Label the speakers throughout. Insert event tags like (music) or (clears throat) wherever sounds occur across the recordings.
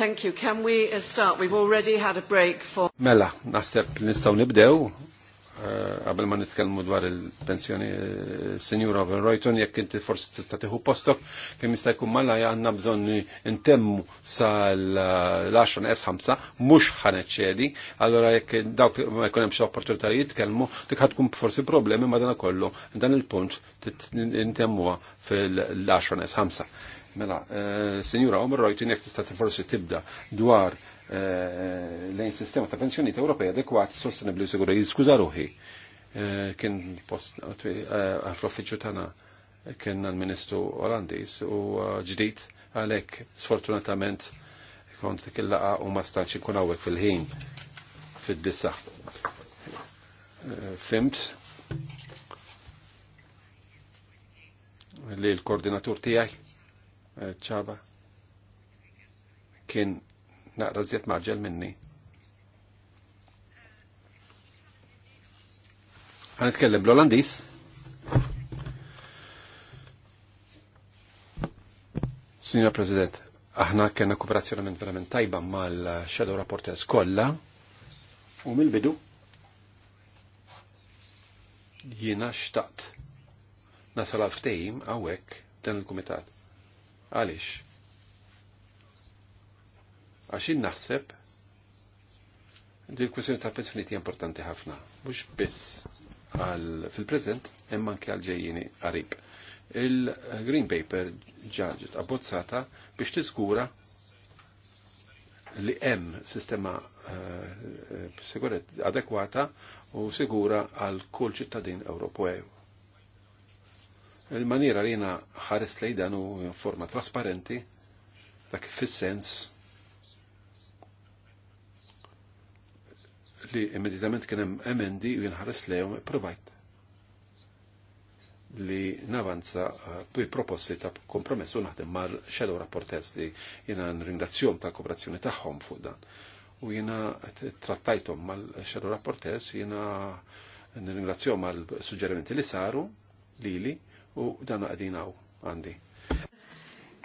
Speaker 1: Thank you. Can we uh, start? We've already had a break for... Mela, naħseb nistaw nibdew, għabel uh, ma nitkelmu dwar il-pensjoni Sinjura Van Royton, jekk inti forsi tista' tieħu postok, kemm jista' jkun malajja għandna bżonn intemmu sal-10 S5, mux ħaneċċedi, allora jekk dawk ma jkun hemm xi opportunità jitkellmu, dik tkun forsi problemi ma dan kollu dan il-punt intemmuha fil-10 S5. Mela, eh, Sinjura Omer Rojtin jek tista' forsi tibda dwar eh, lejn sistema ta' pensjoniet Ewropej adekwat, sostenibli sigura. Skuża ruħi, eh, kien post fl-offiċċju tagħna kien l-Ministru Olandiż u ġdid għalhekk sfortunatament kont dik il u ma stanċi ikun għawek fil-ħin fil-dissa. Fimt li l-koordinatur tiegħi ċaba eh, kien naqra zjed maġġel minni. Għanitkellem bl-Olandis. Signor President, aħna kena kooperazzjoni minn verament tajba mal-Shadow Rapporters kollha u mill-bidu jiena xtaqt nasal għaftejim għawek dan il-kumitat Għaliex? Għax naħseb Dil kwestjoni tal-pensjoniet importanti ħafna, mhux biss fil prezent imma anke għal ġejjini qarib. Il-Green Paper ġaġet abbozzata biex tiżgura li hemm sistema uh, adekwata u sigura għal kull ċittadin Ewropew Il-maniera li jena ħares dan u forma trasparenti, dak fis-sens li immediatament kienem emendi u jenħares jinħares lejhom provajt li navanza eh, bi proposti ta' kompromessu naħdem mar shadow rapportez li jena n-ringrazzjom ta' kooperazzjoni tagħhom fuq dan. U jena trattajtom mal shadow rapportez, jena n-ringrazzjom mal suġġerimenti li saru li li u dan għadin għaw għandi.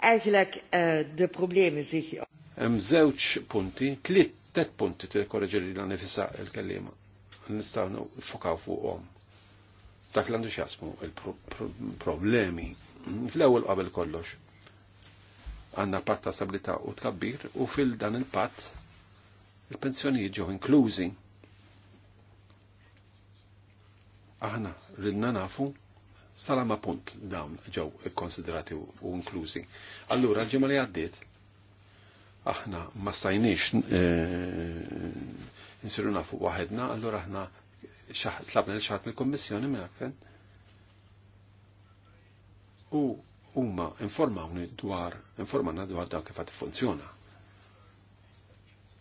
Speaker 2: Eħlek eh, de problemi zich.
Speaker 1: Hemm żewġ punti, tliet tet punti tirkoreġi li nifisa il-kellima. Nistgħu fuq fuqhom. Dak l-għandu xasmu il-problemi. Fl-ewwel qabel kollox. Għandna pat ta' stabilità u tkabbir u fil dan il-patt il-pensjonijiet ġew inklużi. Aħna rridna nafu salama punt dawn ġew konsiderati u inklużi. Allura, ġimma li għaddiet, aħna ma stajniex e, nsiru nafu waħedna, allura aħna tlabna li xaħat mill-kommissjoni minn għakfen. U huma informawni dwar, informawna dwar dawn kifat funzjona.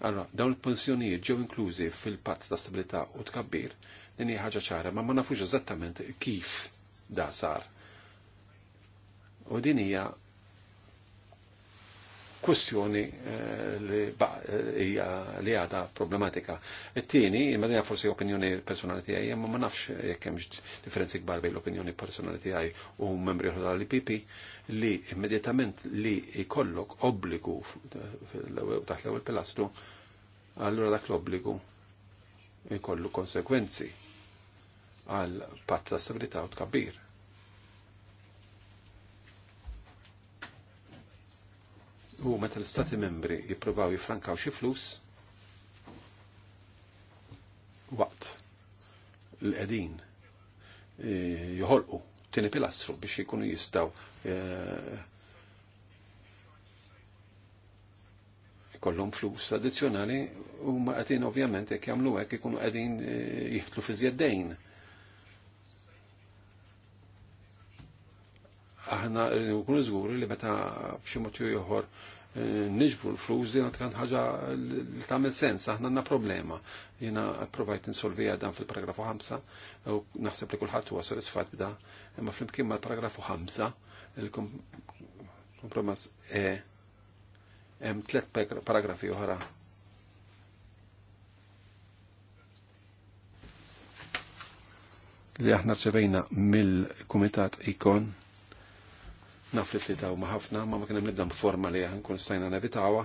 Speaker 1: Allora, dawn il-pensjonijiet ġew inklużi fil-patt ta' stabilità u tkabbir, din hija ħaġa ċara, ma ma nafux eżattament kif da sar. U din hija kwestjoni eh, li eh, għada problematika. It-tieni, imma forsi opinjoni personali tijaj, imma ma nafx jekk hemmx differenzi kbar bejn l-opinjoni personali tijaj u membri oħra tal-IPP li immedjatament li jkollok obbligu taħt l-ewwel pilastru, allura dak l-obbligu jkollu konsekwenzi għal patta ta' stabilità u tkabbir. U meta l-Stati membri jippruvaw jifrankaw xi flus waqt l qedin e, joħolqu tieni pilastru biex jkunu jistgħu e, kollom flus addizzjonali u ma għatin ovvjament jekk jagħmlu hekk ikunu qegħdin e, jieħdlu fi żjeddejn. aħna kun żguri li meta b'xi mod ieħor eh, niġbru l-flus din kan ħaġa li tagħmel sens, aħna għandna problema. Jiena provajt insolvija dan fil-paragrafu 5 u naħseb li kulħadd huwa sodisfatt b'da, imma flimkien mal-paragrafu 5 il-kompromess e hemm tliet paragrafi oħra li aħna rċevejna mill-Kumitat Ikon naf li tlitaw ma ħafna, ma ma kienem nibda forma li kun stajna nevitawa.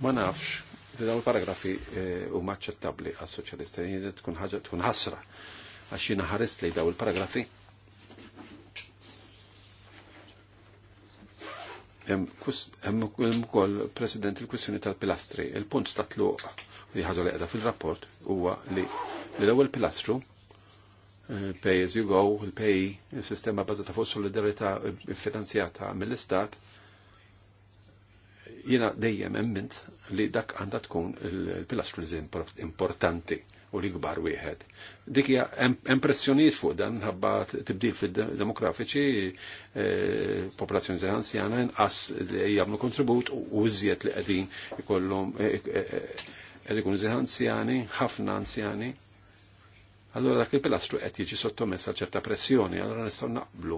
Speaker 1: Ma nafx, li daw paragrafi eh, u maċċettabli għas soċjalisti li tkun ħaġa tkun ħasra għax jiena ħarist li daw il-paragrafi. Hemm ukoll President il-kwissjoni tal-pilastri, il-punt ta' tluq li ħaġa li qiegħda fil-rapport huwa li li l-ewwel pilastru eh, pay as you go, il-pay, il-sistema bazzata fuq solidarità finanzjata mill-istat, jina dejjem emmint li dak għanda tkun il-pilastru li importanti u li gbar wieħed. Dik hija impressjonijiet fuq dan ħabba tibdil fid-demografiċi, eh, popolazzjoni żgħar anzjana inqas li jagħmlu kontribut u iżjed li qegħdin ikollhom eh, qed ikun anzjani, ħafna anzjani allora dak il-pilastru qed jiġi sottomessa ċerta pressjoni, allora nistgħu naqblu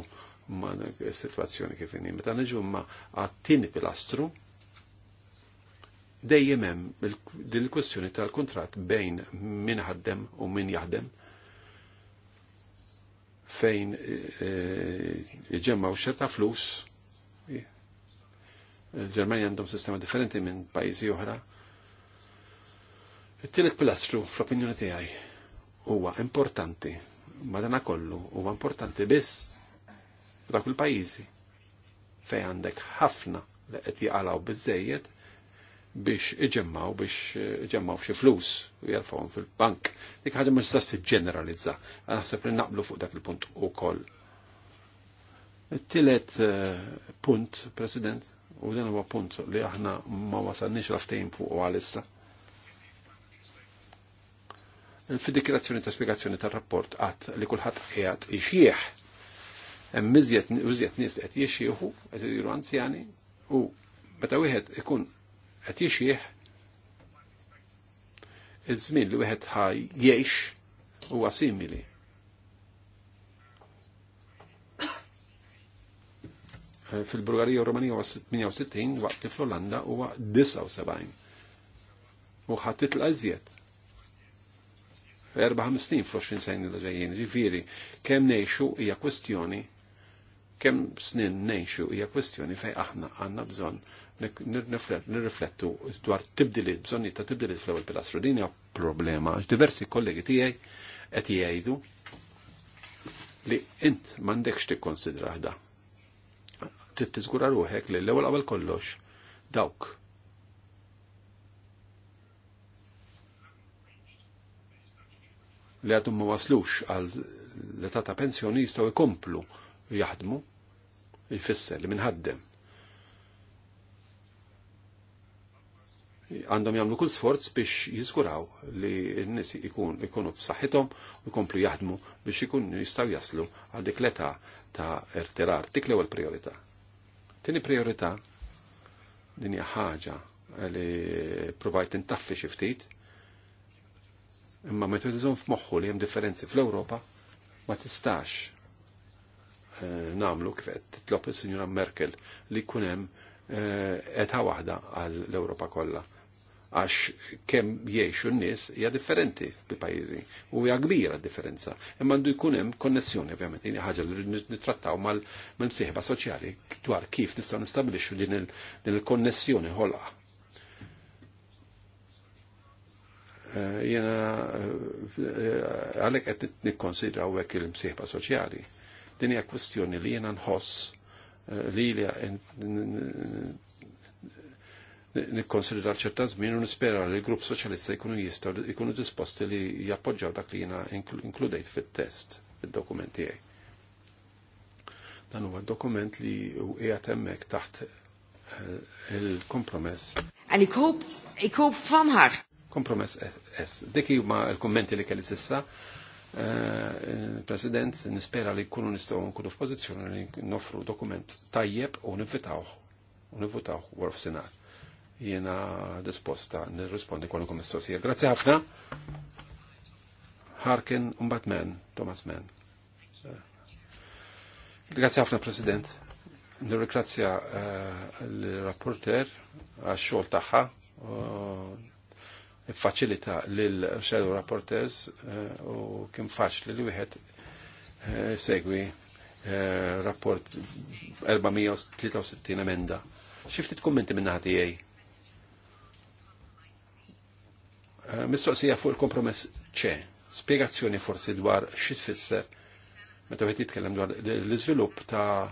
Speaker 1: ma' situazzjoni kif inhi. Meta niġu ma' għat-tieni pilastru, dejjem hemm din il-kwestjoni tal-kuntratt bejn min ħaddem u min jaħdem fejn jġemmaw eh, eh, xerta flus il-Ġermanja għandhom sistema differenti minn pajjiżi oħra. It-tielet e pilastru fl-opinjoni tiegħi huwa importanti, madana kollu huwa importanti biss dak il-pajjiżi fej għandek ħafna li qed jaqalaw biżejjed biex iġemmaw biex iġemmaw xi flus u jarfawhom fil-bank. Dik ħaġa mhux tistax tiġġeneralizza. Naħseb li naqblu fuq dak il-punt ukoll. It-tielet eh, punt, President, u dan huwa punt li aħna ma wasalniex raftejn fuq għalissa fil-dikirazzjoni ta' spiegazzjoni ta' rapport għat li kullħat għat iċieħ. Hemm miżjed nis għat jixjieħu, għat jiru anzjani, u meta wieħed ikun għat jixjieħ iż-żmien li wieħed ħaj jiex u għasimili. (coughs) Fil-Bulgarija u Romanija huwa 68, waqt li fl-Olanda huwa 79. U ħadd titla' iżjed 4-5 snin fl-20 snin li ġejjin. Ġifieri, kemm ngħixu hija kwestjoni kemm snin ngħixu hija kwestjoni fejn aħna għandna bżonn nirriflettu dwar tibdiliet, bżonni ta' tibdilit fl-ewwel pilastru. Din hija problema diversi kollegi tiegħi qed jgħidu li int m'għandekx tikkonsidra ħda. Tittiżgura ruħek li l-ewwel qabel kollox dawk li għadhom ma waslux għal l-età ta' pensjoni jistgħu jkomplu jaħdmu jfisser li minħaddem. Għandhom jagħmlu kull sforz biex jiżguraw li n-nies ikun ikunu b'saħħithom u jkomplu jaħdmu biex ikun jistgħu jaslu għal dik l-età ta' irtirar. Dik l-ewwel priorità. Tieni priorità din hija ħaġa li provajt intaffi xi ftit Imma meta tiżom f'moħħu li hemm differenzi fl-Ewropa ma tistax eh, namlu kif qed titlob is-Sinjura Merkel li jkun hemm qeta eh, waħda għall ewropa kollha. Għax kemm jgħixu n-nies hija differenti fil-pajjiżi u hija kbira differenza. Imma għandu jkun hemm konnessjoni ovvjament hija ħaġa li nittrattaw mal-msieħba soċjali dwar kif nistgħu nistabilixxu din il-konnessjoni ħolqa Eh, jena eh, eh, għalek għed nikkonsidra u għek il-msieħba soċjali. Din hija kwestjoni li jena nħoss li li nikkonsidra ċerta żmien u nispera li l-grupp soċjalista jkunu jistgħu jkunu disposti li jappoġġaw dak li jena inkludejt fit-test fit-dokumenti għaj. Dan huwa dokument li qiegħed hemmhekk taħt il-kompromess. Għalik ik hoop, ik hoop van hart. Kompromess S. Dik ma l kommenti li kelli sissa. Eh, President, nispera li kunu nistaw nkunu f-pozizjoni li nofru dokument tajjeb u nivvitawh u nivvutaw għorf senar. Jena disposta nirrispondi kollu kom mistoqsija. Grazie ħafna. Harkin Umbat Men, Thomas Men. Eh. Grazie ħafna, President. Nirrikrazzja eh, l-rapporter għax xogħol tagħha faċilita l shadow rapporteurs eh, u kien faċli li wieħed eh, segwi eh, rapport 463 emenda. Xiftit kummenti minna ħatijaj? Mistoqsija fuq il-kompromess ċe. Spiegazzjoni forsi dwar xit fisser meta għet jitkellem dwar l iżvilupp ta'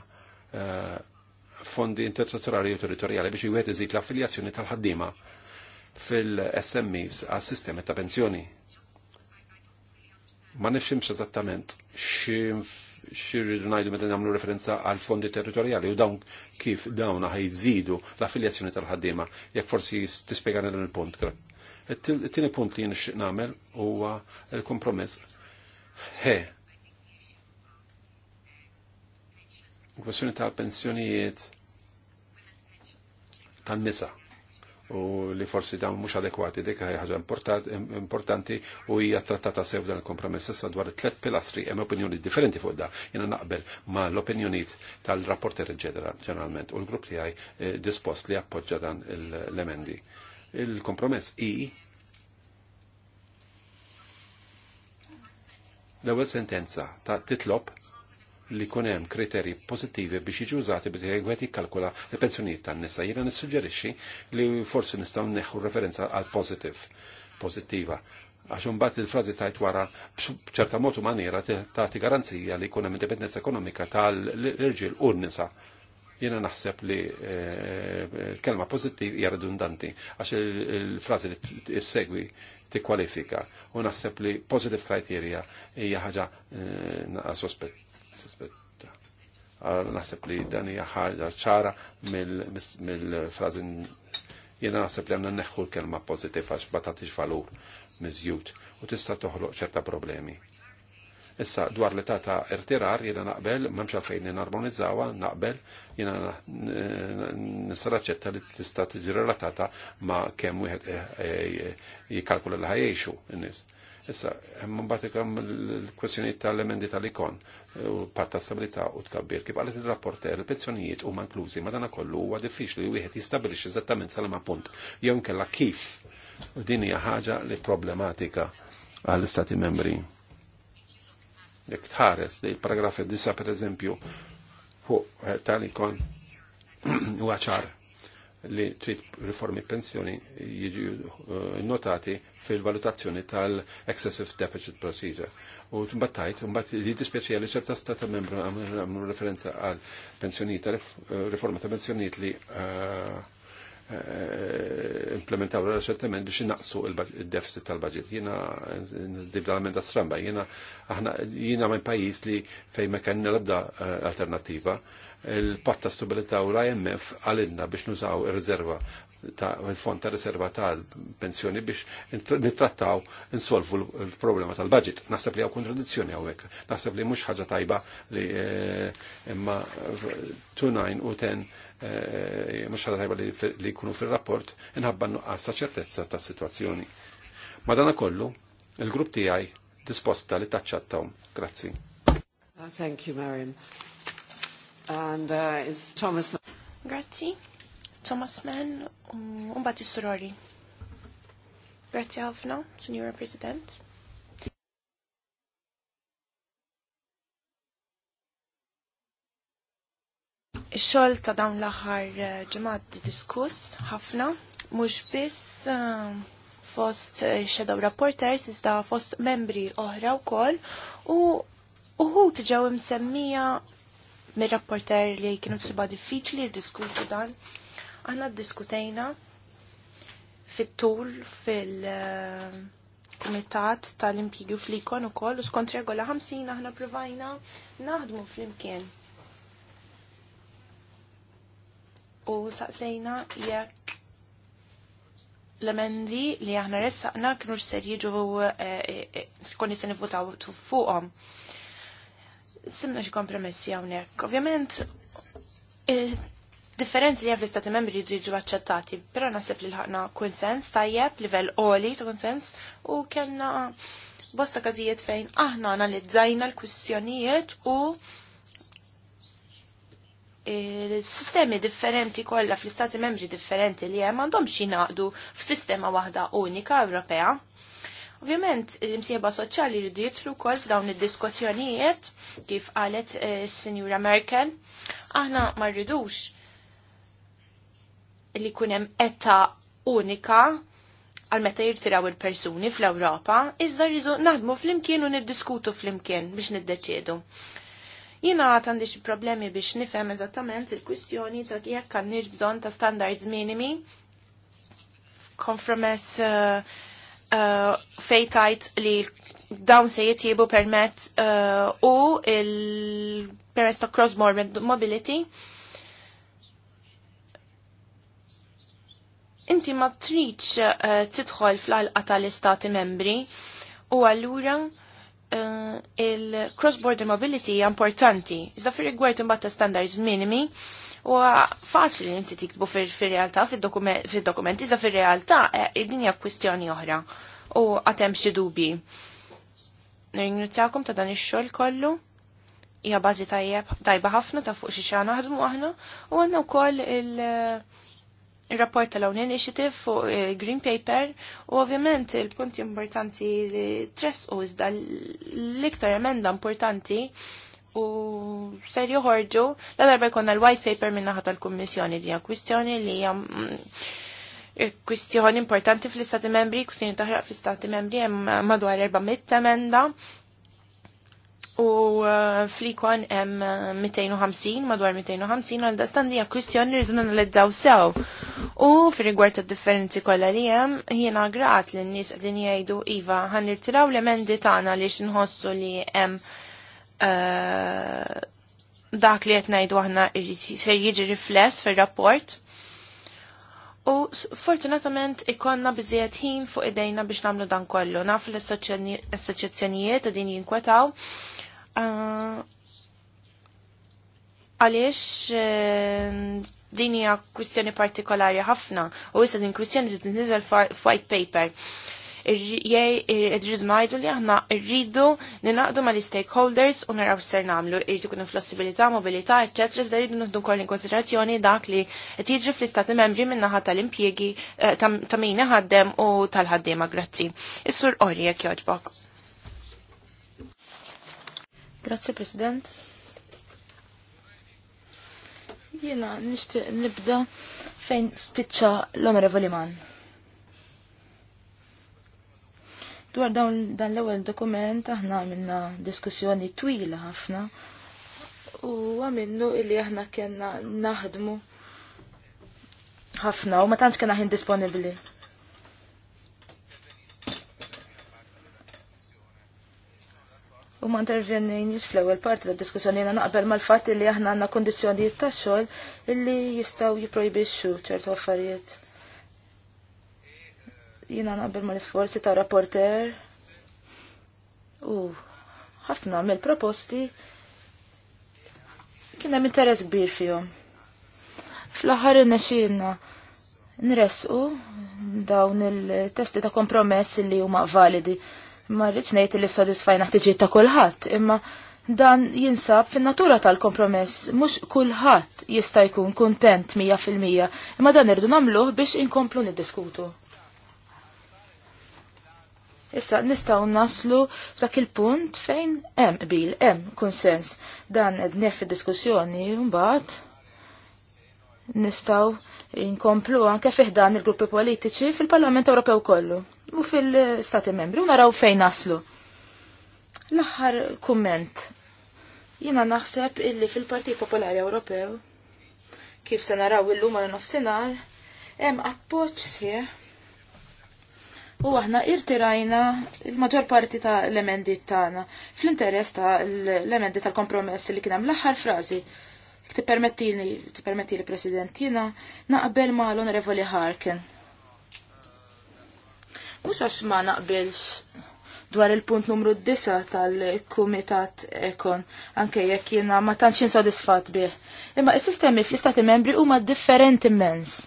Speaker 1: fondi intersettorali u territoriali biex jgħet iżid l-affiljazzjoni tal-ħaddima fil-SMEs għas sistemi ta' pensjoni. Ma nifximx eżattament xirridu najdu meta nagħmlu referenza għal fondi territorjali u dawn kif dawn ħajżidu l-affiljazzjoni tal-ħaddiema jekk forsi tispjegana dan il-punt. It-tieni punt li nixtieq nagħmel huwa l-kompromess. He. Kwestjoni ta' pensjonijiet tan-nisa u li forsi dawn mhux adekwati dik ħaġa importanti u hija trattata sew dan il-kompromess issa dwar it-tlet pilastri hemm opinjoni differenti fuq da. Jiena naqbel ma l-opinjonijiet tal-rapporter ġeneralment u l-grupp tiegħi eh, dispost li appoġġa dan l-emendi. Il-kompromess i l-ewwel sentenza ta' titlob li kunem kriteri pozittivi biex jiġi użati biex jgħet jikkalkula l-pensjoniet tan-nisa. Jiena nissuġġerixxi li forsi nistgħu neħu referenza għal positiv, pozittiva. Għax mbagħad il-frażi tajt wara b'ċerta mod maniera tagħti garanzija li jkun hemm indipendenza ekonomika tal-irġiel u n-nisa. Jiena naħseb li eh, eh, kelma pozittiv hija redundanti għax il-frażi li segwi tikkwalifika u naħseb li positive kriterja hija ħaġa eh, sospett nispetta. Nasib li dan hija ħaġa ċara mill-frażi jiena naħseb li għandna neħħu l-kelma pożittiv għax ma tagħtix valur miżjud u tista' toħloq ċerta problemi. Issa, dwar l-età ta' irtirar, jiena naqbel, m'hemmx għalfejn narmonizzawa, naqbel, jiena jena ċetta li tista' tiġi relatata ma' kemm wieħed eh, eh, jikkalkula l ħajjexu n-nies. Issa, hemm mbagħad ikam l-kwestjonijiet tal-emendi tal-ikon u patta stabilità u tkabbir. Kif għalet il-rapporter, il-pensjonijiet u manklużi ma dana kollu huwa diffiċli li wieħed jistabilix eżattament sal punt jew nkella kif. din hija ħaġa li problematika għall-Istati membri. Jekk tħares li paragraf disa per eżempju fuq talikon u għaċar li trid riformi pensjoni jiġu eh, notati fil-valutazzjoni tal-excessive deficit procedure u tbattajt, battajt li dispieċi li ċerta stata membru għamlu referenza għal pensjoniet, reforma eh, ta' pensjoniet li eh, eh, implementaw reċentement biex naqsu il-deficit tal-budget. Jena dibdalament ta' stramba, jena jena minn pajis li fej mekanina l-abda alternativa. Il-patta stabilita u l-IMF għalidna biex nużaw il-rezerva ta' il-fond ta' riserva ta' pensjoni biex nittrattaw insolvu l-problema tal-budget. Nasab li għaw kontradizzjoni għawek. Nasab li mux ħagġa tajba li eh, imma 2-9 u 10 eh, mux ħagġa tajba li kunu fil-rapport inħabba nuqqas ta' ċertezza ta' situazzjoni. Madana kollu, il-grupp ti għaj disposta li taċċattaw. Grazzi. Thank you, Mariam. And uh, it's Thomas.
Speaker 3: Grazie. Thomas Mann u mbagħad sorori Grazzi ħafna, Signora President. Ix-xogħol ta' dawn l-aħħar eh, ġimgħat diskuss ħafna, mhux biss eh, fost eh, shadow rapporters iżda fost membri oħra wkoll u uħud ġew imsemmija mir-rapporter li kienu tsiba diffiċli diskutu dan Aħna ddiskutejna fit-tul fil-Kumitat eh, tal-Impjigi fl-Ikon ukoll u skont regola 50 aħna provajna naħdmu fl-imkien. U saqsejna jekk l-emendi li aħna ressaqna kienu ser jiġu skonni eh, eh, se nivvotaw fuqhom. Simna xi kompromessi hawnhekk. Ovvjament differenzi li hemm fl-istati membri jridu jiġu aċċettati, però naħseb li l-ħakna konsens tajjeb, livell oli ta' konsens u kellna bosta każijiet fejn aħna analizzajna l-kwistjonijiet u sistemi differenti kollha fl-istati membri differenti li hemm għandhom xi naqdu f'sistema waħda unika Ewropea. Ovvjament, l-imsieba soċjali jridu jitlu wkoll f'dawn id-diskussjonijiet kif qalet s-Sinjura eh, Merkel. Aħna ma rridux li kunem etta unika għal meta jirtiraw il-persuni fl-Ewropa, iżda rridu naħdmu fl-imkien u niddiskutu fl-imkien biex niddeċiedu. Jina għat għandi xi problemi biex nifhem eżattament il-kwistjoni ta' jekk għandix bżonn ta' standards minimi konfromess uh, uh, fejtajt li dawn se jitjibu permett uh, u il-permess ta' cross-border mobility inti ma triċ eh, tidħol fl-alqa tal-istati membri u għallura eh, il-cross-border mobility hija importanti. Iżda fir rigward imbagħad ta' standards minimi u faċli inti tiktbu fir-realtà fid-dokumenti iżda fir-realtà eh, din hija kwistjoni oħra u għatem xi dubi. Nirringrazzjakom ta' dan ix-xogħol kollu hija bażi tajjeb tajba ħafna ta' fuq xi xi naħdmu aħna u għandna wkoll il- il-rapport tal-Own Initiative fuq il-Green eh, Paper u ovvjament il-punti importanti li tress u iżda l-iktar emenda importanti u ser joħorġu l darba jkonna l-White Paper minnaħat tal-Kommissjoni di kwistjoni li jam mm, kwistjoni importanti fl-Istati Membri, kwistjoni taħraq fl-Istati Membri jem madwar 400 emenda u flikon hemm 250 madwar 250 għal dastan hija kwistjoni li l analizzaw sew. U fir-rigward ta' differenzi kollha li hemm jiena grat li n-nies qegħdin jgħidu iva għan nirtiraw l-emendi tagħna li x'inħossu li hemm uh, dak li qed ngħidu aħna se jiġi rifless fir-rapport. U fortunatament ikonna bizziet ħin fuq idejna biex namlu dan kollu. Naf l-assoċjazzjonijiet din jinkwetaw Għaliex e, din hija kwistjoni partikolari ħafna u issa din kwistjoni trid tinżel f'white paper. rridu ngħidu li aħna rridu ninaqdu mal-stakeholders u naraw ser nagħmlu, irid ikun flessibilità, mobilità, eċetera, iżda rridu nieħdu wkoll konsiderazzjoni dak li qed jiġri fl-istati membri min-naħa tal-impjiegi e, ta' min ħaddem u tal-ħaddiema grazzi. Is-sur Orjek jogħġbok. Grazie, President.
Speaker 2: Jena, nishtiq nibda fejn spiċċa l-Onorevoli Man. Dwar dan l-ewwel dokument aħna għamilna diskussjoni twila ħafna u għamilnu illi aħna kena naħdmu ħafna u ma tantx kena ħin disponibli. U ma intervjenniex fl-ewwel parti tad diskussjoni jiena naqbel mal-fatt li aħna għandna kundizzjonijiet ta' xogħol illi jistgħu jipprojbixxu ċertu affarijiet. Jiena naqbel mal-isforzi ta' rapporter u ħafna mill-proposti kien hemm interess kbir fihom. Fl-aħħar innexxielna nresqu dawn il-testi ta' kompromess li huma validi Ma rridx ngħid li sodisfajna ħtiġiet ta' kulħadd, imma dan jinsab fin-natura tal-kompromess mhux kulħadd jista' jkun kuntent mija fil-mija, imma dan irdu nagħmluh biex inkomplu niddiskutu. Issa nistgħu naslu f'dak il-punt fejn hemm qbil hemm konsens dan qed nef id-diskussjoni mbagħad nistgħu inkomplu anke fiħdan il-gruppi politiċi fil-Parlament Ewropew kollu u fil-Stati membri u naraw fejn naslu. L-aħħar kumment. Jina naħseb illi fil-Partit Popolari Ewropew kif se naraw illum għal nofsinhar hemm appoġġ sieħ U aħna irtirajna il-maġġor parti ta' l-emendi tagħna fl-interess ta' l-emendi tal-kompromess li kien hemm l-aħħar frażi permetti li President naqbel ma l-Onorevoli Harkin. Mhux għax ma naqbilx dwar il-punt numru 9 tal-Kumitat Ekon, anke jekk jiena ma tantx insodisfatt bih. Imma is-sistemi fl-Istati Membri huma differenti immens.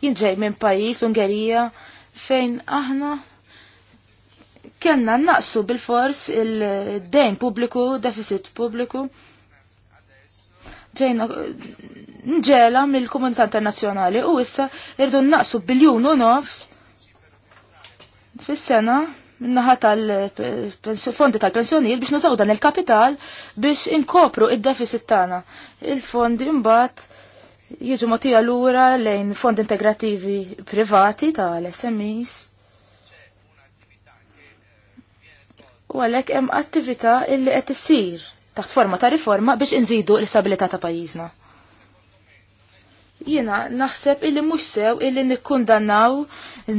Speaker 2: Jien ġej minn pajjiż Ungerija fejn aħna kellna naqsu bil-fors il-dejn pubbliku, deficit pubbliku ġejna nġela mill-komunità internazzjonali u issa irdu naqsu biljun u nofs fis-sena minnaħa tal-fondi tal-pensjonijiet biex nużaw dan il-kapital biex inkopru id-deficit tagħna. Il-fondi mbagħad jiġu motija lura lejn fondi integrativi privati tal-SMEs. U għalhekk hemm attività illi qed issir taħt forma ta' riforma biex inżidu l-istabilità ta' pajjiżna. Jiena naħseb illi mhux sew illi nikkundannaw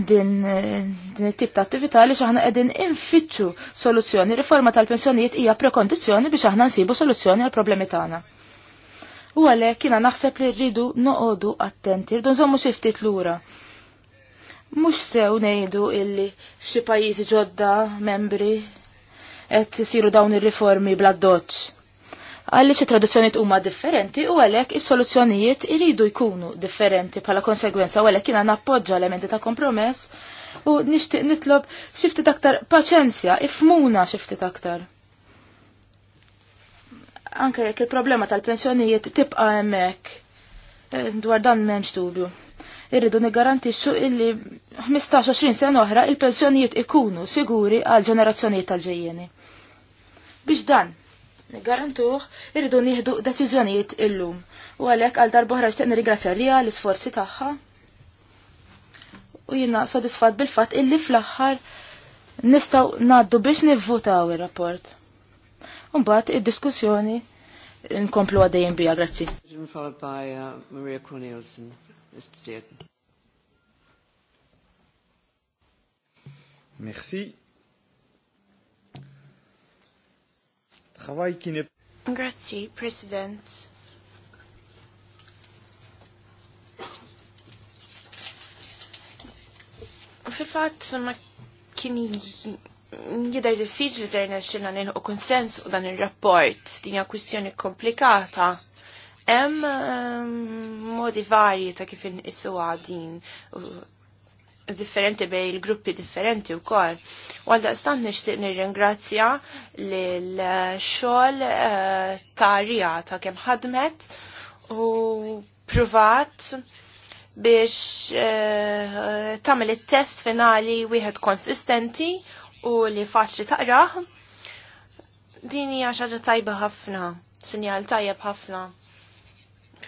Speaker 2: din, din it-tip ta' attività li aħna qegħdin infittxu soluzzjoni. Riforma tal-pensjonijiet hija prekondizzjoni biex aħna nsibu soluzzjoni għal problemi tagħna. U għalhekk jiena naħseb li rridu noqogħdu attenti, rridu nżommu xi ftit lura. Mhux sew ngħidu illi f'xi pajjiżi ġodda membri qed isiru dawn ir-riformi bla doċ. Għaliex it-traduzzjonijiet huma differenti u għalhekk is-soluzzjonijiet iridu jkunu differenti bħala konsegwenza u għalhekk jiena nappoġġa elementi ta' kompromess u nixtieq nitlob xifti aktar paċenzja, ifmuna xifti aktar. Anke jekk il-problema tal-pensjonijiet tibqa' hemmhekk eh, dwar dan m'hemmx dubju irridu nigarantixxu illi 15-20 sena oħra il-pensjonijiet ikunu siguri għal ġenerazzjonijiet tal-ġejjeni. Biex dan nigarantuh irridu nieħdu deċiżjonijiet illum u għalhekk għal darba oħra xtieq nirigrazzja rija l-isforzi tagħha. U jiena sodisfat bil-fatt illi fl-aħħar nistgħu ngħaddu biex nivvutaw ir rapport mbagħad id diskussjoni nkomplu għadejn bija, grazzi.
Speaker 1: Uh, Maria Cornelsen, Mr. Dayton.
Speaker 2: Merci. Travail qui n'est
Speaker 3: Grazie, President. Fil-fat, ma kien jidher diffiċli ser nexxilna nilħu konsens u dan il rapport din hija kwistjoni komplikata. Hemm ehm, modi varji ta' kif inqisuha din differenti bej il-gruppi differenti u kol. U għalda stant nishtiq nir-ringrazzja l-xol eh, ta' rijata kem ħadmet u provat biex eh, tamel il-test finali wieħed konsistenti u li faċli taqraħ. Dini għaxħaġa tajba ħafna, sinjal tajjeb ħafna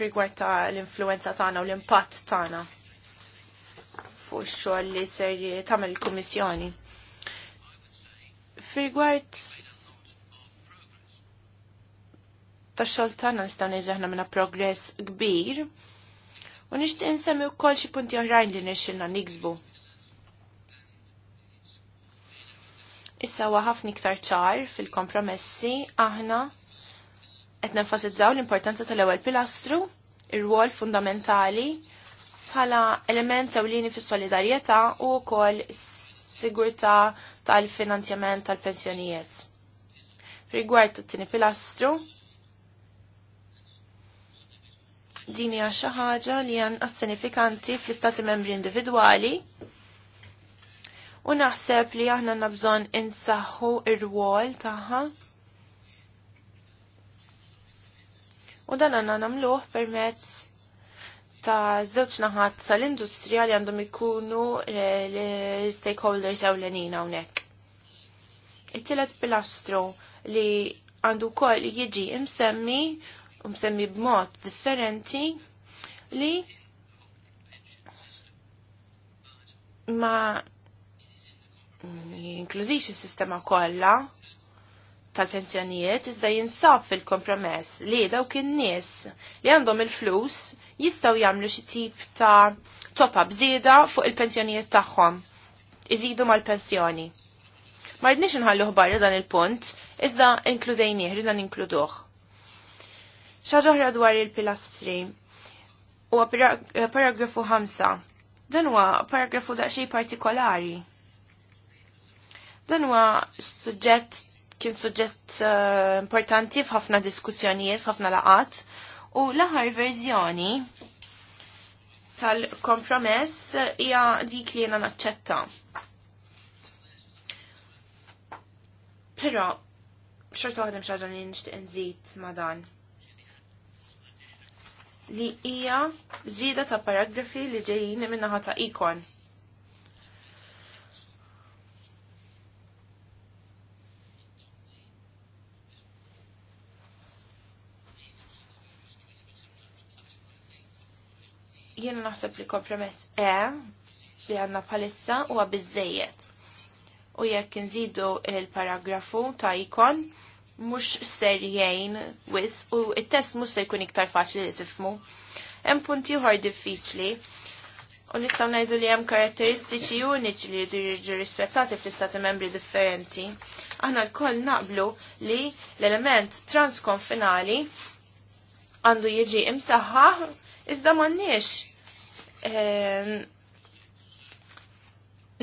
Speaker 3: rigward ta' l-influenza tagħna u l-impatt tagħna fuq xogħol li ser tagħmel il-Kummissjoni. Firgward ta' xogħol tagħna nistgħu niġaħna minna progress kbir u nixtieq insemmi wkoll xi punti oħrajn li nixinna niksbu. Issa huwa ħafna iktar ċar fil-kompromessi aħna qed nenfasizzaw l-importanza tal-ewwel pilastru, ir-rwol fundamentali bħala element ewlieni fis-solidarjetà u wkoll sigurtà tal-finanzjament tal-pensjonijiet. Rigward tat-tieni pilastru, dini hija xi ħaġa li għanqas sinifikanti fl-istati membri individwali u naħseb li aħna nabżon insaħħu ir-rwol tagħha. U dan għandna nagħmluh permezz ta' żewġ naħat tal-industrija li għandhom ikunu eh, l-stakeholders ewlenin hawnhekk. It-tielet pilastru li għandu wkoll jiġi imsemmi u msemmi b'mod differenti li ma jinkludix is-sistema kollha tal-pensjonijiet iżda jinsab fil-kompromess li dawk in-nies li għandhom il-flus jistaw jamlu xi tip ta' top-up fuq il-pensjonijiet tagħhom. Iżidu mal-pensjoni. Ma rridniex inħalluh barra dan il-punt, iżda inkludejnieh, ridna ninkluduh. Xaġoħra dwar il-pilastri. Huwa paragrafu 5. Dan huwa paragrafu daqsxejn partikolari. Dan huwa suġġett kien suġġett uh, importanti f'ħafna diskussjonijiet, f'ħafna laqat. U l-aħħar verżjoni tal-kompromess hija dik li jiena naċċetta. Però xorta waħdem xi ħaġa li nixtieq nżid ma' dan li hija żieda ta' paragrafi li ġejjin minnaħa ta' ikon. Jiena naħseb li kompromess E li għanna palissa u għabizzejiet. U jekk nżidu il-paragrafu ta' ikon, mux serjejn wis u il-test mux se jkun iktar faċli li tifmu. Hemm punti ieħor diffiċli u nistgħu ngħidu li hemm karatteristiċi uniċi li jridu rispettati fl-istati membri differenti. Aħna lkoll naqblu li l-element transkonfinali għandu jiġi imsaħħa iżda m'għandniex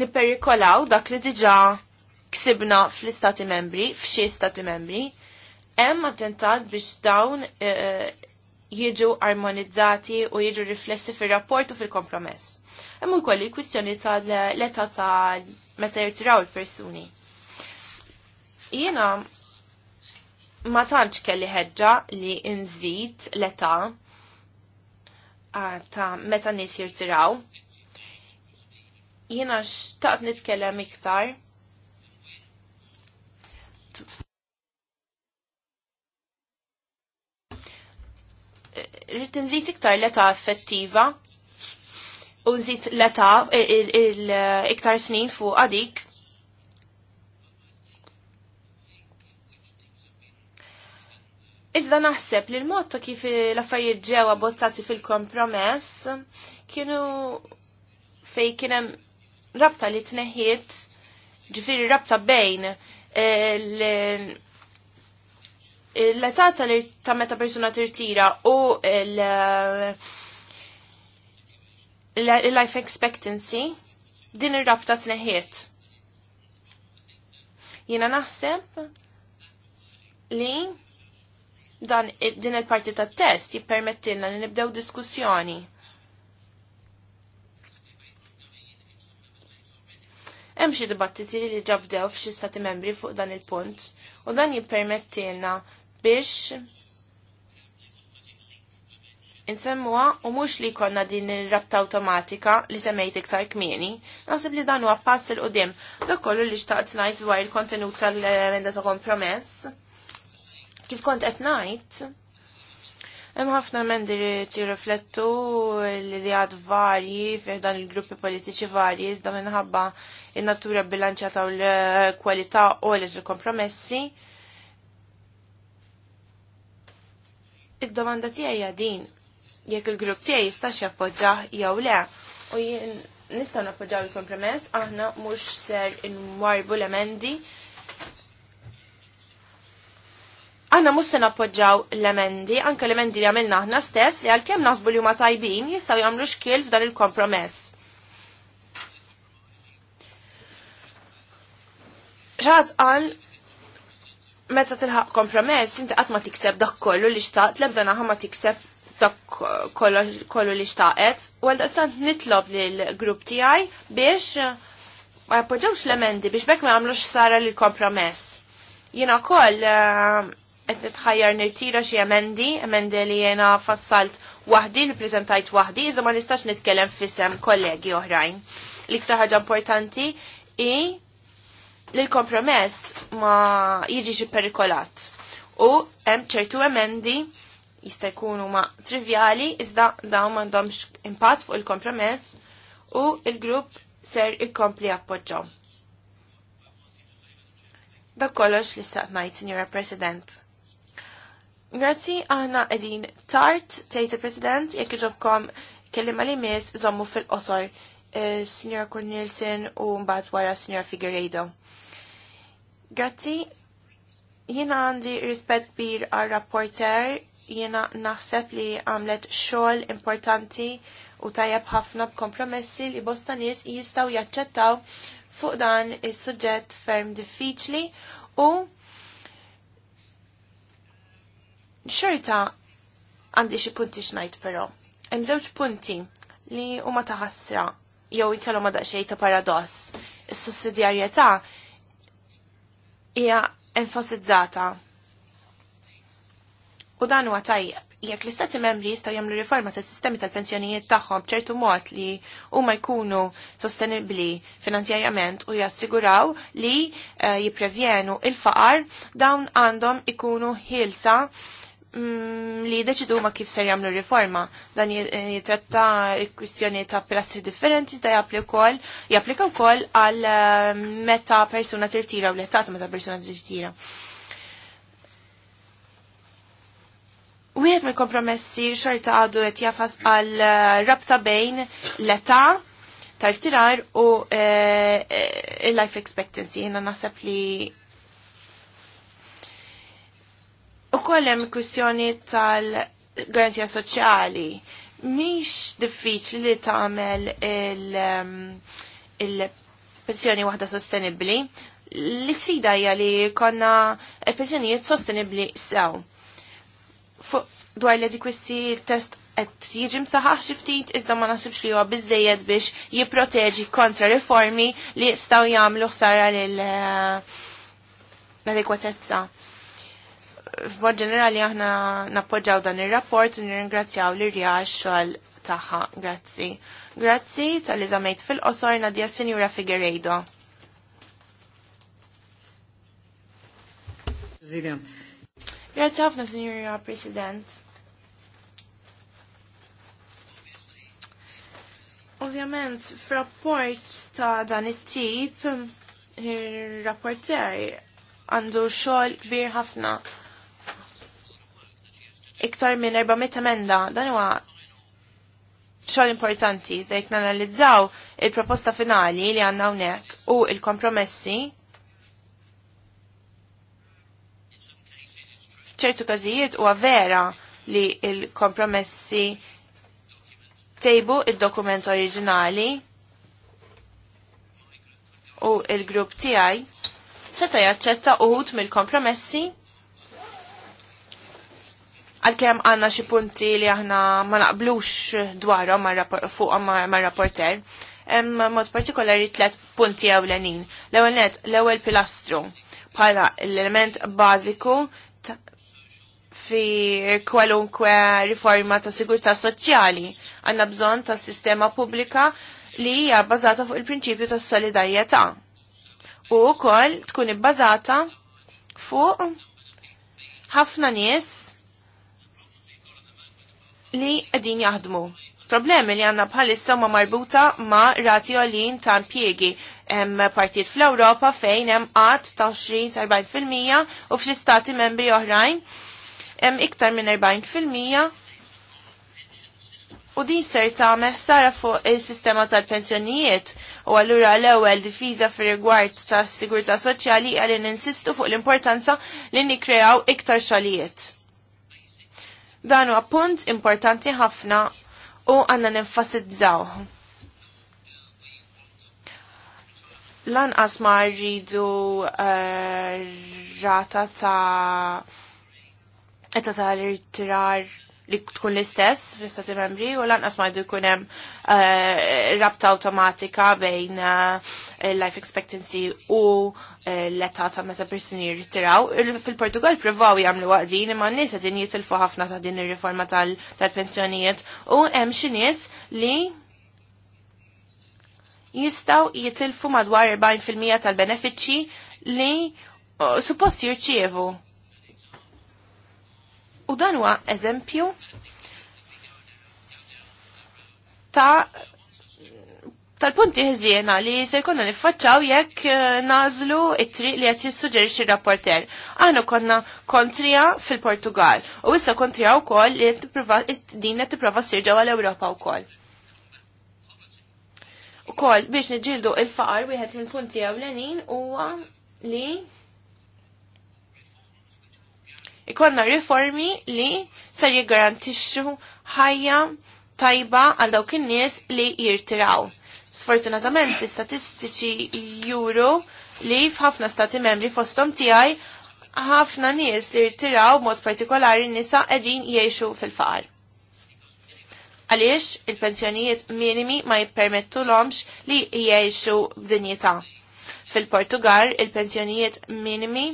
Speaker 3: niperikolaw dak li diġa ksibna fl-istati membri, f'xi stati membri, hemm attentat biex dawn eh, eh, jiġu armonizzati u jiġu riflessi fil-rapport u fil-kompromess. Hemm ukoll il-kwistjoni tal-età ta' meta jirtiraw il-persuni. Jiena ma tantx kelli ħeġġa li nżid l-età ta' meta nis jirtiraw. Jiena xtaqt nitkellem iktar. Rrit nżid iktar l-età effettiva u nżid l-età il-iktar snin fuq għadik Iżda naħseb li l-mod ta' kif l-affarijiet ġew abbozzati fil-kompromess kienu fej kien hemm rabta li tneħħiet ġifieri rabta bejn eh, l-età ta' meta persuna tirtira u l-life expectancy din ir-rabta tneħħiet. Jiena naħseb li dan din il-parti ta' test jippermettilna li nibdew diskussjoni. Hemm xi dibattiti li ġabdew f'xi stati membri fuq dan il-punt u dan jippermettilna biex insemmuha u mhux li jkollna din ir-rabta awtomatika li semmejt iktar kmieni, naħseb li dan huwa pass il qudiem dak kollu li xtaqt ngħid dwar il-kontenut tal-emenda ta' kompromess. Kif kont qed ngħid, hemm ħafna emendi li tirriflettu li jgħad varji fih dan il-gruppi politiċi varji iżda minħabba in-natura bilanċata u l-kwalità u l-kompromessi. Id-domanda tiegħi din jekk il-grupp tiegħi jista' jappoġġah jew le. U jien nistgħu nappoġġaw il-kompromess, aħna mhux ser inwarbu l-emendi Għanna mus se nappoġġaw l-emendi, anke l-emendi li għamilna aħna stess li għalkemm nasbu li huma tajbin jistgħu jagħmlu xkil f'dan il-kompromess. Ċaħat għal meta tilħaq kompromess inti qatt ma tikseb dak kollu li xtaqt lebda naħa ma tikseb dak kollu li xtaqet. U għal daqstant nitlob l grupp tiegħi biex ma jappoġġawx l-emendi biex bekk ma jagħmlux sara l kompromess jina koll uh, eh, qed nitħajjar nirtira xi emendi, emendi li jena fassalt waħdi, li prezentajt waħdi, iżda ma nistax nitkellem fissem kollegi oħrajn. L-iktar ħaġa importanti i li l-kompromess ma jiġi perikolat. U hemm ċertu emendi jista' jkunu ma trivjali, iżda dawn m'għandhomx impatt fuq il-kompromess u il-grupp ser ikkompli appoġġom. Dak kollox li ngħid, Signora President. Grazzi, aħna edin tart, tejta il-President, jekk iġobkom kellim li mis zommu fil-qosor, e, Signor Cornelsen u mbagħad wara Signor Figueiredo. Grazzi, jiena għandi rispett kbir għal rapporter, jiena naħseb li għamlet xogħol importanti u tajjeb ħafna b'kompromessi li bosta nies jistgħu jaċċettaw fuq dan is-suġġett ferm diffiċli u xorta għandi xi punti xnajt però. Hemm żewġ punti li huma ta' ħassra jew ikellhom ma daqsxejn ta' paradoss. Is-sussidjarjetà hija enfasizzata. U dan huwa tajjeb jekk l-istati membri jistgħu jagħmlu riforma tas sistemi tal-pensjonijiet tagħhom b'ċertu mod li huma jkunu sostenibbli finanzjarjament u jassiguraw li eh, jipprevjenu il-faqar dawn għandhom ikunu ħilsa Mm, li deċidu ma kif ser jamlu riforma. Dan eh, jitratta kwistjoni ta' pilastri differenti, da kol, japplika u kol għal eh, meta persuna tirtira u l-ettat meta persuna tirtira. Wieħed mill-kompromessi xorta għadu qed jafas għal eh, rabta bejn l-età tal-tirar u l-life expectancy. Jena nasab li Ukoll hemm kwistjoni tal-garanzija soċjali. Mhix diffiċli li tagħmel il-pensjoni um, waħda sostenibbli. L-isfida hija li konna pensjonijiet sostenibbli sew. Fuq dwar li kwesti test qed jiġi msaħaħ xi ftit iżda ma nasibx li huwa biżejjed biex jipproteġi kontra riformi li staw jagħmlu ħsara lill uh, l-adekwatezza f'mod ġenerali aħna nappoġġaw dan ir-rapport u nirringrazzjaw l rjax xogħol tagħha. Grazzi. Grazzi tal-li fil-qosor Nadia Sinjura Figueredo. Grazzi ħafna, Sinjura President. Ovvjament, f'rapport ta' dan it-tip, il-rapporter għandu xogħol kbir ħafna iktar minn 400 emenda, dan huwa xogħol importanti, zdejk nanalizzaw il-proposta finali li għandna hawnhekk u il-kompromessi. ċertu każijiet huwa vera li il-kompromessi tejbu il-dokument oriġinali u il-grupp tiegħi seta' jaċċetta uħut mill-kompromessi għalkemm għandna xi punti li aħna ma naqblux dwarhom fuq mar-rapporter, hemm mod partikolari tliet punti ewlenin. L-ewwel net l-ewwel pilastru bħala l-element bażiku fi kwalunkwe riforma ta' sigurtà soċjali. Għandna bżonn ta' sistema pubblika li hija bbażata fuq il-prinċipju tas solidarjetà u wkoll tkun ibbażata fuq ħafna nies li qegħdin jaħdmu. Problemi li għanna bħalissa ma marbuta ma ratio li ta' impjiegi hemm partijiet fl-Ewropa fejn hemm qatt ta' 20-40% u f'xi stati membri oħrajn hemm iktar minn 40% u din ser tagħmel ħsara fuq is-sistema tal-pensjonijiet u allura l-ewwel difiża fir-rigward tas-sigurtà soċjali għal insistu fuq l-importanza li nikkreaw iktar xogħlijiet Dan huwa punt importanti ħafna u għanna nenfasizzaw. Lanqas ma rridu uh, rata ta' etta ta' l li tkun l-istess fl-istati membri u lanqas ma jdu jkun hemm eh, rabta awtomatika bejn eh, life expectancy u eh, l-età ta' meta persuni jirritiraw. Fil-Portugal provaw jagħmlu waqdin imma n-nies qegħdin jitilfu ħafna ta' din ir-riforma tal-pensjonijiet u hemm xi nies li jistaw jitilfu madwar 40% tal-benefiċċji li suppost jirċievu U dan huwa eżempju ta' tal-punti ħżiena li se jkunna niffaċċaw jekk eh, nażlu it-triq li qed jissuġġerixxi rapporter. Aħna konna kontrija fil-Portugal u issa kontrija wkoll li din qed tipprova ssir ġewwa l-Ewropa wkoll. Ukoll biex niġġieldu il-faqar wieħed mill-punti ewlenin huwa li ikonna riformi li ser jiggarantixxu ħajja tajba għal dawk in-nies li jirtiraw. Sfortunatament l-istatistiċi juru li f'ħafna stati membri fostom tiegħi ħafna nies li jirtiraw mod partikolari nisa qegħdin jgħixu fil-faqar. Għaliex il-pensjonijiet minimi ma jippermettulhomx li jgħixu b'dinjità. Fil-Portugal il-pensjonijiet minimi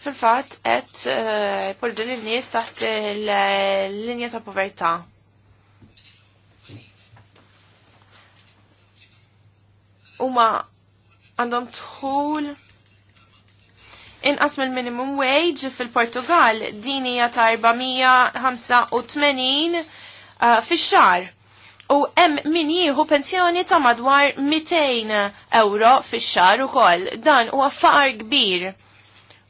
Speaker 3: fil-fat qed jpoldu eh, il nies taħt il-linja ta' povertà. Huma għandhom tħul inqas mill-minimum wage fil-Portugal din hija ta' 485 eh, fix-xahar. U hemm min jieħu pensjoni ta' madwar 200 euro fix-xahar ukoll. Dan huwa faqar kbir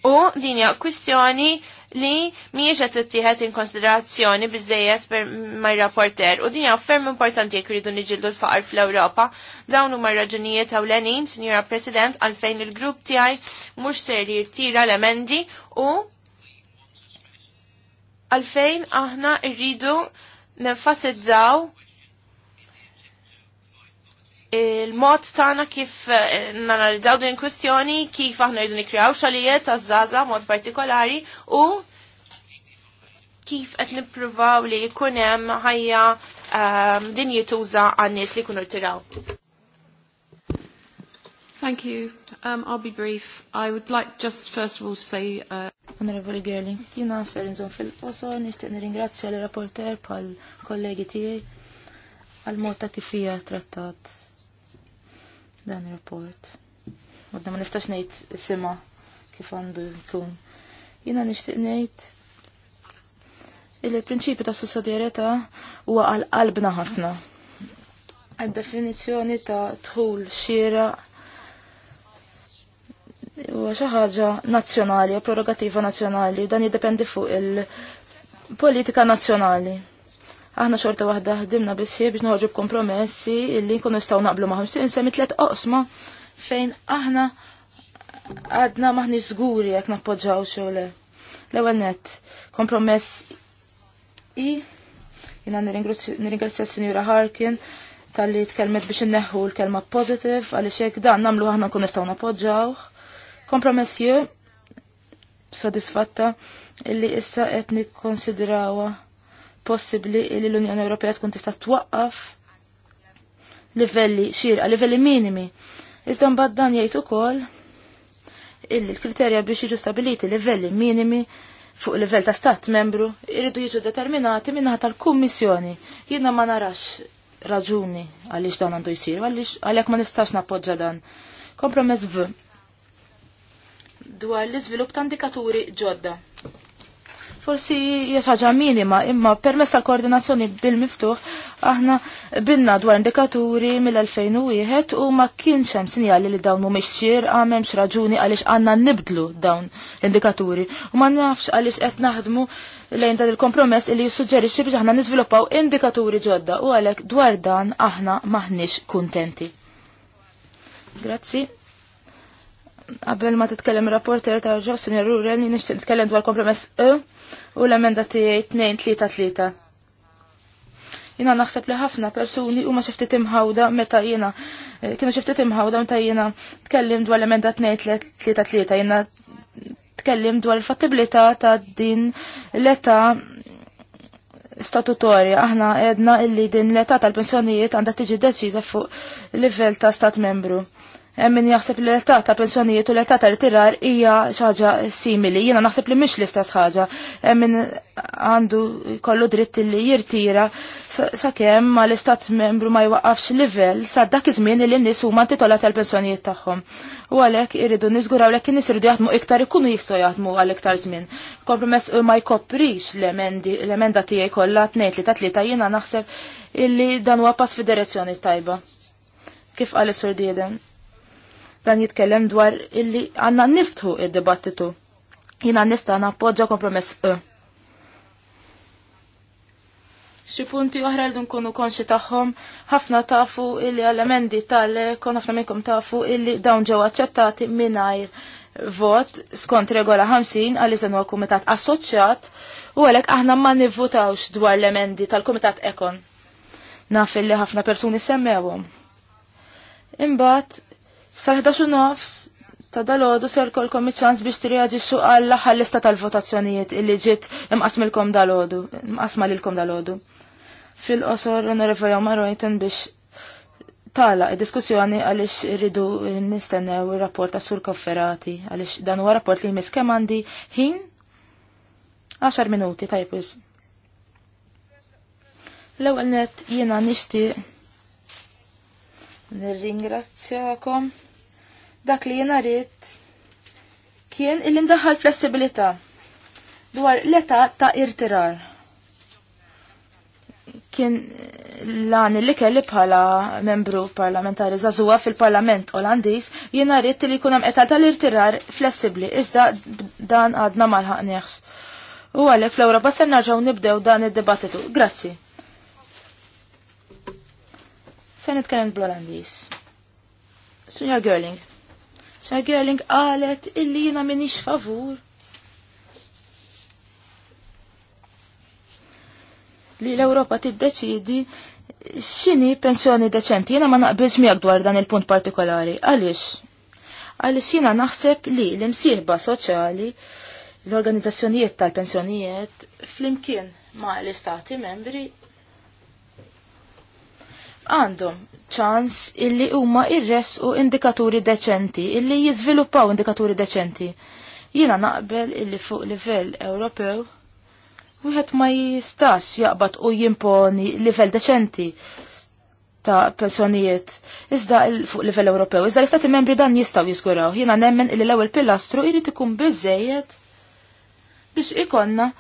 Speaker 3: U din hija kwistjoni li miex t tittieħed in konsiderazzjoni bizzejet per mar rapporter u din ferm importanti jekk iridu niġildu l-faqar fl-Ewropa. Dawn huma raġunijiet ewlenin, Sinjura President, għalfejn il-grupp tiegħi mhux ser jirtira l-emendi u għalfejn aħna rridu nenfasizzaw il-mod tagħna kif eh, nanalizzaw din kwestjoni, kif aħna rridu nikkrew xalijiet għaż-żaża mod partikolari u kif qed nippruvaw li jkun hemm ħajja ehm, din jituża għan-nies li jkunu rtiraw. Thank you. Um, I'll be brief. I would like just first of all to say... Uh...
Speaker 2: Honorable Gerling, jina ser nżon fil-qosor, nishtiq nirringrazzja l-rapporter pal kollegi tiegħi għal mod ta' kif hija trattat dan il-rapport. Għadna ma nistax ngħid sima kif għandu jkun. Jiena nixtieq ngħid il-prinċipju ta' sussidjarjetà huwa għal qalbna ħafna. Għad-definizzjoni ta' tħul xira huwa xi ħaġa nazzjonali, prerogativa nazzjonali, dan jiddependi fuq il-politika nazzjonali aħna xorta waħda ħdimna bisħi biex noħġu b'kompromessi illi nkunu nistgħu naqblu magħhom. Xtieq insemmi tliet oqsma fejn aħna għadna maħni żguri jekk nappoġġaw xogħol. L-ewwel nett, kompromess i jiena nirringrazzja s-Sinjura Harkin tal-li tkellmet biex inneħħu l-kelma pożittiv għaliex hekk dan nagħmlu aħna nkun nistgħu nappoġġaw. Kompromess jew sodisfatta illi issa qed nikkonsidrawha possibbli li l-Unjoni Ewropea tkun tista' twaqqaf livelli xirqa, livelli minimi. Iżda mbagħad dan jgħid ukoll illi l-kriterja biex jiġu stabiliti livelli minimi fuq livell ta' stat membru irridu jiġu determinati minnaħa tal-kummissjoni. Jiena ma narax raġuni għaliex dan għandu jsir, għaliex għalhekk ma nistax nappoġġa dan. Kompromess V dwar l-iżvilupp ta' indikaturi ġodda forsi jesħaġa minima, imma permess tal-koordinazzjoni bil-miftuħ, aħna binna dwar indikaturi mill-2001 u ma kienx hemm sinjali li dawn mhumiex xir għamem raġuni għaliex għandna nibdlu dawn l-indikaturi. U ma nafx għaliex qed naħdmu lejn dan il-kompromess li jissuġġerixxi biex aħna niżviluppaw indikaturi ġodda u għalhekk dwar dan aħna maħniex kuntenti. Grazzi qabel ma titkellem rapporter ta' ġo Sinjor Rurel, nixtieq nitkellem dwar kompromess E u l-emenda tijaj 2-3-3. Jina naħseb li ħafna persuni huma xi ftit imħawda meta jina. Eh, kienu xifti timħawda imħawda meta jina tkellim dwar l-emenda 2 2-3-3. Jina tkellim dwar l fattibilità ta' din l-età statutorja. Aħna edna illi din l-età tal-pensjonijiet għandha tiġi deċiża fuq livell ta' stat membru hemm min jaħseb li l-età ta' pensjonijiet u l-età tal-tirar hija xi ħaġa simili. Jiena naħseb li mhix l-istess ħaġa. Hemm min għandu kollu dritt li jirtira sakemm ma l-istat membru ma jwaqafx livell sa dak iż-żmien li n-nies huma intitolati tal pensjonijiet tagħhom. U għalhekk irridu niżguraw lekin in-nies irridu jaħdmu iktar ikunu jistgħu jaħdmu għal iktar żmien. Kompromess eh, ma jkoprix l-emenda tiegħi kollha tnejn tlieta tlieta jiena naħseb illi dan huwa pass fid direzzjoni tajba. Kif qal is-Sur Dieden? dan jitkellem dwar illi għanna niftħu id-dibattitu. Jina nista nappoġġa kompromess e. Xi punti oħra li nkunu konxi tagħhom, ħafna tafu illi għall-emendi tal-kon ħafna minnkom tafu illi dawn ġew aċċettati mingħajr vot skont regola 50 għaliex dan għal kumitat assoċjat u għalhekk aħna ma nivvutawx dwar l-emendi tal-kumitat ekon. Naf li ħafna persuni semmewhom. Imbagħad Sal-11 nofs ta' dalodu ser kolkom iċ-ċans biex tirreaġixxu għall aħħar lista tal-votazzjonijiet illi ġiet imqasmilkom dal-ħodu, imqasma lilkom dalodu. Fil-qosor onorevoli Omar Rojten biex tala id-diskussjoni għaliex irridu nistennew ir-rapport ta' sur kofferati għaliex dan huwa rapport li jmiss għandi ħin 10 minuti tajbis. L-ewwel net jiena nixtieq nirringrazzjakom. Dak li jena rrit kien il-indaħal flessibilità dwar l-età ta' irtirar. Kien lan li kelli bħala membru parlamentari zazuwa fil-parlament olandis jiena rrit li eta età tal-irtirar flessibli, iżda dan għadna malħaqniex. U għalek fl-Ewropa ser naġaw nibdew dan id-debattitu. Grazzi. Ser nitkellem bl-Olandiż. Sunja Görling. Sa Gerling qalet illi jina minix favur. Li l-Europa tiddeċidi xini pensjoni deċenti. Jina ma naqbilx miegħek dwar dan il-punt partikolari. Għaliex? Għaliex jina naħseb li l-imsieħba soċjali l-organizzazzjonijiet tal-pensjonijiet flimkien ma l-istati membri għandhom ċans illi huma irres u indikaturi deċenti, illi jizviluppaw indikaturi deċenti. Jina naqbel illi fuq livell Ewropew wieħed ma jistax jaqbad u jimponi livell deċenti ta' personijiet iżda fuq livell Ewropew. Iżda l-istati membri dan jistaw jiżguraw. Jiena nemmen illi l-ewwel pilastru jrid ikun biżejjed biex ikonna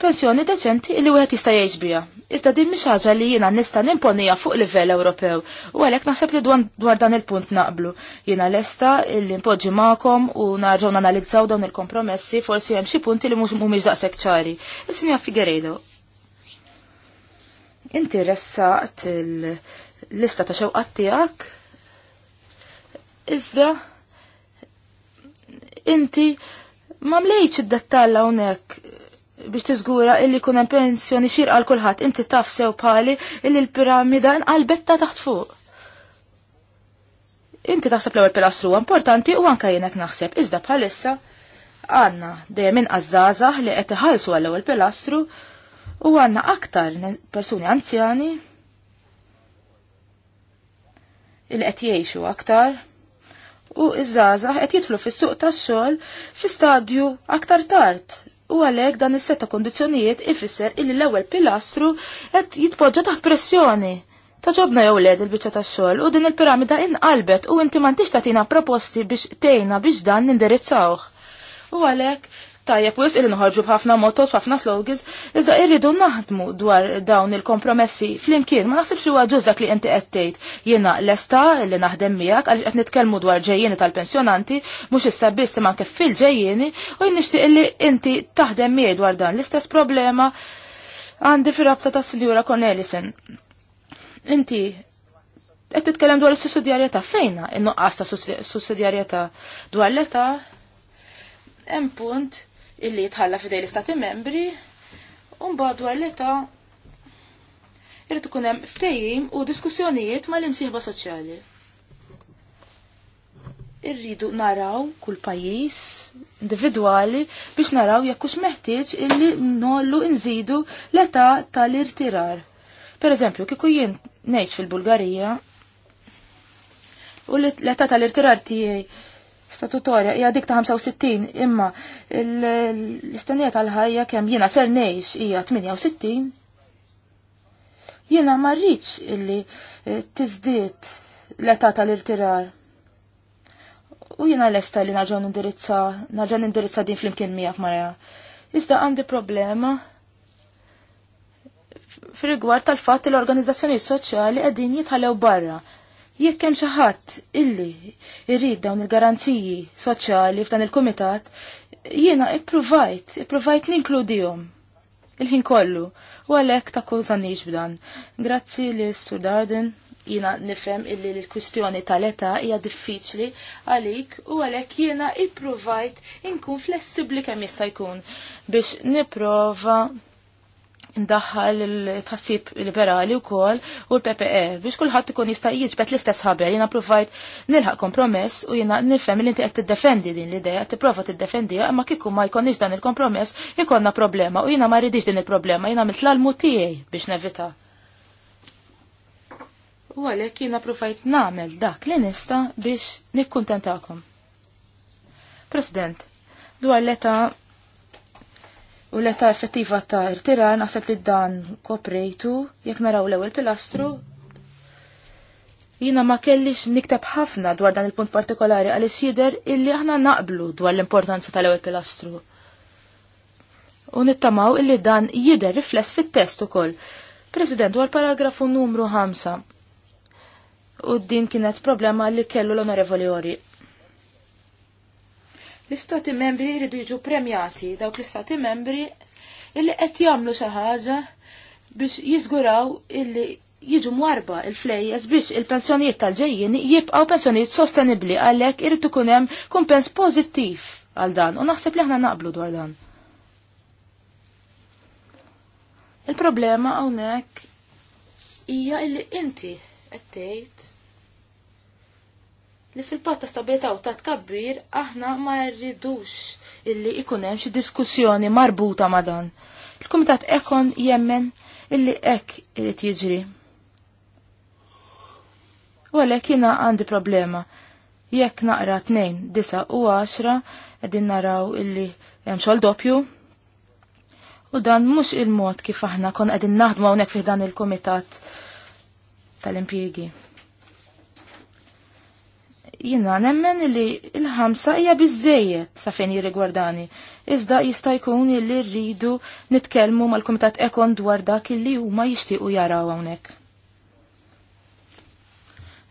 Speaker 2: pensjoni deċenti li wieħed jista' jgħix biha. Iżda din mhix ħaġa li jiena nista' nimponija fuq livell Ewropew u għalhekk naħseb li dwar dan il-punt naqblu. Jiena lesta li npoġġi magħkom u narġgħu nanalizzaw dawn il-kompromessi forsi hemm xi punti li mhux mhumiex daqshekk ċari. Is-Sinja Figueiredo. Inti ressaqt il-lista ta' xewqat tiegħek iżda inti ma mlejċ id-dettall hawnhekk biex tiżgura illi jkun hemm pensjoni xirqa għal kulħadd. Inti taf sew bħali illi l-piramida nqalbetta taħt fuq. Inti taħseb l-ewwel pilastru huwa importanti u anke jienek naħseb iżda bħalissa għandna dejjem inqas żgħażagħ li qed iħallsu għall ewwel pilastru u għandna aktar persuni anzjani il qed jgħixu aktar u iż-żgħażagħ qed jidħlu fis-suq tax-xogħol fi stadju aktar tard U għalek dan is setta kondizjonijiet ifisser illi l-ewwel pilastru qed jitpoġġa taħt pressjoni. Taġobna jew led il-biċċa tax-xogħol u din il-piramida inqalbet u inti m'għandix tagħtina proposti biex tgħinha biex dan nindirizzawh. U għalek tajjeb u jisqil nħarġu b'ħafna motos, b'ħafna slogans, iżda irridu naħdmu dwar dawn il-kompromessi flimkien. Ma naħsibx huwa ġuż dak li inti qed tgħid. Jiena lesta li naħdem miegħek għaliex qed nitkellmu dwar ġejjieni tal-pensjonanti, mhux issa biss imma anke fil-ġejjieni u jien nixtieq li inti taħdem miegħi dwar dan l-istess problema għandi fir-rabta ta' Sinjura Cornelison. Inti qed titkellem dwar is-sussidjarjetà fejna in-nuqqas ta' sussidjarjetà dwar l-età hemm punt illi jitħalla fidej l-istati membri, un-bad dwar l-età irrid ikun hemm u diskussjonijiet mal-imsieħba soċjali. Irridu naraw kull pajjiż individwali biex naraw jekk hux meħtieġ illi nollu nżidu l-età tal-irtirar. Per eżempju, kieku jien nejx fil-Bulgarija u l-età tal-irtirar tiegħi statutorja hija dik ta' 65 imma l-istennija tal-ħajja kemm jiena ser ngħix hija 68. Jiena ma rridx illi eh, tiżdied l-età tal-irtirar. U jiena lesta li naġa indirizza naġa indirizza din flimkien miegħek Marja. Iżda għandi problema fil-rigward tal-fatt li l-organizzazzjoni soċjali qegħdin jitħallew barra Jekk hemm xi ħadd illi jrid dawn il-garanziji soċjali f'dan il-kumitat, jiena ippruvajt, ippruvajt ninkludihom il-ħin kollu u għalhekk ta' kull tannix b'dan. Grazzi li Sur Darden jiena nifhem illi l-kwistjoni tal-età hija diffiċli għalik u għalhekk jiena ippruvajt inkun flessibbli kemm jista' jkun biex nipprova ndaħħal il tħassib liberali u kol u l-PPE biex kullħat ikun jista' jiġbet l-istess ħaber jina provajt nilħaq kompromess u jina nifhem li inti qed tiddefendi din l-idea qed tipprova tiddefendiha imma kieku ma jkollniex dan il-kompromess ikonna problema u jina ma rridix din il-problema jina mitlalmu tiegħi biex nevita. U għalhekk jiena provajt nagħmel dak li nista biex nikkuntentakom. President, dwar l-età u l-età effettiva ta' Tiran naħseb li dan koprejtu jekk naraw l-ewwel pilastru. Jina ma kellix nikteb ħafna dwar dan il-punt partikolari għal sider illi aħna naqblu dwar l-importanza tal-ewwel pilastru. U nittamaw illi dan jider rifless fit-test ukoll. President, dwar paragrafu numru 5. U din kienet problema li kellu l-onorevoli Ori. L-istati membri jridu jiġu premjati dawk l-istati membri illi qed jagħmlu xi ħaġa biex jiżguraw illi jiġu mwarba il-flejjes biex il-pensjonijiet tal-ġejjin jibqgħu pensjonijiet sostenibbli għalhekk irid ikun hemm kumpens pożittiv għal dan u naħseb li aħna naqblu dwar dan. Il-problema hawnhekk hija illi inti qed tgħid li fil-patta stabilita u ta' tkabbir aħna ma rridux illi ikunem xi diskussjoni marbuta ma' dan. Il-Kumitat Ekon jemmen illi ek illi jiġri. U għalhekk jiena għandi problema. Jekk naqra tnejn, disa u 10 qegħdin naraw illi hemm xogħol doppju. U dan mhux il-mod kif aħna kon qegħdin naħdmu hawnhekk fiħdan il-Kumitat tal impiegi jina nemmen li il-ħamsa hija biżejjed sa fejn jirrigwardani. Iżda jista' jkun li rridu nitkellmu mal-Kumitat Ekon dwar dak illi huma jixtiequ jaraw hawnhekk.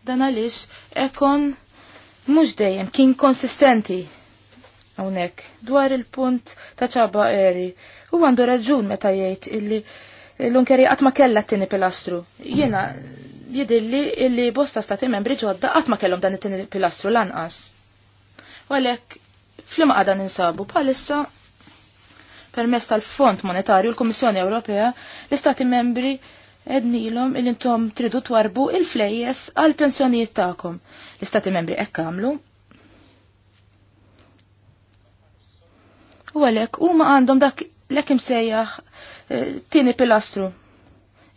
Speaker 2: Dan għaliex Ekon mhux dejjem kien konsistenti hawnhekk dwar il-punt ta' ċaba eri. U għandu raġun meta jgħid illi l-unkeri qatt ma kellha t-tieni pilastru. Jena, jidilli illi bosta stati membri ġodda qatt ma kellhom dan it tini pilastru lanqas. U għalhekk flimqa dan insabu bħalissa permess tal-Fond Monetarju l-Kummissjoni Ewropea l-Istati membri ednilom il intom tridu twarbu il-flejjes għal pensjonijiet tagħkom. L-Istati membri hekk għamlu. U għalhekk huma għandhom dak l-ekim sejjaħ eh, tieni pilastru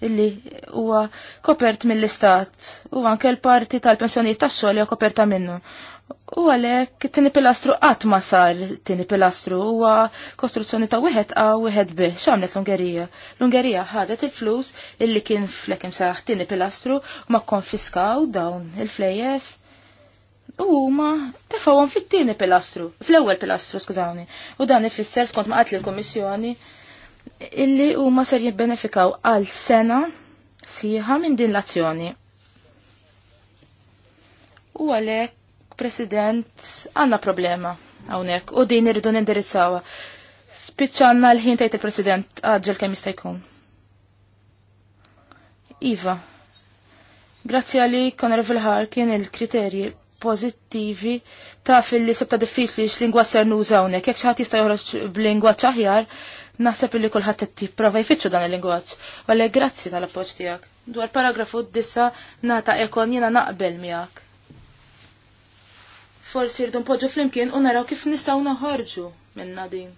Speaker 2: illi huwa kopert mill-istat u anke l-parti tal-pensjonijiet tas xogħol huwa koperta minnu. U għalhekk it-tieni pilastru qatt ma sar it pilastru huwa kostruzzjoni ta' wieħed A wieħed B. X'għamlet l-Ungerija? L-Ungerija ħadet il-flus illi kien flek imsaħ tini pilastru u ma konfiskaw dawn il-flejes u huma tefawhom fit-tieni pilastru, fl-ewwel pilastru skużawni. U dan ifisser skont ma qatli l-Kummissjoni illi huma ser jibbenefikaw għal sena sieħa minn din l-azzjoni. U għalhekk, President, għandna problema hawnhekk u din irridu nindirizzawha. Spiċċanna l-ħin tajt il-President għadġel kemm jista' jkun. Iva, grazzi għalik Honorable kien il-kriterji pozittivi ta' fil-li sebta diffiċli x-lingwa ser nużawnek, jek xaħat jista' joħroġ b'lingwa ċaħjar, Naħseb illi kulħadd qed prova jfittxu dan il-lingwaġġ. Għalhekk grazzi tal-appoġġ tiegħek. Dwar paragrafu d-dissa nata ekon jiena naqbel miegħek. Forsi rridu npoġġu flimkien u naraw kif nistgħu noħorġu minna din.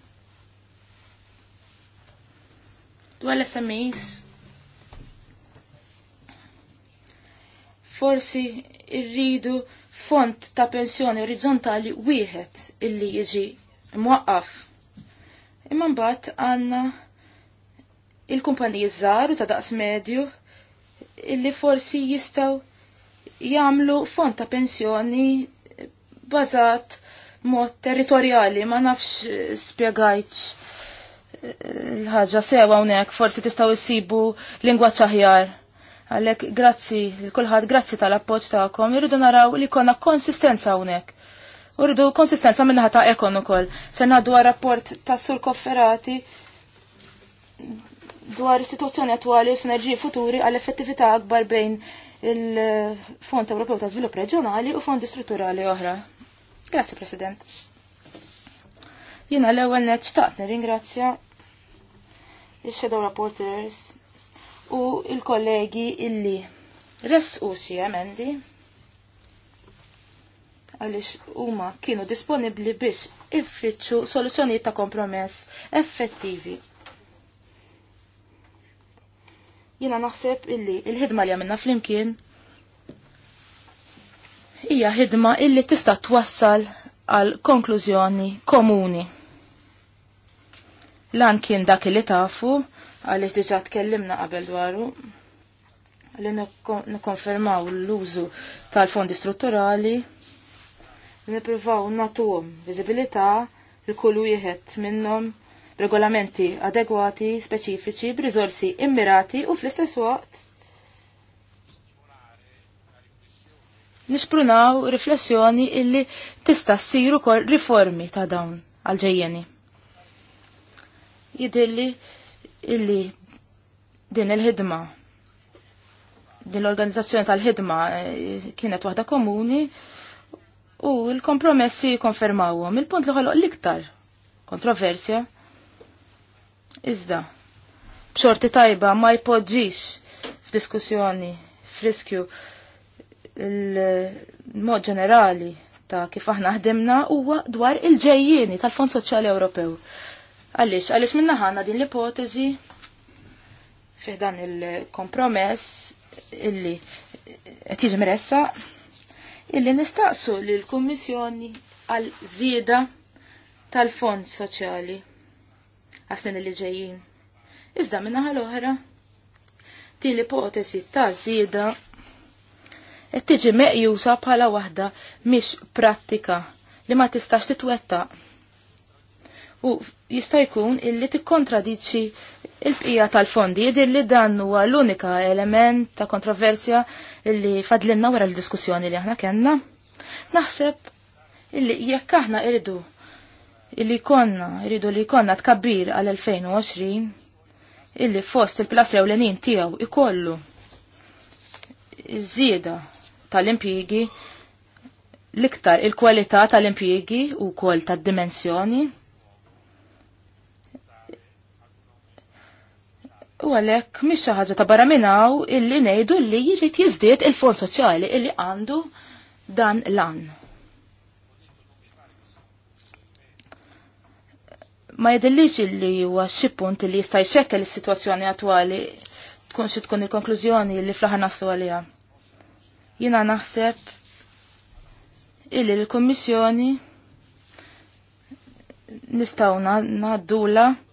Speaker 2: Dwar l-SMEs forsi rridu font ta' pensjoni orizzontali wieħed illi jiġi mwaqqaf Imma mbagħad għandna il-kumpaniji żgħar u ta' daqs medju illi forsi jistgħu jagħmlu fond ta' pensjoni bażat mod territorjali, ma nafx spjegajtx eh, l-ħaġa sewa hawnhekk forsi tistgħu issibu lingwaġġ aħjar. Għalhekk grazzi l kulħadd grazzi tal-appoġġ tagħkom, irridu naraw li konna konsistenza hawnhekk Uridu konsistenza minna ħata ekon ukoll. Se ngħaddu rapport ta' sur kofferati dwar is-sitwazzjoni attwali u sinerġiji futuri għall effettività akbar bejn il-Fond Ewropew ta' Zvilupp Reġjonali u fondi strutturali oħra. Grazzi, President. Jiena l-ewwel neċtaqt nirringrazzja il-Shadow rapporters u il-kollegi illi u si emendi għaliex huma kienu disponibbli biex iffiċċu soluzzjonijiet ta' kompromess effettivi. Jiena naħseb illi il-ħidma li għamilna flimkien hija ħidma illi tista' twassal għal konklużjoni komuni. Lan kien dak li tafu, għaliex diġà tkellimna qabel dwaru, li nikkonfermaw l-użu tal-fondi strutturali nipruvaw natuhom viżibilità li kull wieħed minnhom regolamenti adegwati, speċifiċi, b'riżorsi immirati u fl-istess waqt nisprunaw riflessjoni illi tista' ssir ukoll riformi ta' dawn għal-ġejjeni. Jidilli illi din il-ħidma din l-organizzazzjoni tal-ħidma eh, kienet waħda komuni u l-kompromessi konfermawhom. Il-punt li ħoloq l-iktar kontroversja iżda b'xorti tajba ma jpoġġix f'diskussjoni friskju il-mod ġenerali ta' kif aħna ħdimna huwa dwar il-ġejjieni tal-Fond Soċjali Ewropew. Għaliex, għaliex minna ħana din l-ipotezi fih dan il-kompromess illi qed jiġi mressa illi nistaqsu li l-Kummissjoni għal zieda tal-Fond Soċjali għasnin li ġejjin. Iżda minna l-oħra, din l-ipotesi ta' zieda qed tiġi meqjusa bħala waħda mhix prattika li ma tistax titwettaq u jista' jkun illi tikkontradiċċi il-bqija tal-fondi jidir li dan huwa l-unika element ta' kontroversja illi fadlinna wara l-diskussjoni li aħna kellna. Naħseb illi jekk aħna irridu illi konna, irridu li konna tkabbir għal 2020 illi fost il-plas ewlenin tiegħu ikollu iż-żieda tal-impjigi l-iktar il-kwalità tal-impjigi u kol tad-dimensjoni. tal impjiegi u kol tad dimensjoni tal tad dimensjoni U għalek, mis ħaġa ta' baraminaw illi nejdu li jirrit jizdiet il-fond soċjali illi għandu dan l-an. Ma jedellix illi huwa xi punt illi jista' jxekkel is-sitwazzjoni attwali tkun xi tkun il-konklużjoni li fl-aħħar naslu għaliha. Jiena naħseb illi l-Kummissjoni nistgħu ngħaddula na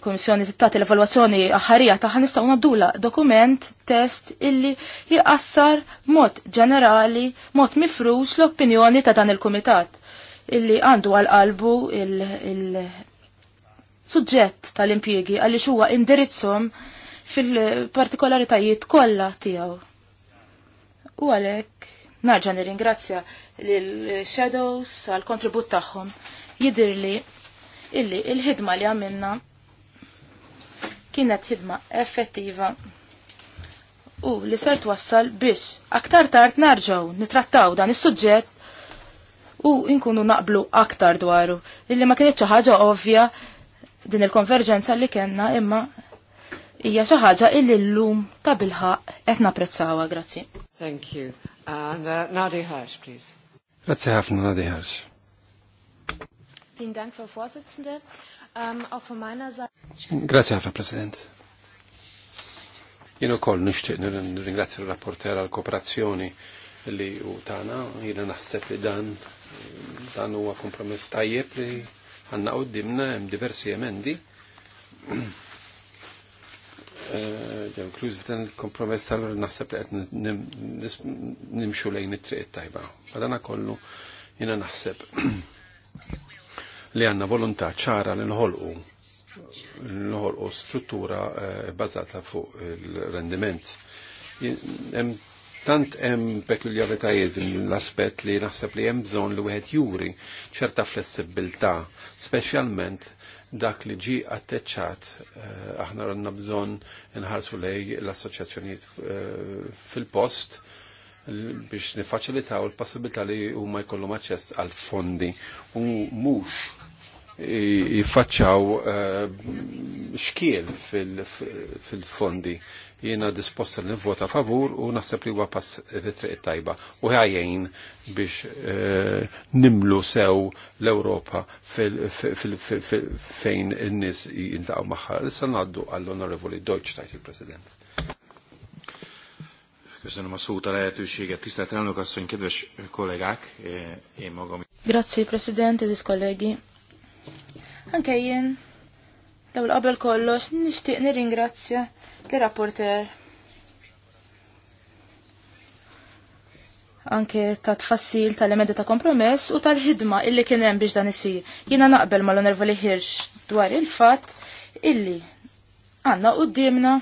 Speaker 2: il-Komissjoni tagħti l-evalwazzjoni aħħarija tagħha nistgħu naddula dokument test illi jqassar mod ġenerali, mod mifrux l-opinjoni ta' dan il-Kumitat illi għandu għal qalbu il-suġġett tal-impjiegi għaliex huwa indirizzhom fil-partikolaritajiet kollha tiegħu. U għalhekk narġa' nirringrazzja lil Shadows għal kontribut tagħhom jidirli illi il-ħidma li għamilna kienet ħidma effettiva u li ser twassal biex aktar tard narġaw nitrattaw dan is-suġġett u nkunu naqblu aktar dwaru. Illi ma kienet xi ħaġa ovvja din il-konverġenza li kellna imma hija xi ħaġa illi llum ta' bilħaq qed napprezzawha, grazzi. Thank you. And uh, Nadi Harsh, please.
Speaker 1: Grazzi ħafna Nadi Harsh.
Speaker 2: Vielen Dank, Frau Vorsitzende. Um,
Speaker 1: Grazie, Herr President. Jien ukoll nixtieq nirringrazzja l-rapporter għal kooperazzjoni li u tagħna, jiena naħseb li dan dan huwa kompromess tajjeb li għandna qudiemna hemm diversi emendi. (clears throat) Eh, inkluż f'dan il-kompromess allura naħseb li qed nimxu lejn it-triq tajba. Madana kollu jiena naħseb (clears throat) li għanna volontà ċara li nħolqu nħolqu struttura eh, bazata fuq il-rendiment. Tant hemm pekuljaritajiet l-aspett li naħseb li hemm bżonn li wieħed juri ċerta flessibilità, speċjalment dak li ġi atteċċat eh, aħna ranna bżon nħarsu lej l-assoċjazzjonijiet eh, fil-post biex nifaċilitaw il-possibilità li huma jkollhom aċċess għal fondi u mhux jiffaċċaw eh, xkiel fil-fondi. Jiena disposta li nivvota favur u naħseb li huwa pass it-triq tajba u ħajjin biex eh, nimlu sew l-Ewropa fejn in-nies jintaqgħu magħha. Issa ngħaddu għall-Onorevoli Deutsch tajt il-President. Köszönöm a szót, a lehetőséget. Tisztelt elnök asszony, kedves kollégák, eh, én magam.
Speaker 2: Grazie, Presidente, tisztelt kollégi. Anke jien, daw l-qabel kollox, nixtieq nirringrazzja l-rapporter. Anke ta' tfassil tal-emendi ta' kompromess u tal-ħidma illi kien hemm biex dan isir. Jiena naqbel mal onervali Hirsch dwar il-fatt illi għandna qudiemna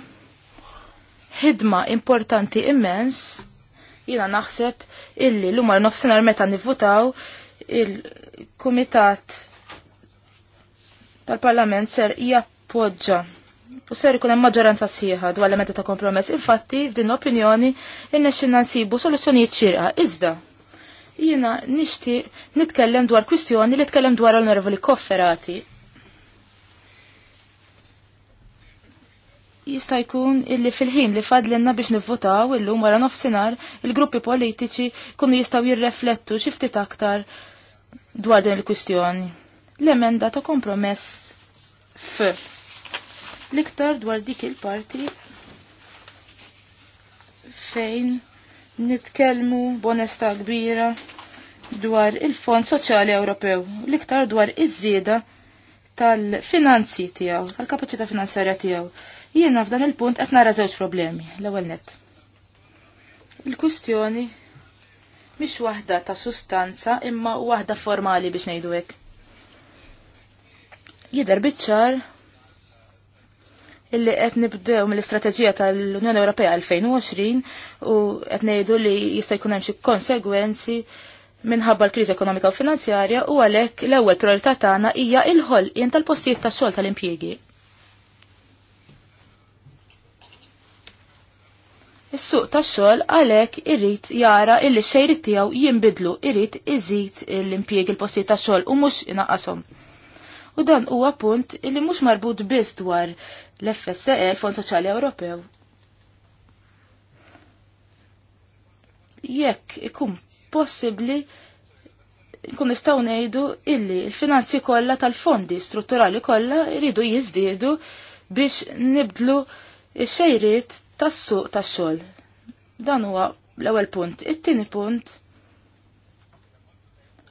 Speaker 2: ħidma importanti immens jina naħseb illi l-umar nofsinar meta nivvutaw il-Kumitat tal-Parlament ser jappoġġa u ser ikun hemm maġġoranza sħiħa dwar l-elementi ta' kompromess. Infatti, f'din opinjoni irnexxinna nsibu soluzzjonijiet xirqa, iżda. Jiena nixtieq nitkellem dwar kwistjoni li tkellem dwar onorevoli kofferati. Jista' jkun illi fil-ħin li fadlinna biex nivvotaw illum wara nofsinhar il-gruppi politiċi kunu jistgħu jirreflettu xi ftit aktar dwar din il-kwistjoni l-emenda ta' kompromess f. L-iktar dwar dik il-parti fejn nitkellmu bonesta kbira dwar il-Fond Soċjali Ewropew, l-iktar dwar iż-żieda tal-finanzi tiegħu, tal-kapaċità finanzjarja tiegħu. Jiena f'dan il-punt qed nara żewġ problemi l-ewwel nett. Il-kwistjoni mhix waħda ta' sustanza imma waħda formali biex ngħidu hekk jidher biċ-ċar illi qed nibdew mill-istrateġija tal-Unjoni Ewropea 2020 u qed ngħidu li jista' jkun hemm xi konsegwenzi minħabba l-kriżi ekonomika u finanzjarja u għalhekk l-ewwel priorità tagħna hija l-ħolqien tal-postijiet tax-xogħol tal-impjiegi. Is-suq tax-xogħol għalhekk irid jara illi x-xejrid tiegħu jinbidlu, irid iżid l-impjiegi l-postijiet tax-xogħol u mhux inaqqashom u dan huwa punt illi mhux marbut biss dwar l-FSE, l fond Soċjali Ewropew. Jekk ikun possibbli nkun nistgħu ngħidu illi l-finanzi kollha tal-fondi strutturali kollha jridu jiżdiedu biex nibdlu x-xejriet tas-suq tax-xogħol. Dan huwa l-ewwel punt. It-tieni punt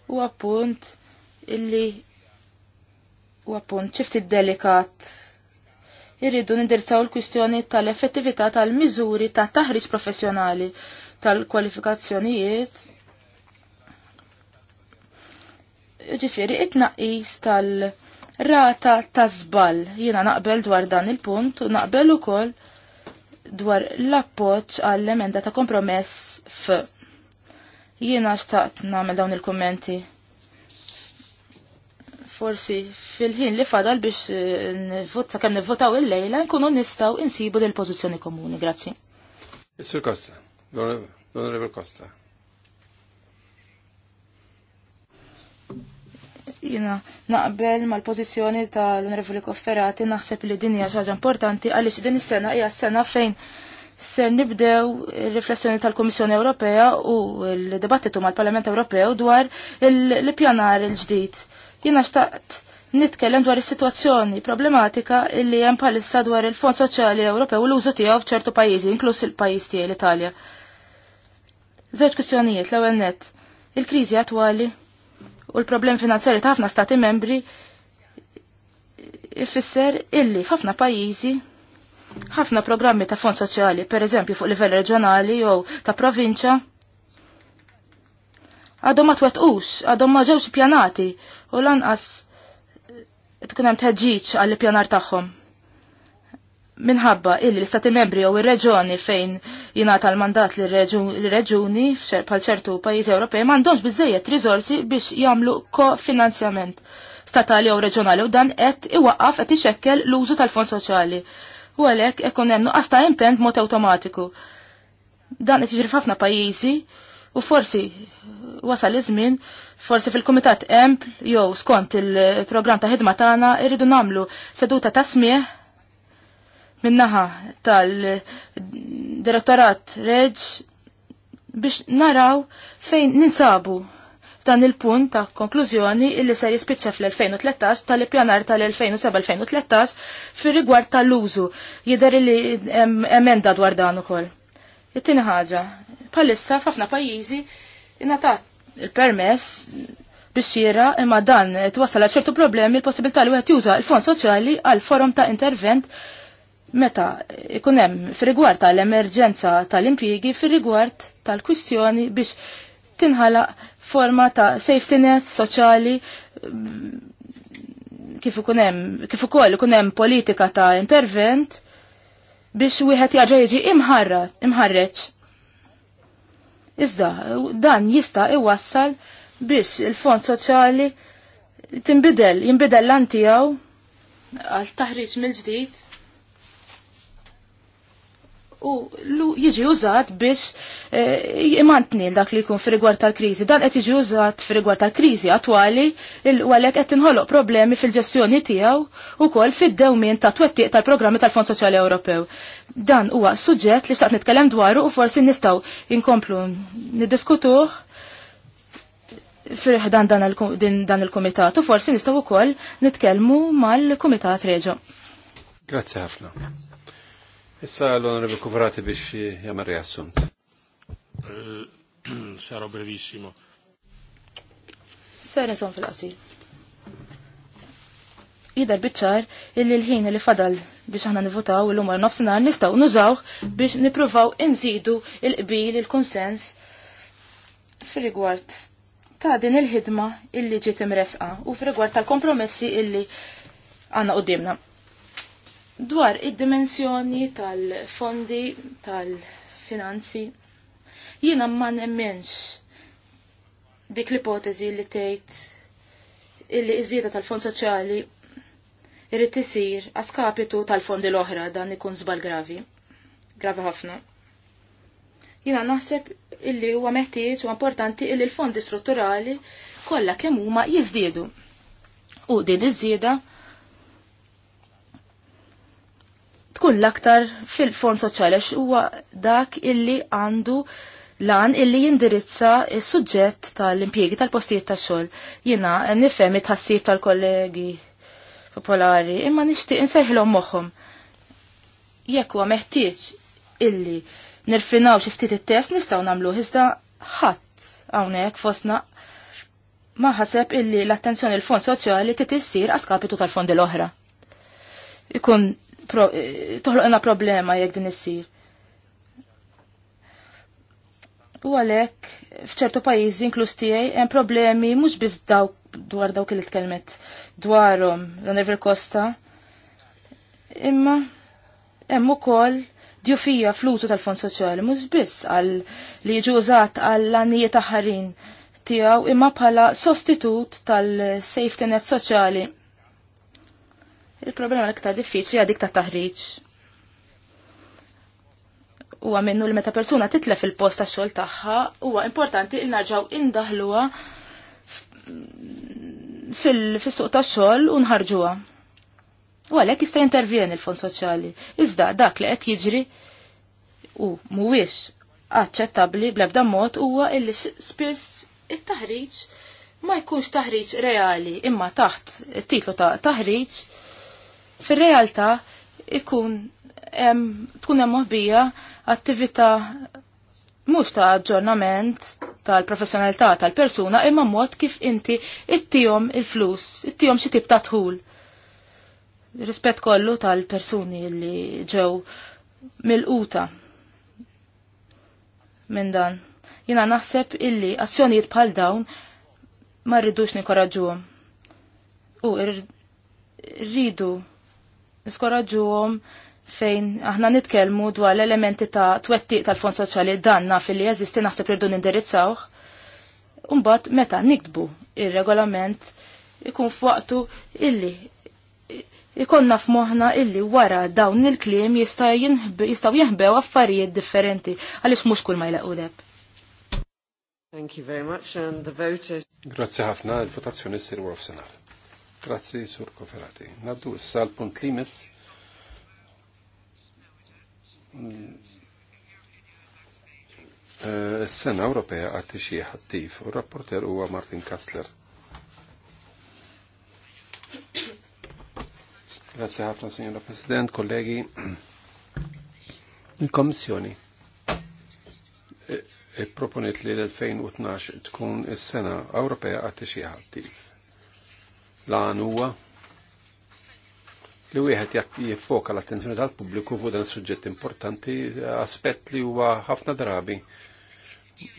Speaker 2: huwa punt illi u appunt id delikat. Irridu nindirzaw l-kwistjoni tal-effettività tal-miżuri ta' taħriġ professjonali tal-kwalifikazzjonijiet. Ġifiri, it-naqis tal-rata ta' żball. Jiena naqbel dwar dan il-punt u naqbel ukoll dwar l-appoġġ għall-emenda ta' kompromess f. Jiena xtaqt nagħmel dawn il-kummenti forsi fil-ħin li fadal biex eh, nivvota kemm nivvotaw il-lejla nkunu nistgħu insibu lil pożizzjoni komuni. Grazzi.
Speaker 1: Sur Costa, l-Onorevole Costa.
Speaker 2: Jina, naqbel mal-pożizzjoni tal-Onorevoli Kofferati naħseb li din hija xaġa importanti għaliex din is-sena hija sena fejn se nibdew riflessjoni tal-Komissjoni Ewropea u l-dibattitu mal-Parlament Ewropew dwar l-pjanar il-ġdid jina xtaqt nitkellem dwar is-sitwazzjoni problematika illi hemm bħalissa dwar il-Fond Soċjali Ewropew u l-użu tiegħu f'ċertu pajjiżi, inkluż il-pajjiż tiegħi l-Italja. Żewġ kwistjonijiet l-ewwel nett. Il-kriżi attwali u l-problem finanzjari ta' ħafna stati membri ifisser illi f'ħafna pajjiżi ħafna programmi ta' fond soċjali, per eżempju fuq livell reġjonali jew ta' provinċja, għadhom ma twettqux, għadhom ma ġewx pjanati u lanqas eh, tkun hemm tħeġġiġ għall pjanar tagħhom. Minħabba illi l-istati membri u ir-reġuni fejn jingħata l-mandat l-reġuni bħal ċertu pajjiżi Ewropej m'għandhomx biżejjed riżorsi biex jagħmlu kofinanzjament statali u reġjonali u dan qed iwaqqaf qed ixekkel l-użu tal-fond soċjali. U għalhekk ikun hemm nuqqas ta' impenn b'mod awtomatiku. Dan qed jiġri f'ħafna pajjiżi U forsi wasal iż-żmien, forsi fil-Kumitat Emp jew skont il-programm ta' ħidma tagħna irridu nagħmlu seduta ta' smieħ minnaħa tal-Direttorat Reġ biex naraw fejn ninsabu dan il-punt ta' konklużjoni illi ser jispiċċa fl-2013 tal-ippjanar tal-2007-2013 fir rigward tal-użu jidher li emenda dwar dan ukoll. It-tieni ħaġa, bħalissa f'ħafna pajjiżi ingħatat il-permess biex imma dan twassal għal ċertu problemi l-possibilità li wieħed juża l-fond soċjali għal forum ta' intervent meta ikun hemm fir-rigward tal-emerġenza tal-impjiegi fir-rigward tal-kwistjoni biex tinħalaq forma ta' safety net soċjali mm, kif ikun hemm kif ukoll ikun hemm politika ta' intervent biex wieħed jaġa jiġi imħarrat imħarreġ Iżda, dan jista' iwassal biex il-fond soċjali tinbidel, jinbidel l-antijaw għal taħriġ mill-ġdid u jiġi użat biex e, imantni dak li jkun fil tal-krizi. Dan qed jiġi użat fil tal-krizi attwali u għalek qed nħolok problemi fil-ġestjoni tiegħu kol fid-dewmien ta' twettiq tal-programmi tal-Fond Soċjali Ewropew. Dan huwa suġġett li xtaqt nitkellem dwaru u forsi nistgħu inkomplu niddiskutuh fil dan il-komitat u forsi nistgħu wkoll nitkellmu mal-kumitat
Speaker 1: reġo. Grazzi ħafna. Issa l-onorevole Kuvrati biex jagħmel riassunt. Eh, (clears throat) sarò brevissimo.
Speaker 2: Sera son fil-qasir. Jidher biċċar illi l-ħin li fadal biex aħna nivutaw il għal nofsinhar nistgħu nużaw biex nippruvaw inżidu il-qbil il-konsens fir-rigward ta' din il-ħidma illi ġiet imresqa u fir-rigward tal-kompromessi illi għandna qudiemna dwar id-dimensjoni tal-fondi tal-finanzi. Jiena ma nemmenx dik l-ipotezi li tgħid illi iżjeda tal-fond soċjali irrid isir għaskapitu tal-fondi l-oħra dan ikun żbal gravi. Gravi ħafna. Jiena naħseb illi huwa meħtieġ u importanti illi l-fondi strutturali kollha kemm huma jiżdiedu. U din iż-żieda tkun l-aktar fil-fond soċjali għax huwa dak illi għandu lan illi jindirizza il suġġett tal impjiegi tal-postijiet tax-xogħol. Jiena nifhem it-ħassib tal-kollegi popolari, imma nixtieq inserħilhom moħħhom. Jekk huwa meħtieġ illi nirfinaw xi ftit it-test nistgħu nagħmluh iżda ħadd hawnhekk fostna ma ħaseb illi l-attenzjoni l-fond soċjali titissir għaskapitu tal-fondi l-oħra. Ikun pro, eh, toħloqna problema jekk din issir. U għalek, fċertu pajizi inklus tijaj, hemm problemi mhux biss dawk dwar dawk li kelmet dwarom, l-Nervil Costa. Imma hemm ukoll djufija flutu tal-Fond Soċjali mhux biss għal li jiġu għal għall anijiet aħħarin tiegħu imma bħala sostitut tal-safety net soċjali Il-problema l-iktar diffiċli għadik ta' taħriġ. Huwa għamennu li meta persuna titlef il-post ta' xogħol tagħha, huwa importanti li naġaw indaħluha fil-suq ta' xogħol u nħarġuha. U għalhekk jista' jintervjeni il-fond soċjali. Iżda dak li qed jiġri u mhuwiex aċċettabbli bl-ebda mod huwa illi spiss it-taħriġ ma jkunx taħriġ reali imma taħt it-titlu ta' taħriġ ta fir-realtà ikun tkun hemm bija attività mhux ta' aġġornament tal-professjonalità tal-persuna imma mod kif inti ittihom il-flus, ittihom xi tip ta' tħul. Rispett kollu tal-persuni li ġew mil quta minn dan. Jina naħseb illi azzjonijiet bħal dawn ma rridux nikoraġuhom. U rridu niskoraġuhom fejn aħna nitkellmu dwar l-elementi ta' twettiq tal-fond soċjali dan naf li jeżisti naħseb irdu nindirizzawh. Umbagħad meta nikdbu ir-regolament ikun f'waqtu illi ikonna f'moħna illi wara dawn il-kliem jistaw jinħbew affarijiet differenti għaliex mhux kull ma jlaqgħu deb.
Speaker 1: Thank you very much and the voters. Grazzi ħafna, il-votazzjoni ssir wara f'senar. Grazzi, Sur Koferati. Naddu sal punt limis eh, sena Ewropea għatti xie ħattif u rapporter huwa Martin Kastler. Grazie ħafna, signora President, kollegi. il komissjoni e, e- proponet li l-2012 tkun s-sena Ewropea għatti xie ħattif l-għan huwa li wieħed jiffoka l-attenzjoni tal-pubbliku fuq dan suġġett importanti, aspett li huwa ħafna drabi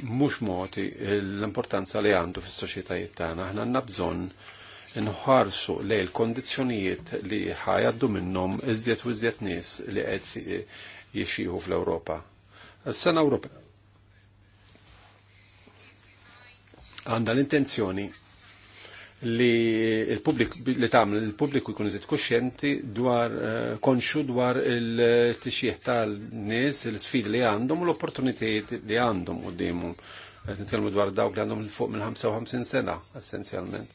Speaker 1: mhux moti l-importanza li għandu fis-soċjetajiet tagħna. Aħna għandna bżonn nħarsu li l-kondizzjonijiet li ħajaddu minnhom iżjed u iżjed nies li qed jixieħu fl-Ewropa. sena Ewropea għandha l-intenzjoni li li tagħmel il-pubbliku jkun iżid kuxjenti dwar eh, konxu dwar il-tixjieħ tal-nies, il-sfidi li għandhom u l-opportunitajiet li għandhom qudiemhom. Qed nitkellmu dwar dawk li għandhom fuq mill-55 sena essenzjalment.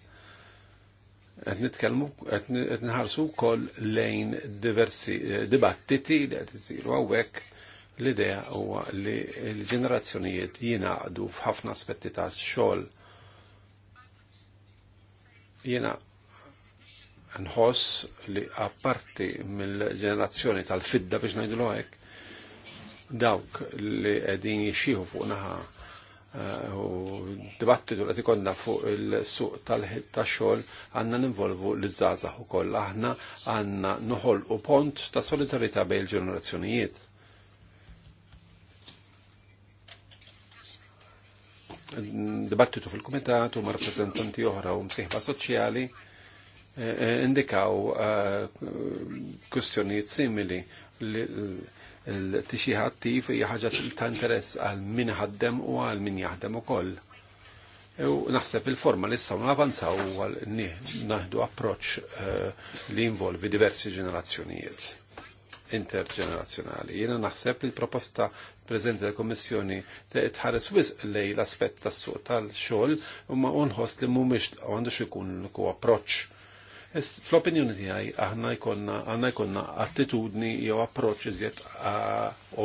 Speaker 1: Qed nitkellmu qed nħarsu wkoll lejn diversi eh, dibattiti li qed isiru għawek l-idea huwa li l-ġenerazzjonijiet jingħaqdu f'ħafna aspetti tax-xogħol Jena nħoss li apparti mill-ġenerazzjoni tal-fidda biex ngħidlu hekk, dawk li qegħdin jixiħu fuq naħa eh, u dibattitu li tikonna fuq il-suq tal-xol għanna ninvolvu l-żazax u koll. Aħna għanna noħol u pont ta' solidarita bej il-ġenerazzjonijiet. dibattitu fil-Kumitat u ma' rappresentanti oħra u msiħba soċjali eh, eh, indikaw eh, kustjonijiet simili l-tixi ħattif hija ħaġa ta' interess għal min ħaddem u għal min jaħdem ukoll. E u naħseb il-forma li s avanzaw navanzaw għal naħdu approċ li involvi diversi ġenerazzjonijiet interġenerazzjonali. Jiena naħseb li l-proposta prezenti tal-Kommissjoni tħares wisq lej l-aspett tas-suq tal-xogħol u ma unħoss li mhumiex għandu ikun ku approċċ. Fl-opinjoni tiegħi aħna jkollna aħna jkollna attitudni jew approċċ iżjed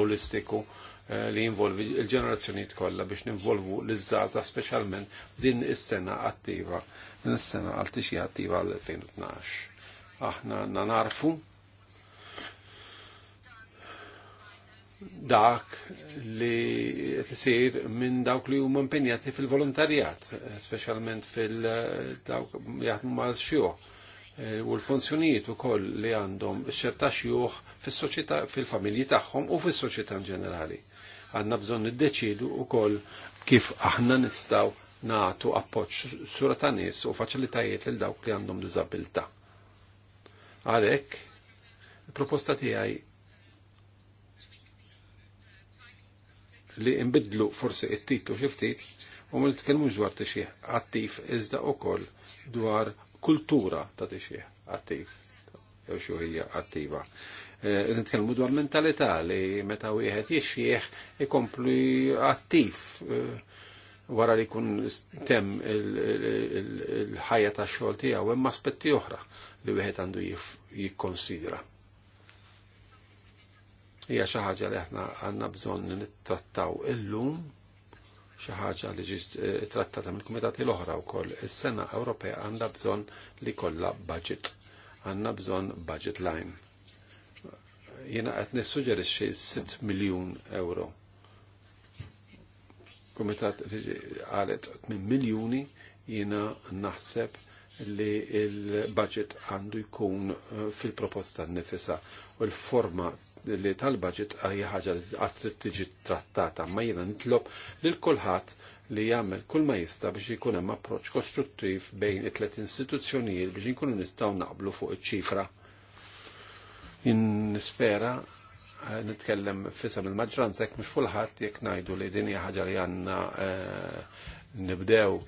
Speaker 1: holistiku eh, li jinvolvi l-ġenerazzjonijiet kollha biex ninvolvu l izzaza speċjalment din is-sena attiva, din is-sena għal tixi attiva għal 2012. Aħna narfu dak li t-sir minn dawk li huma impenjati fil-volontarjat, speċjalment fil-dawk eh, jgħatmu mal xjuħ eh, u l-funzjonijiet ukoll li għandhom xerta xjuħ fis fil-familji tagħhom u fis-soċjetà ġenerali. Għandna bżonn niddeċidu koll kif aħna nistgħu nagħtu appoġġ sura ta' nies u faċilitajiet lil dawk li għandhom diżabilità. Għalhekk, il-proposta tiegħi li imbidlu forsi it-titlu xi ftit u ma nitkellmux dwar tixjih attiv iżda wkoll dwar kultura ta' tixjih attiv jew xi hija attiva. Eh, nitkellmu dwar mentalità li meta wieħed jixjih ikomplu attiv eh, wara li kun tem il-ħajja ta' xogħol tiegħu hemm aspetti oħra li wieħed għandu jikkonsidra hija xi ħaġa li aħna għandna bżonn nittrattaw illum xi ħaġa li ġiet eh, trattata mill-kumitati l-oħra wkoll. Is-sena Ewropea għandha bżonn li kollha budget. Għandna bżonn budget line. Jiena qed nissuġġerixxi 6 miljun euro. Kumitat qalet 8 miljuni jiena naħseb li il-budget għandu jkun eh, fil-proposta nifisa u l-forma li tal-budget hija ħaġa li qatt tiġi trattata, ma jiena nitlob lil kulħadd li jagħmel kull ma jista' biex jkun hemm approċċ kostruttiv bejn it-tliet istituzzjonijiet biex inkunu nistgħu naqblu fuq iċ-ċifra. Nispera eh, nitkellem fisem il-maġġoranza jekk mhux kulħadd jekk ngħidu li din hija ħaġa li għandna eh, nibdew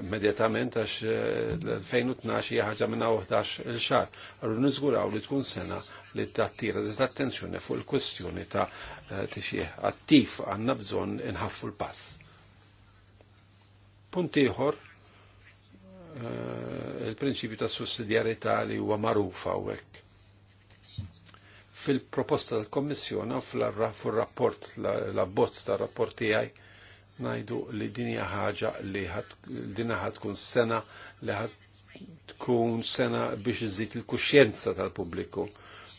Speaker 1: immedjatament għax eh, l-2012 hija minna 11 il-xar. Għarru niżguraw li tkun sena li t-tattira zi attenzjoni fuq il-kwestjoni ta' eh, tixieħ attiv għanna bżon inħaffu l-pass. Punt ieħor eh, il-prinċipju ta' sussidjarità li huwa magħrufa għek. fil-proposta tal-Kommissjona fil-rapport, la bozz tal-rapport tiegħi najdu li dinja ħaġa li dinja ħatkun sena li ħatkun sena biex iżid il-kuxjenza tal-pubbliku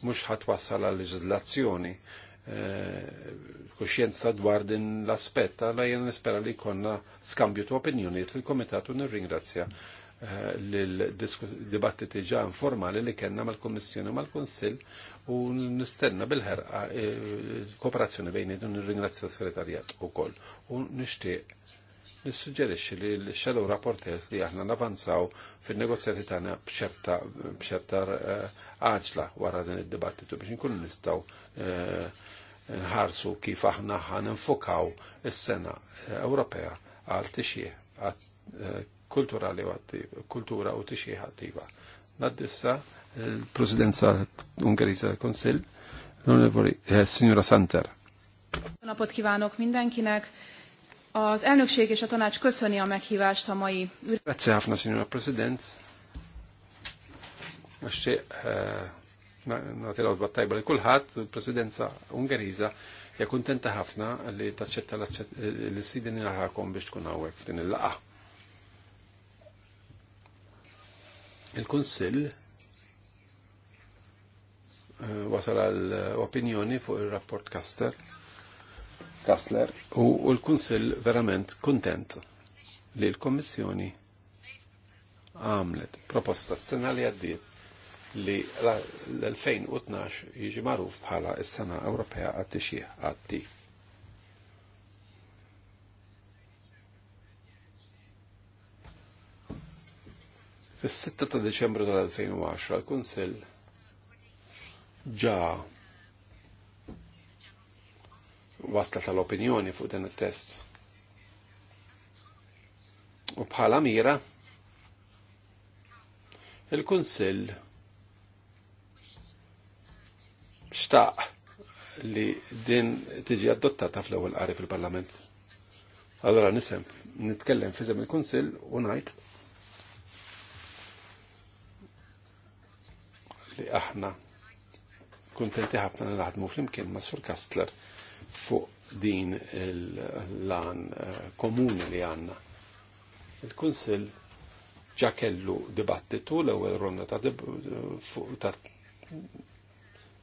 Speaker 1: mhux ħatwassal għal leġiżlazzjoni eh, kuxjenza dwar din l aspetta la jena nispera li konna skambju ta' opinjoniet fil-komitatu nirringrazzja l-dibattiti ġa informali li kena mal-Kommissjoni u mal-Konsil u nistenna bil-ħerqa e, kooperazzjoni bejn id ringrazzja s-segretarjat u koll u nishtiq nissuġġerixxi li l-shadow rapporters li aħna navanzaw fin-negozjati tagħna b'ċerta e, għaġla wara din id-dibattitu biex inkunu nistgħu e, nħarsu kif aħna ħan infokaw is-sena Ewropea għal tixjih kulturali u kultura u tixjieħ attiva. Naddissa il-Presidenza Ungarisa Konsil, l-Onorevoli Signora Santer.
Speaker 2: Napot kívánok mindenkinek! Az elnökség és a tanács köszöni a meghívást a mai...
Speaker 1: Grazie Hafna, Signora Most President. Għaxċe, natilaw battajba li kullħat, presidenza Ungeriza, ja kontenta ħafna li taċċetta l-sidin il-ħakom biex tkun għawek din il-laqa. Il-Kunsill eh, wasal għal eh, opinjoni fuq il-rapport Kastler. Kastler. u l-Kunsill verament kontent li l-Kommissjoni għamlet proposta s-sena li għaddiet li l-2012 jiġi maruf bħala s-sena Ewropea għat-tixieħ Fis-6 ta' Deċembru tal-2010 l-Kunsill ġa wasla tal-opinjoni fuq din it-test. U bħala mira il-Kunsill xtaq li din tiġi adottata fl-ewwel qari fil-Parlament. Allora nisem nitkellem fizem il-Kunsill u ngħid li aħna kuntenti ħafna nraħdmu flimkien ma' Sur Kastler fuq din l-lan eh, komuni li għanna. Il-Kunsil ġa kellu dibattitu l-ewwel ronda ta'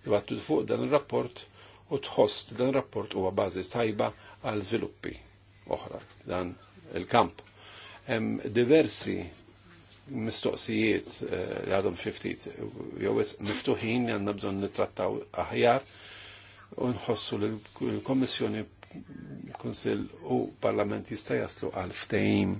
Speaker 1: dibattitu fuq dan il rapport u tħoss dan rapport huwa bażi tajba għal żviluppi oħra dan il-kamp. diversi mistoqsijiet eh, li għadhom fiftit jew miftuħin li għandna bżonn nittrattaw aħjar u nħossu li l-Kommissjoni Kunsil u Parlament jista' jaslu għal ftehim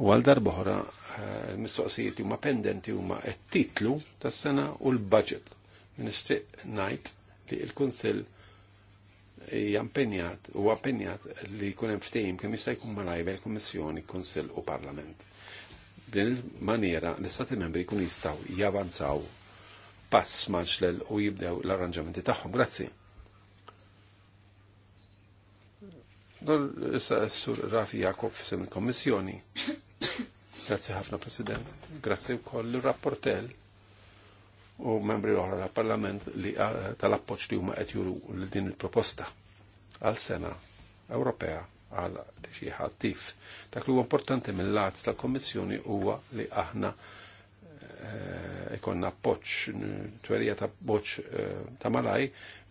Speaker 1: u għal darbohra eh, mistoqsijiet li huma pendenti huma t-titlu tas-sena u l-budget. Nixtieq ngħid li l-Kunsill jampenjat u appenjat li kunem ftehim kemm jista' jkun malajba l-Kummissjoni, Kunsill u Parlament. B'din il-maniera l-istati membri kun jistaw javanzaw pass maċlel u jibdew l-arranġamenti tagħhom. Grazzi. Dol sur Rafi Jakob sem il-Kommissjoni. Grazzi ħafna President. Grazzi wkoll ir-rapportel u membri oħra tal-Parlament li eh, tal-appoġġ li huma qed juru din il-proposta għal sena Ewropea għal xi ħattif. Dak li huwa importanti mill-lazz tal-Kommissjoni huwa li aħna eh, ikonna poċ, twerija ta' poċ eh, ta' malaj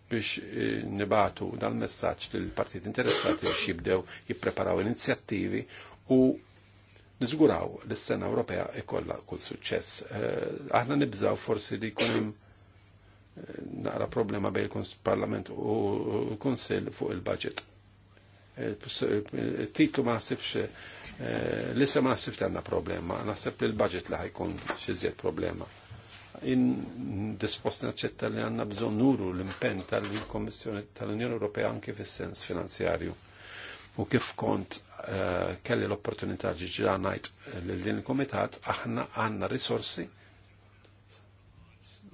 Speaker 1: biex eh, nibatu dal-messagġ li l-partit interessati biex jibdew jippreparaw inizjattivi u nizguraw l sena Ewropea ikolla kull suċċess. Aħna nibżaw forsi li kunim naqra problema bejn il-Parlament u l-Konsil fuq il-budget titlu ma nasibx eh, lissa ma nasibx għanna problema, nasib li l-budget li ħajkun xizjed problema. In dispost naċċetta li għanna bżon nuru l-impen tal-Kommissjoni tal-Unjoni Ewropea anke fis-sens finanzjarju. U kif kont eh, kelli l-opportunità ġiġila najt l-din il-komitat, aħna għanna risorsi,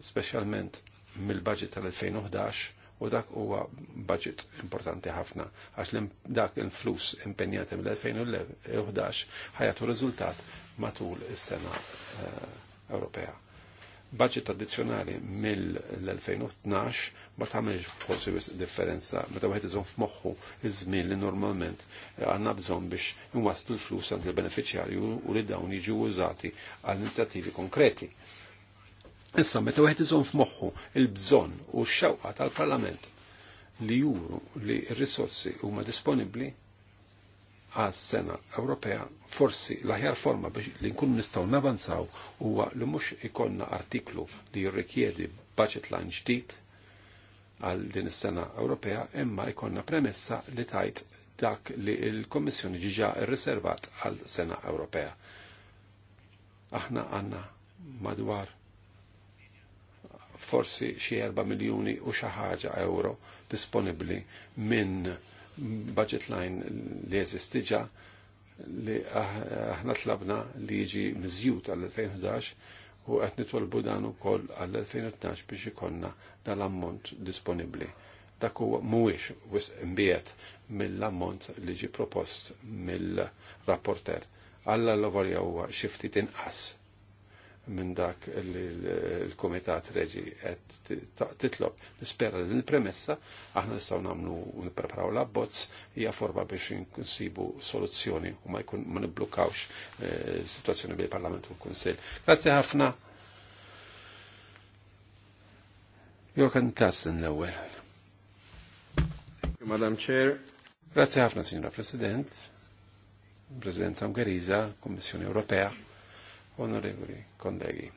Speaker 1: specialment mill-budget tal-2011, u dak huwa budget importanti ħafna għax dak il-flus impenjati mill-2011 ħajatu riżultat matul is-sena eh, Ewropea. Budget addizzjonali mill-2012 ma tagħmel forsi differenza meta wieħed iżomm f'moħħu iż-żmien li normalment għandna bżonn biex inwaslu l-flus għand il-beneficjarju u li dawn jiġu użati għal inizjattivi konkreti. Issa, meta wieħed iżon f'moħħu il-bżonn u x-xewqa tal-Parlament li juru li r-risorsi huma disponibbli għas sena Ewropea forsi l-aħjar forma biex li nkun nistgħu navanzaw huwa li mhux ikonna artiklu li jirrikjedi budget line ġdid għal din is-sena Ewropea imma ikonna premessa li tajt dak li l-Kommissjoni ġiġa rriservat għal sena Ewropea. Aħna għanna madwar forsi xi 4 miljuni u xaħġa ħaġa euro disponibbli minn budget line li jeżistiġa li aħna tlabna li jiġi mizjut għall-2011 u qed nitolbu dan ukoll għall-2012 biex ikonna dal-ammont disponibbli. Dak huwa mhuwiex wisq imbiet mill-ammont li ġi propost mill-rapporter. Alla l-ovarja huwa xi ftit inqas minn dak il-Komitat Reġi għed titlob. Nispera li l-premessa aħna nistgħu nagħmlu nippreparaw l-abbozz hija forma biex nsibu soluzzjoni u ma jkun ma nibblukkawx eh, situazzjoni sitwazzjoni bil u l Grazie Grazzi ħafna. kan Kasten l ewel Madam Chair. Grazie ħafna, Signora President, Presidenza Ungheriża, Commissione Europea onorevoli kollegi.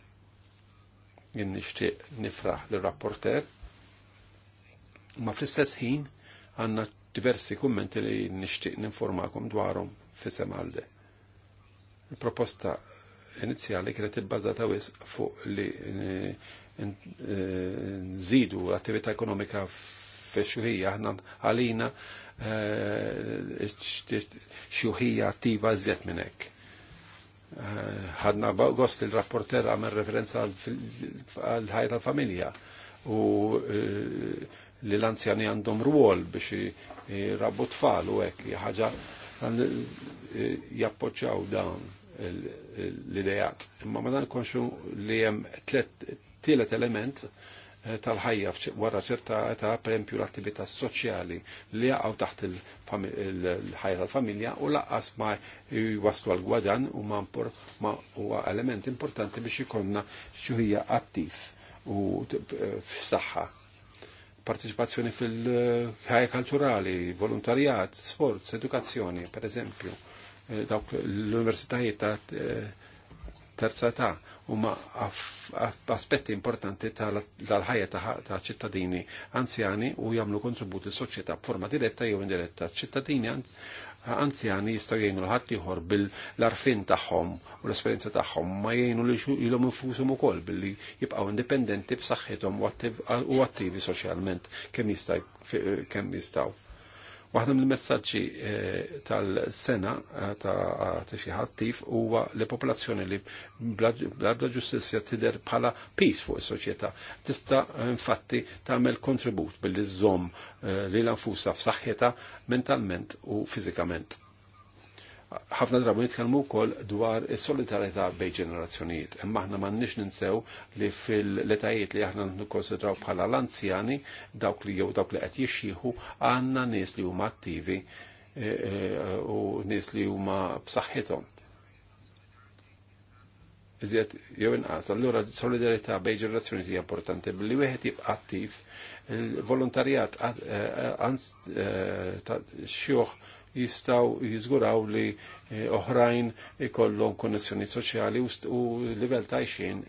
Speaker 1: Jien nixtieq nifraħ l rapporter ma fl-istess ħin għandna diversi kummenti li nixtieq ninformakom dwarhom fisem għalde. Il-proposta inizjali kienet ibbażata wis fuq li eh, eh, nżidu l-attività ekonomika fexuħija aħna għalina eh, xuħija attiva zjed minn hekk ħadna gost il-rapporter għamil referenza għal ħajta tal-familja u eh, li l-anzjani għandhom ruol biex rabbu tfal u hekk li ħaġa eh, jappoċċaw dawn l-idejat. Imma ma dan konxu li hemm tlet element tal-ħajja wara ċerta età prempju l-attività soċjali li jaqgħu taħt il-ħajja tal-familja u laqqas ma jwaslu għal gwadan u ma huwa element importanti biex ikonna xuħija attiv u f'saħħa partiċipazzjoni fil-ħajja kulturali, volontarjat, sports, edukazzjoni, per eżempju, eh, l-universitajiet ta' eh, terza ta' huma aspetti importanti tal-ħajja ta' ċittadini anzjani u jagħmlu kontributi s-soċjetà b'forma diretta jew indiretta. ċittadini anzjani jistgħu jgħinu l-ħadd ieħor bil-arfin tagħhom u l-esperjenza tagħhom ma jgħinu li ilhom infushom ukoll billi jibqgħu indipendenti b'saħħithom u attivi soċjalment kemm jista' kemm jistgħu Waħda mill-messagġi eh, tal-sena eh, ta' tifiħattif huwa li popolazzjoni li bla ġustizja tider bħala peace fuq is-soċjetà tista' infatti tagħmel kontribut billi żomm eh, li l-anfusa f'saħħitha mentalment u fiżikament ħafna drabu nitkellmu wkoll dwar is-solidarità bejn ġenerazzjonijiet. Imma aħna m'għandniex ninsew li fil-letajiet li aħna nikkonsidraw bħala l-anzjani dawk li jew dawk li qed jixxieħu għandna nies li huma attivi eh, eh, u nies li huma b'saħħithom iżjed jew inqas. Allura solidarità bej ġenerazzjoni hija importanti billi wieħed jibqa' attiv il-volontarjat eh, eh, eh, xjuħ jistaw jizguraw li oħrajn ikollhom konnessjoni soċjali u livell ta' xejn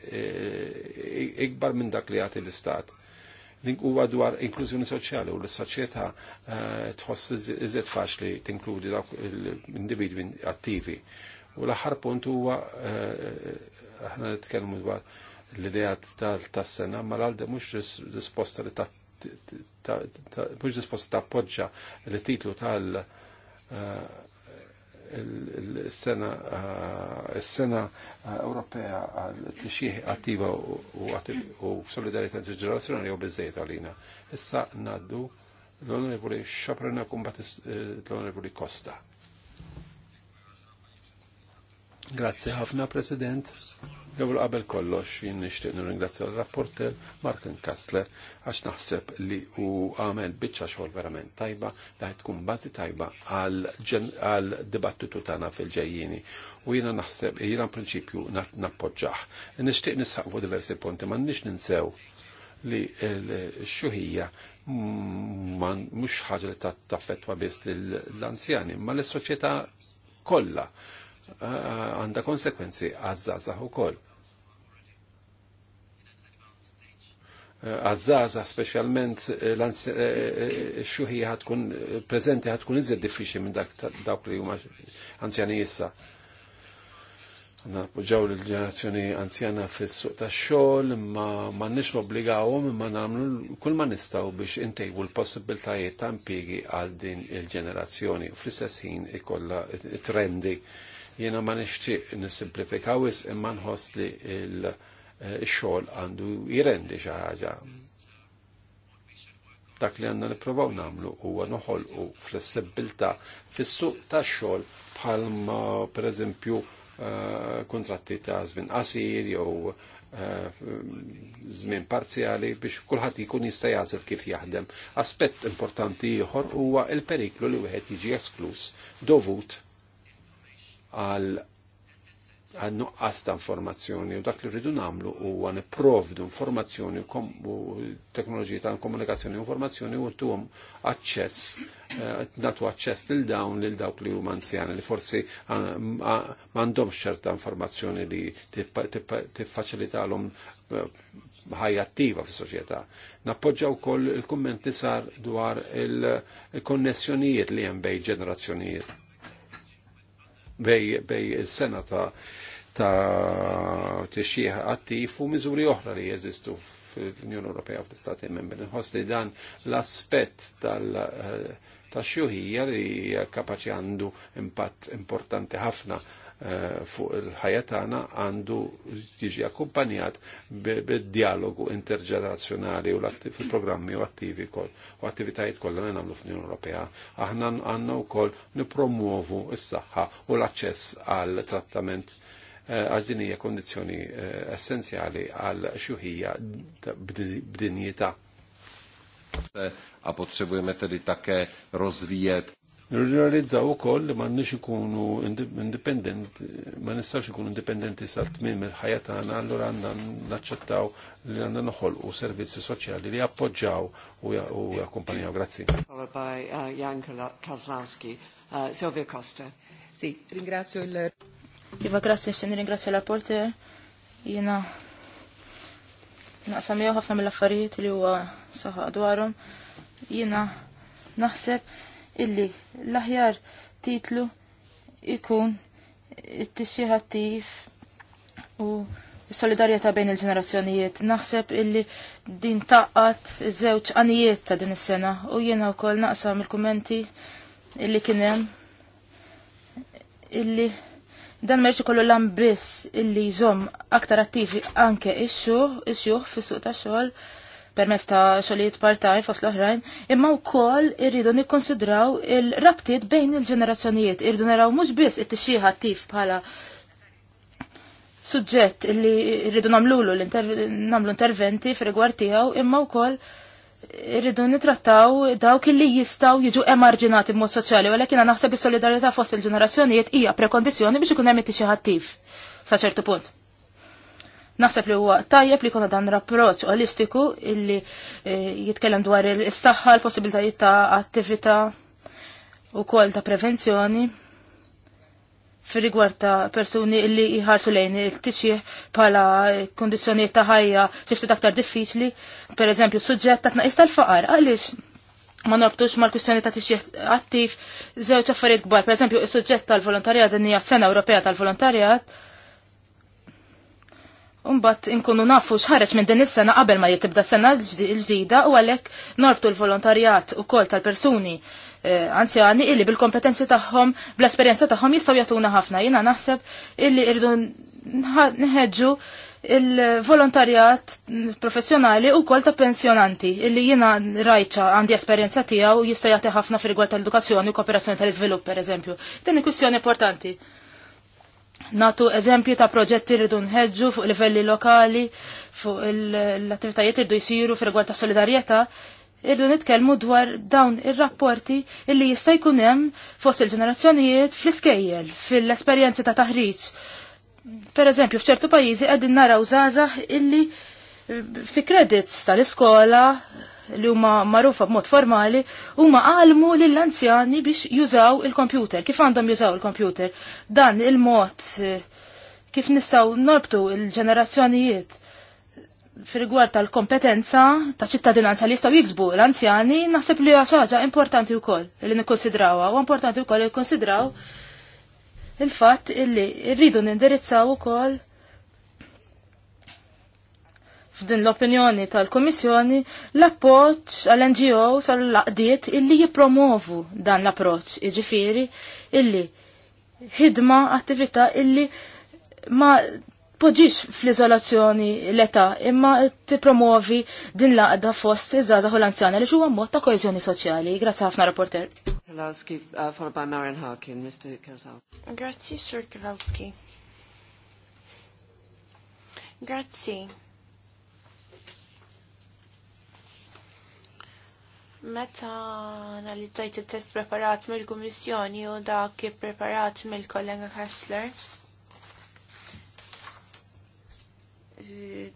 Speaker 1: ikbar minn dak li għati l-istat. Huwa dwar inklużjoni soċjali u l-soċjetà tħoss iżed faċli tinkludi dawk l-individwi attivi. U l-aħħar punt huwa aħna nitkellmu dwar l-idea tas-sena, ma l-għalde mhux risposta li ta' mhux risposta tappoġġa l-titlu tal- eh, il-sena eh, il-sena eh, Ewropea għal-tixieħ attiva u solidarieta ġenerazzjonali u bizzejt għalina. Issa naddu l-onorevoli Xoprena kumbat l-onorevoli Kosta. Grazzi ħafna, President. Ewwel qabel kollox jien nixtieq nirringrazzja l-rapporter Martin Kastler għax naħseb li hu għamel biċċa xogħol verament tajba li qed tkun bażi tajba għal dibattitu tagħna fil-ġejjieni u jiena naħseb jiena prinċipju nappoġġah. Nixtieq nisħaq fuq diversi punti m'għandniex ninsew li l-xuħija mhux ħaġa li taffettwa biss lill-anzjani, ma l-soċjetà kollha għandha konsekwenzi għaż u ukoll. għazzaza, specialment eh, eh, eh, xuħi ħatkun prezenti ħatkun iżjed diffiċi minn dak li huma anzjani issa. Nappoġġaw l-ġenerazzjoni anzjana fis-suq tax-xogħol, ma m'għandniex nobbligawhom ma nagħmlu kull ma nistgħu biex intejbu l-possibbiltajiet ta' impjiegi għal din il-ġenerazzjoni u fl-istess ħin ikollha trendi Jena ma nixtieq nisimplifikaw is imma nħoss li l-xogħol eh, għandu jirendi xi ħaġa. Dak li għandna nippruvaw nagħmlu huwa noħolqu flessibilità fis-suq tax-xogħol bħalma pereżempju eh, kontratti ta' żmien qasir jew eh, żmien parzjali biex kulħadd jkun jista' jasel kif jaħdem. Aspett importanti ieħor huwa l-periklu li wieħed jiġi esklus dovut għal għannuqqas ta' informazzjoni u dak li rridu namlu u għan provdu informazzjoni u teknoloġiji ta' komunikazzjoni u informazzjoni u għom access, eh, natu access lil dawn lil dawk li huma anzjani li forsi mandom xerta informazzjoni li tiffaċilita l-om eh, ħajja attiva fis soċjetà Nappoġġaw kol il kommenti sar dwar il-konnessjonijiet li hemm bejn ġenerazzjonijiet bej, bej is-sena ta' ta' t-xieħ attiv u miżuri oħra li jeżistu fl-Unjoni Ewropea u fl Membri. Nħoss li dan l-aspett tal- eh, ta' xjuħija li kapaċi għandu impatt importanti ħafna Eh, fuq il-ħajja tagħna għandu jiġi akkumpanjat bid-dialogu interġenerazzjonali u fil-programmi u attivi kol u attivitajiet kollha li nagħmlu f'Unjoni Ewropea. Aħna għandna wkoll nippromuovu s-saħħa u l-aċċess għal trattament eh, għal-dinija kondizjoni eh, essenzjali għal xuħija b'dinjita. A potrzebujemy wtedy takie rozwijać Nirrealizzaw u koll li nix ikunu independent, ma nistax ikunu indipendenti sal tmiem il ħajatana allora allura naċċettaw li għandna u servizzi soċjali li appoġġaw u jakkompanjaw. Grazzi. By uh, Jan Kozlowski, uh, Silvia Costa. Sì, ringrazio il
Speaker 2: Iva grazzi, xin ringrazzi l-apporti. Jena naqsam jew ħafna mill-affarijiet li huwa saħaq dwarhom. Jena naħseb illi l-aħjar titlu ikun it-tixjiħattif u solidarjetà bejn il-ġenerazzjonijiet. Naħseb illi din taqqat żewġ għanijiet ta' din is-sena u jiena wkoll naqsam il-kumenti illi kien hemm illi dan merċi kollu lam biss illi jżomm aktar attivi anke ix-xuħ, ix ta' fis-suq xogħol permess ta' xogħlijiet part-time fost l-oħrajn, imma wkoll irridu nikkonsidraw il-rabtiet bejn il-ġenerazzjonijiet, irridu naraw mhux biss it-tixjih tif bħala suġġett li rridu namlulu namlu interventi f'rigward tiegħu imma wkoll irridu nitrattaw dawk li jistaw jiġu emarġinati b'mod soċjali, u jiena naħseb is-solidarità fost il-ġenerazzjonijiet hija prekondizzjoni biex ikun hemm it tixiħa attiv sa ċertu punt. Naħseb li huwa tajjeb li kuna dan rapproċ olistiku illi eh, jitkellem dwar is-saħħa, l-possibilitajiet ta' attività u kol ta' prevenzjoni fir rigward ta' persuni illi jħarsu lejn il-tixjih pala kondizjoniet ta' ħajja xifti aktar diffiċli, per eżempju, suġġett ta' tnaqis tal-faqar, għaliex ma norbtux mal kustjoni ta' tixjih attiv żewġ affarijiet kbar, per eżempju, suġġett tal-volontarjat din hija sena Ewropea tal-volontarjat Umbat inkunu nafu xħareċ minn din is-sena qabel ma jitibda sena l-ġdida u għalek norbtu l-volontarjat u kol tal-persuni eh, anzjani illi bil-kompetenzi tagħhom, bl-esperjenza tagħhom jistgħu jagħtuna ħafna. Jiena naħseb illi irdu nħeġġu il-volontarjat professjonali u kol ta' pensjonanti illi jina rajċa għandi esperienza tijaw jista jagħti ħafna fil tal-edukazzjoni u kooperazzjoni tal-izvilupp per eżempju. Tini kwistjoni importanti natu eżempju ta' proġetti rridu nħedġu fuq livelli lokali, fuq l-attivitajiet rridu jisiru fil rigward ta' solidarjetà, irridu nitkellmu dwar dawn ir-rapporti illi jista' jkun hemm fost il-ġenerazzjonijiet fl-iskejjel, fil-esperjenzi ta' taħriġ. Per eżempju, f'ċertu pajjiżi qegħdin naraw żgħażagħ illi fi kredits tal-iskola li huma magħrufa b'mod formali huma għalmu lill anzjani biex jużaw il-kompjuter. Kif għandhom jużaw il-kompjuter? Dan il-mod eh, kif nistgħu norbtu il-ġenerazzjonijiet fil-rigward tal-kompetenza ta' ċittadinanza li jistgħu jiksbu l-anzjani naħseb li hija ħaġa importanti wkoll li nikkonsidrawha u importanti wkoll li nikkonsidraw il-fatt illi rridu nindirizzaw ukoll f'din l-opinjoni tal-Komissjoni l-appoċ għal-NGOs għal-laqdiet illi jipromovu dan l-approċ, iġifiri illi ħidma attività illi ma poġġiġ fl-izolazzjoni l-età imma t-promovi din laqda fost iż-żaza l-anzjana li xuwa mod ta' koezjoni soċjali. Grazzi ħafna rapporter.
Speaker 1: Kalowski, uh, followed by Marian Harkin, Mr. Kazal. Grazzi, Sir
Speaker 3: Kalowski. Grazzi. Meta analizzajt il-test preparat mill-Kummissjoni u dak preparat mill-kollega Kessler, eh,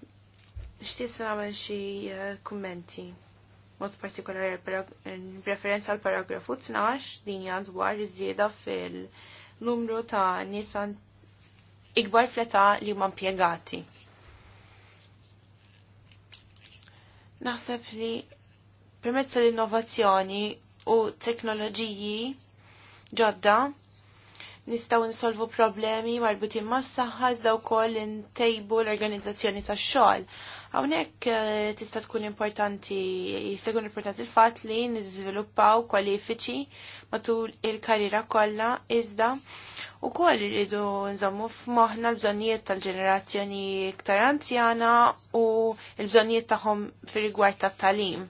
Speaker 3: xtis għamil xie eh, kummenti mod partikolari preferenza għal paragrafu 12 din dwar iż-żieda fil-numru ta' nisan ikbar fleta li ma' impjegati. Naħseb li permezz tal-innovazzjoni u teknoloġiji ġodda nistaw nsolvu problemi marbutin ma' s-saħħa iżda wkoll intejbu l-organizzazzjoni tax-xogħol. Hawnhekk eh, tista' tkun importanti jista' jkun importanti l-fatt li niżviluppaw kwalifiċi matul il-karriera kollha iżda wkoll iridu nżommu f'moħħna l-bżonnijiet tal-ġenerazzjoni iktar anzjana u l-bżonnijiet tagħhom fir-rigward tat-talim.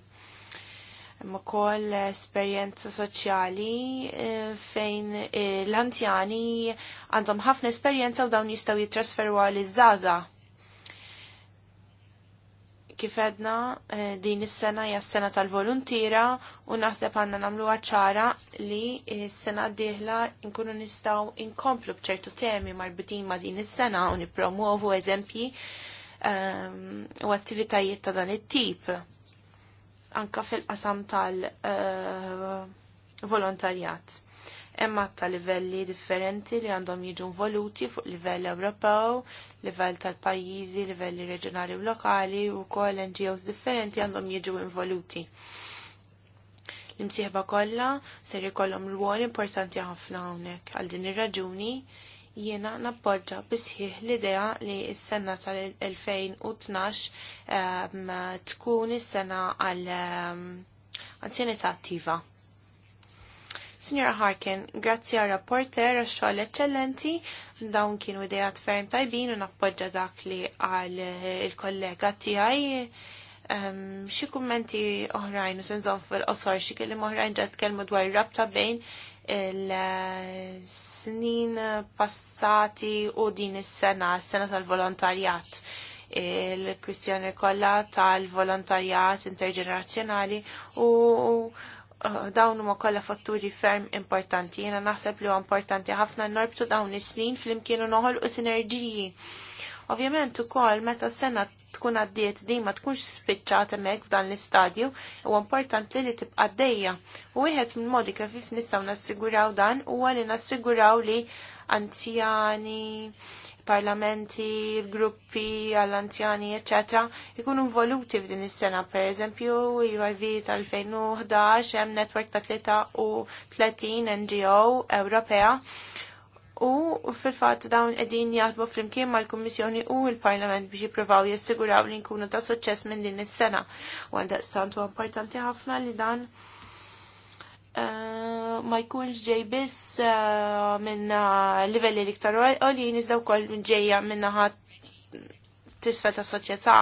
Speaker 3: Ma kol esperienza soċjali eh, fejn eh, l-anzjani għandhom ħafna esperienza u dawn jistaw jitrasferu għal iż-żaza. Kif edna eh, din is-sena hija s-sena tal-volontira u naħseb għandna nagħmluha ċara li s-sena d-dieħla nkunu nistgħu inkomplu b'ċertu temi marbutin ma' din is-sena u nippromovu eżempji ehm, u attivitajiet ta' dan it-tip anka fil-qasam tal-volontarjat. Eh, Emma ta' livelli differenti li għandhom jiġu involuti fuq livell Ewropew, livell tal-pajjiżi, livelli reġjonali u lokali u kol NGOs differenti għandhom jiġu involuti. L-imsieħba kollha ser ikollhom rwol importanti ħafna hawnhekk għal din ir-raġuni Jiena nappoġġa bisħiħ l-idea li s-sena tal-2012 ehm, tkun is-sena għal ehm, anzjanità attiva. Signora Harkin, grazzi għal rapporter għax xogħol eċċellenti, dawn kienu idejat ferm tajbin u nappoġġa dak li għal il-kollega tiegħi um, ehm, xie kummenti oħrajn, u senżon fil-qosor, xie kelli oħrajn ġat kelmu dwar rabta bejn il-snin passati u din is-sena, s-sena tal-volontarjat il-kwistjoni kollha tal-volontarjat interġenerazzjonali u uh, dawn huma kollha fatturi ferm importanti. Jiena naħseb li huwa importanti ħafna norbtu dawn is-snin flimkien u noħolqu sinerġiji Ovvjament ukoll meta sena tkun għaddiet din ma tkunx spiċċat hemmhekk f'dan l-istadju, huwa importanti li tibqa' dejja. U wieħed minn modi kif nistgħu nassiguraw dan huwa li nassiguraw li anzjani, parlamenti, gruppi għall-anzjani, eċetera, ikunu involuti f'din is-sena, per eżempju, UIV tal-2011 hemm netwerk ta' 33 NGO Ewropea u fil-fatt dawn qegħdin jaħdmu flimkien mal-Kummissjoni u l-Parlament biex jippruvaw jessiguraw li nkunu ta' suċċess minn din is-sena. U għandek huwa importanti ħafna li dan eh, ma jkunx ġej biss eh, minn eh, livelli liktar u li jnizdaw kol ġejja minn naħat tisfel ta' soċjetà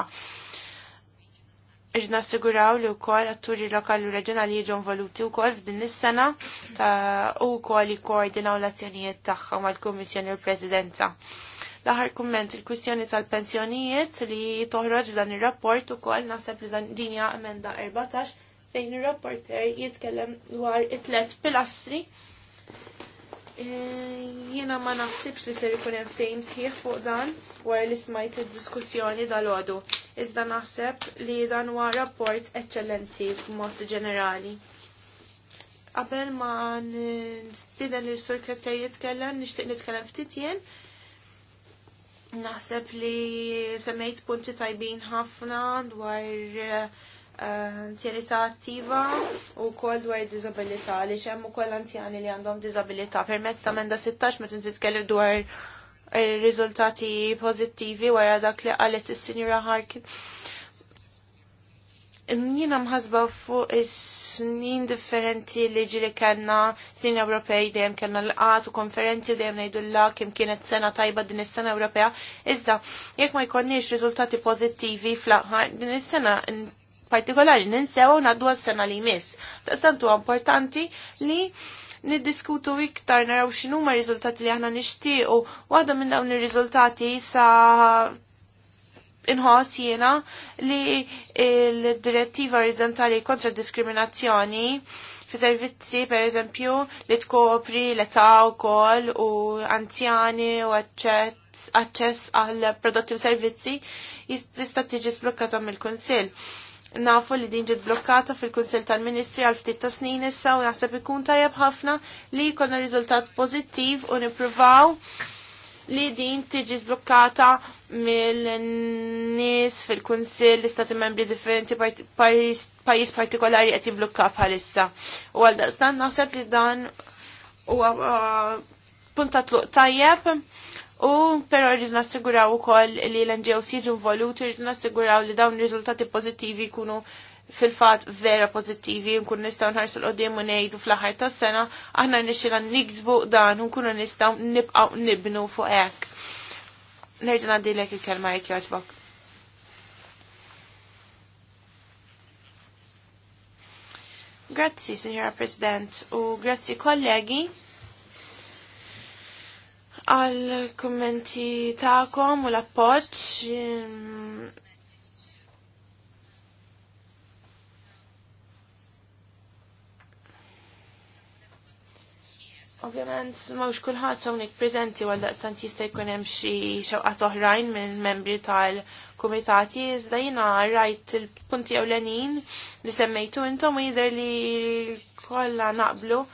Speaker 3: Iġna siguraw li wkoll atturi lokali u reġjonali jiġu involuti wkoll f'din is-sena ta' u wkoll koordinaw l-azzjonijiet tagħha mal-Kummissjoni u l-Presidenza. L-aħħar kumment il-kwistjoni tal-pensjonijiet li toħroġ dan ir-rapport ukoll naħseb li dan din hija emenda 14 fejn ir-rapporter jitkellem dwar it-tlet pilastri Eh, jiena ma naħsibx li ser ikun hemm ftehim sħiħ fuq dan wara li smajt id-diskussjoni dal Iżda naħseb li dan huwa rapport eċċellenti b'mod ġenerali. Qabel ma nistieden li sur Kester jitkellem, nixtieq nitkellem ftit jien. Naħseb li semmejt punti tajbin ħafna dwar attiva u kol dwar disabilità li xemmu kol anzjani li għandhom disabilità permezz ta' menda 16 meta titkellem dwar riżultati pożittivi wara dak li qalet is-sinjura Harkin. Jiena mħasba fuq is-snin differenti li ġili kellna snin Ewropej dejjem kellna l-qat u konferenzi dejjem ngħidulha kemm kienet sena tajba din is-sena Ewropea. Iżda jekk ma jkollniex riżultati pożittivi fl-aħħar din is-sena partikolari ninsew naddu għas-sena li jmiss. Taqstantu importanti li niddiskutu iktar naraw x'inhuma r-riżultati li aħna nixtiequ waħda minn dawn ir-riżultati sa inħoss jiena li l-direttiva orizzontali kontra diskriminazzjoni fi servizzi per eżempju li tkopri l-età u kol u anzjani u aċċess għal prodotti u servizzi jista' tiġi sblokkata mill-Kunsill nafu li din ġiet blokkata fil kunsel tal-Ministri għal ftit ta' snin issa u naħseb ikun tajjeb ħafna li jkollna riżultat pożittiv u nippruvaw li din tiġi blokkata mill-nies fil-Kunsill, l-Istati membri differenti, pajjiż partikolari qed jimblukka bħalissa. U għal daqstan naħseb li dan huwa uh, punta tluq tajjeb U però rridu nassiguraw ukoll li l-NGOs jiġu involuti, rridu nassiguraw li dawn riżultati pożittivi jkunu fil-fat vera pożittivi, nkunu nistgħu nħarsu l-qoddim u ngħidu fl-aħħar tas-sena, aħna nixxila niksbu dan u nkunu nistgħu nibqgħu nibnu fuq hekk. Nerġa' ngħaddilek il-kelma jekk jogħġbok. Grazzi, Signora President, u grazzi kollegi għal kommenti ta'kom u l-appoċ. Ovvjament, mawx kullħat hawnhekk preżenti għal daqstant jista' jkun hemm xi xewqat oħrajn minn membri tal-kumitati, iżda jiena rajt il-punti ewlenin li semmejtu intom jidher li kollha naqblu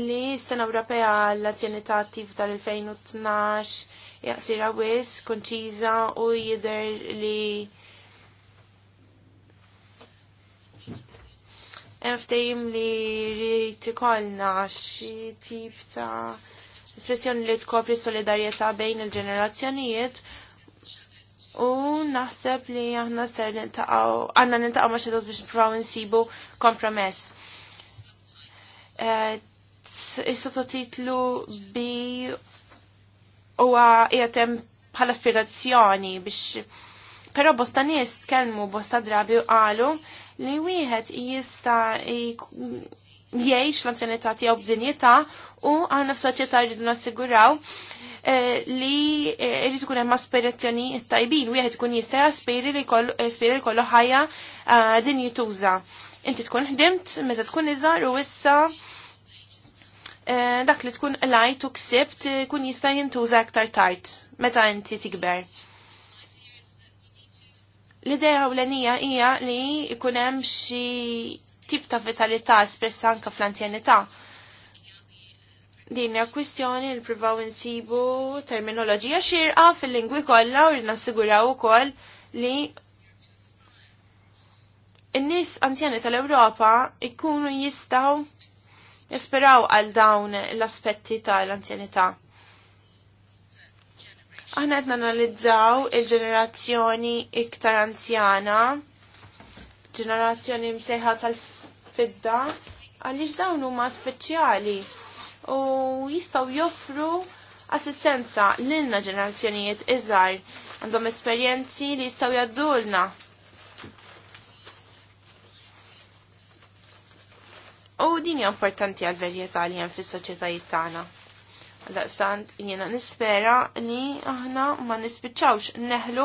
Speaker 3: li s-sena Ewropea għall-azzjoni ta' attiv tal-2012 jaqsira wis, konċiza u jider li Enftejm li rrit ikollna xi tip ta' espressjoni li tkopri solidarjetà bejn il-ġenerazzjonijiet u naħseb li aħna ser nintaqaw, għanna nintaqaw ma' biex nipprovaw insibu kompromess. Eh, is-sottotitlu bi huwa qiegħed hemm bħala spjegazzjoni biex però bosta nies tkellmu bosta drabi u qalu li wieħed jista' jgħix l-anzjanità tiegħu b'dinjità u għandna f'soċjetà jridu nassiguraw eh, li jrid eh, ikun hemm aspirazzjonijiet tajbin, wieħed ikun jista' jaspiri li jaspiri li kollu ħajja eh, din Inti tkun ħdimt meta tkun iżgħar u issa Eh, dak li tkun lajt u ksibt eh, kun jista' jintuża aktar tard meta inti tikber. L-idea u l-enija hija li jkun hemm xi tip ta' vitalità espressa anke fl anzjanità Din hija kwistjoni li pruvaw insibu terminoloġija xirqa fil-lingwi kollha u nassiguraw ukoll li n-nies anzjani tal-Ewropa jkunu jistgħu jesperaw għal dawn l-aspetti tal-anzjanità. Aħna qed nanalizzaw il-ġenerazzjoni iktar anzjana, ġenerazzjoni msejħa tal-fidda, għaliex dawn huma speċjali u jistgħu joffru assistenza l l-inna ġenerazzjonijiet iżgħar għandhom esperjenzi li jistgħu jaddulna U din hija importanti għal verjeta li hemm fis-soċjetajiet tagħna. Għaldaqstant jiena nispera li aħna ma nispiċċawx neħlu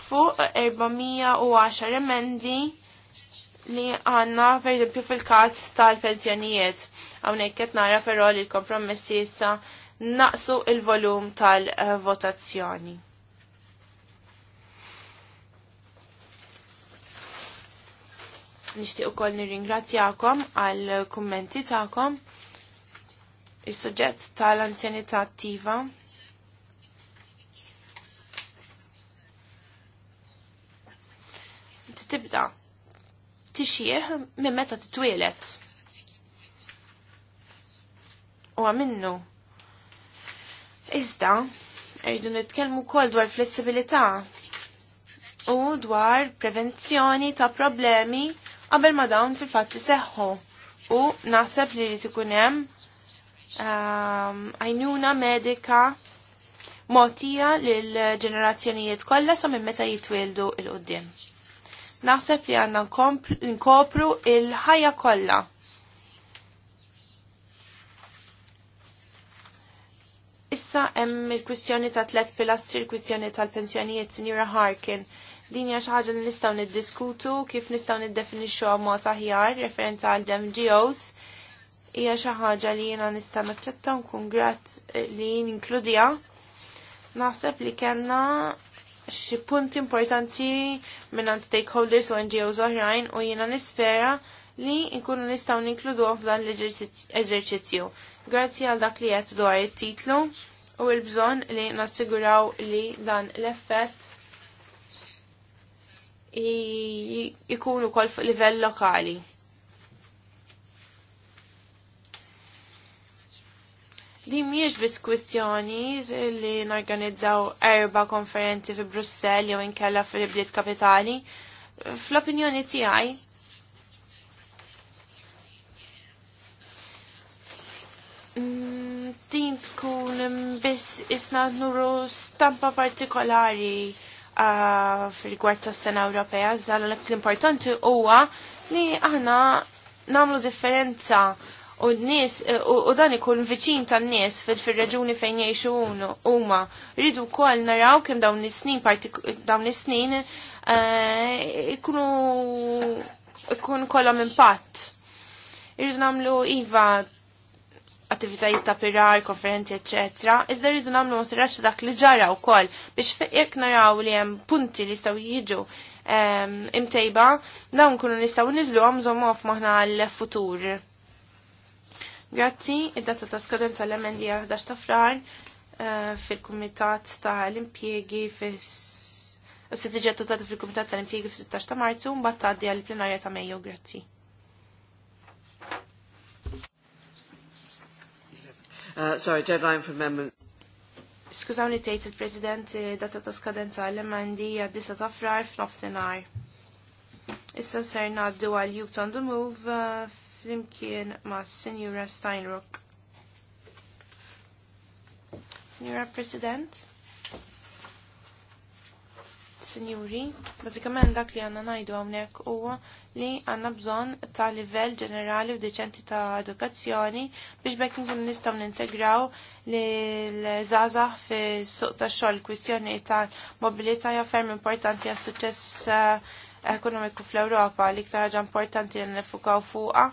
Speaker 3: fuq 410 emendi li għanna per esempio fil-kas tal-pensjonijiet. Għawnek qed nara però li l-kompromessi issa naqsu il-volum tal-votazzjoni. Nishtiq ukoll nirringrazzjakom għal kummenti tagħkom. Is-suġġett tal-anzjanità attiva. Tibda tixjieħ minn meta titwielet. U għaminnu. Iżda, rridu nitkellmu wkoll dwar flessibilità u dwar prevenzjoni ta' problemi qabel ma dawn fil-fatt seħħu u naħseb li jrid ikun hemm ehm, għajnuna medika motija lill-ġenerazzjonijiet kollha sa minn meta jitwildu il-qudiem naħseb li għanna nkopru il-ħajja kollha. Issa hemm il-kwistjoni ta' tlet pilastri, il-kwistjoni tal-pensjonijiet Sinjura Harkin. Din hija xi ħaġa li nistgħu niddiskutu kif nistgħu niddefinixxu mod aħjar referenti għal MGOs, Hija xi ħaġa li jiena nista' naċċetta nkun grat li ninkludija. Naħseb li kellna xi punti importanti minn stakeholders u NGOs oħrajn u jiena nispera li nkunu nistgħu ninkludu f'dan l-eżerċizzju. Grazzi għal dak li qed dwar it-titlu u l-bżonn li nassiguraw li dan l-effett ikunu kol fuq livell lokali. Di miex bis kwistjoni li norganizzaw erba konferenzi fi Brussell jew inkella fil-bliet kapitali. Fl-opinjoni tiegħi mm, din tkun biss isna nuru stampa partikolari Uh, fil-gwart tas sena Ewropea, zdan l-importanti huwa li aħna namlu differenza u n-nies u dan ikun viċin tan-nies fil-reġuni fejn jgħixu huma. Rridu wkoll naraw kemm dawn is-snin dawn is-snin eh, ikunu ikun kollhom impatt. Irridu nagħmlu iva attivitajiet ta' pirar, konferenti, etc. Iżda rridu namlu motirax dak li ġara u koll biex jek naraw li jem punti li staw jiġu ehm, imtejba, dawn kunu nistaw nizlu għamżom għof maħna għal-futur. Grazzi, id-data ta' skadenza l-emendi 11 ta' frar eh, fil-Kumitat ta' l-Impjegi fis sitġetu ta' fil-Kumitat tal-Impjegi fis-16 ta' Marzu, mbagħad tgħaddi għall-plenarja ta' Mejju, grazzi.
Speaker 1: Uh, sorry, deadline for amendment.
Speaker 3: Skużawni tgħid il-President eh, data ta' skadenza l emendi għad-disa ta' frar f'nofsinhar. Issa ser ngħaddu għal Youth on the Move eh, flimkien ma' Sinjura Steinrock. Sinjura President? Sinjuri, bażikament dak li għandna ngħidu hawnhekk huwa li għanna bżon ta' livell ġenerali u deċenti ta' edukazzjoni biex bekk nkun nistgħu nintegraw li l-żaża fi suq ta' xogħol kwistjoni ta' mobilità hija ferm importanti għas suċċess eh, ekonomiku fl-Ewropa li iktar ħaġa importanti li nifukaw fuqha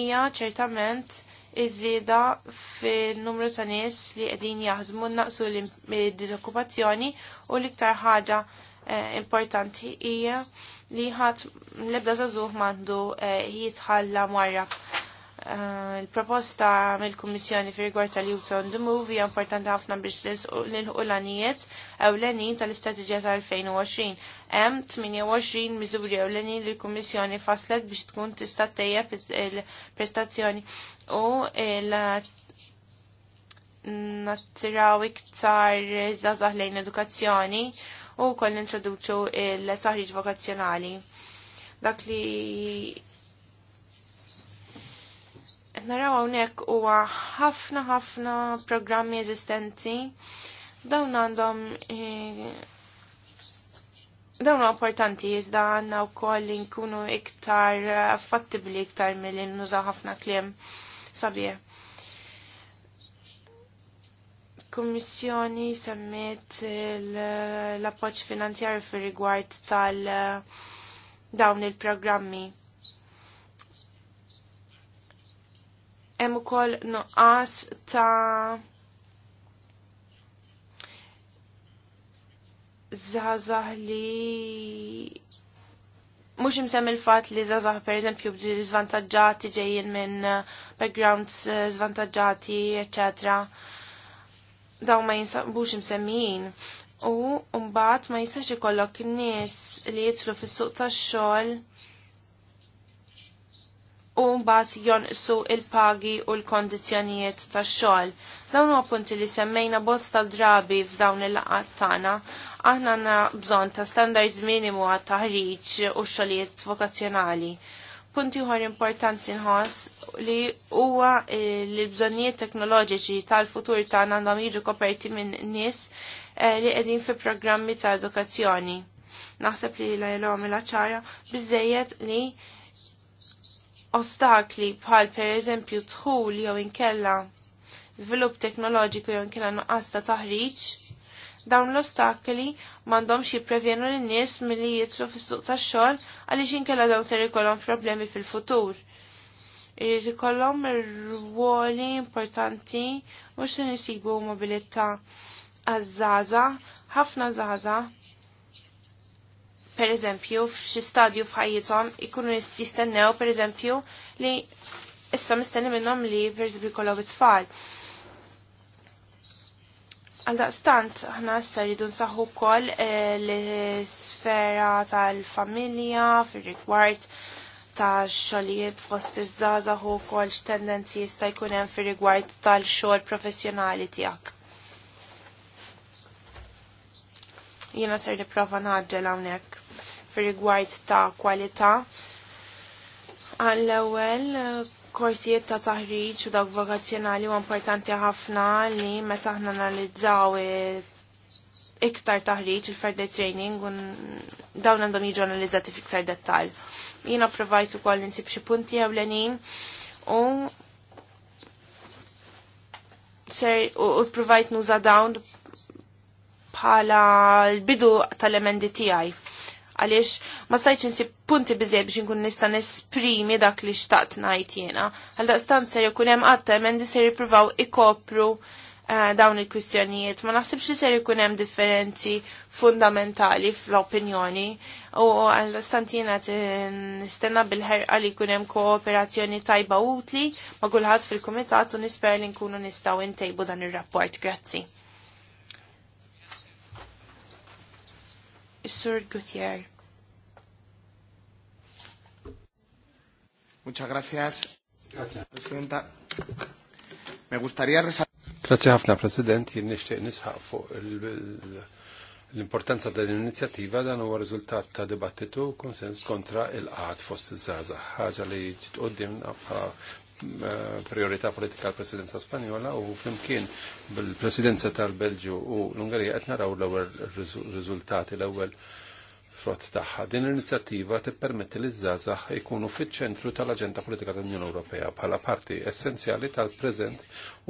Speaker 3: hija ċertament iż-żieda fin-numru ta' nies li qegħdin jaħdmu naqsu l diżokkupazzjoni u l-iktar ħaġa Eh, importanti hija li ħadd l-ebda żagħżugħ m'għandu eh, jitħalla marra. Eh, il-proposta mill-Kummissjoni fi rigward tal-Youth on the Move hija importanti ħafna biex nilħu l għanijiet ewlenin tal-Istrateġija tal-2020. Hemm 28 miżuri ewlenin li l-Kummissjoni faslet biex tkun tista' tejjeb il-prestazzjoni u l nattiraw iktar zazah lejn edukazzjoni u koll introduċu il-taħriġ vokazzjonali. Dak li naraw hawnhekk huwa ħafna ħafna programmi eżistenti dawn għandhom eh, dawn importanti iżda għandna wkoll koll nkunu iktar fattibli iktar milli nuża ħafna kliem sabiħ. Il-Kommissjoni semmet l-appoċ finanzjarju fir rigward tal eh, dawn il-programmi. Hemm ukoll nuqqas ta' zazah li mux imsem il-fat li zazah per eżempju bġi ġejjin minn backgrounds zvantagġati, eh, eccetera daw ma jinsabux msemmijin u mbagħad ma jistax ikollok nies li jidħlu fis-suq tax-xogħol u mbagħad jonqsu il-pagi u l-kondizzjonijiet tax-xogħol. Dawn huwa punti li semmejna bosta drabi f'dawn il-laqat tagħna. Aħna għandna bżonn ta' standards minimu għat taħriġ u xogħlijiet vokazzjonali punti uħar importanti nħoss li huwa eh, li l-bżonnijiet teknoloġiċi tal-futur tagħna għandhom jiġu koperti minn nies eh, li qegħdin fi programmi ta' edukazzjoni. Naħseb li l il ċara biżejjed li ostakli bħal pereżempju dħul jew inkella żvilupp teknoloġiku jew inkella nuqqas ta' taħriġ Dawn l-ostakli m'għandhomx jipprevjenu lin-nies milli jitlu fis-suq tax-xogħol għaliex kella dawn ser ikollhom problemi fil-futur. Irid ikollhom rwoli importanti mhux se nisibu mobilità għazzaza, ħafna zaza. per eżempju, f'xi stadju f'ħajjithom ikunu jistennew per eżempju li issa mistenni minnhom li per eżempju jkollhom it-tfal. Għaldaqstant, aħna issa rridu nsaħħu wkoll eh, l-sfera tal-familja fir-rigward tax xogħlijiet fost iż-żgħażagħ ukoll x'tendenzi jista' jkun hemm fir-rigward tal-xogħol professjonali tiegħek. Jiena ser nipprova naġġel hawnhekk fir-rigward ta' kwalità. Għall-ewwel korsijiet ta' taħriġ u dawk vokazzjonali u importanti ħafna li meta aħna analizzaw iktar taħriġ il-further training un dawn għandhom jiġu analizzati fiktar dettal. Jina provajt u koll ninsib xie punti għawlenin u ser u provajt nuża dawn bħala l-bidu tal-emendi tiegħi għaliex ma stajċ insib punti biżej biex nkun nista' nesprimi dak li xtaqt ngħid jiena. Għal daqstant ser ikun hemm qatt emendi se jippruvaw ikopru eh, dawn il-kwistjonijiet, ma naħsibx li ser ikun hemm differenzi fundamentali fl-opinjoni u għal jena nistenna bil-ħerqa li kunem kooperazzjoni tajba utli ma kulħadd fil-komitat u nisper li nkunu nistaw intejbu dan il-rapport. Grazzi. Sir Gutierrez.
Speaker 2: Muchas gracias, gracias. Presidenta.
Speaker 1: Me gustaría resaltar. Grazie ħafna, President. Jien nixtieq nisħaq fuq l-importanza ta' l-inizjattiva dan huwa riżultat ta' dibattitu konsens kontra il-qad fost iż-żgħażagħ. Ħaġa li ġiet qudiem priorità politika l presidenza spanjola u flimkien bil-presidenza tal-Belġu u l-Ungarija qed naraw l-ewwel riżultati l-ewwel frott tagħha. Din l-inizjattiva tippermetti li żgħażagħ ikunu fiċ-ċentru tal-Aġenda Politika tal-Unjoni Ewropea bħala parti essenzjali tal-preżent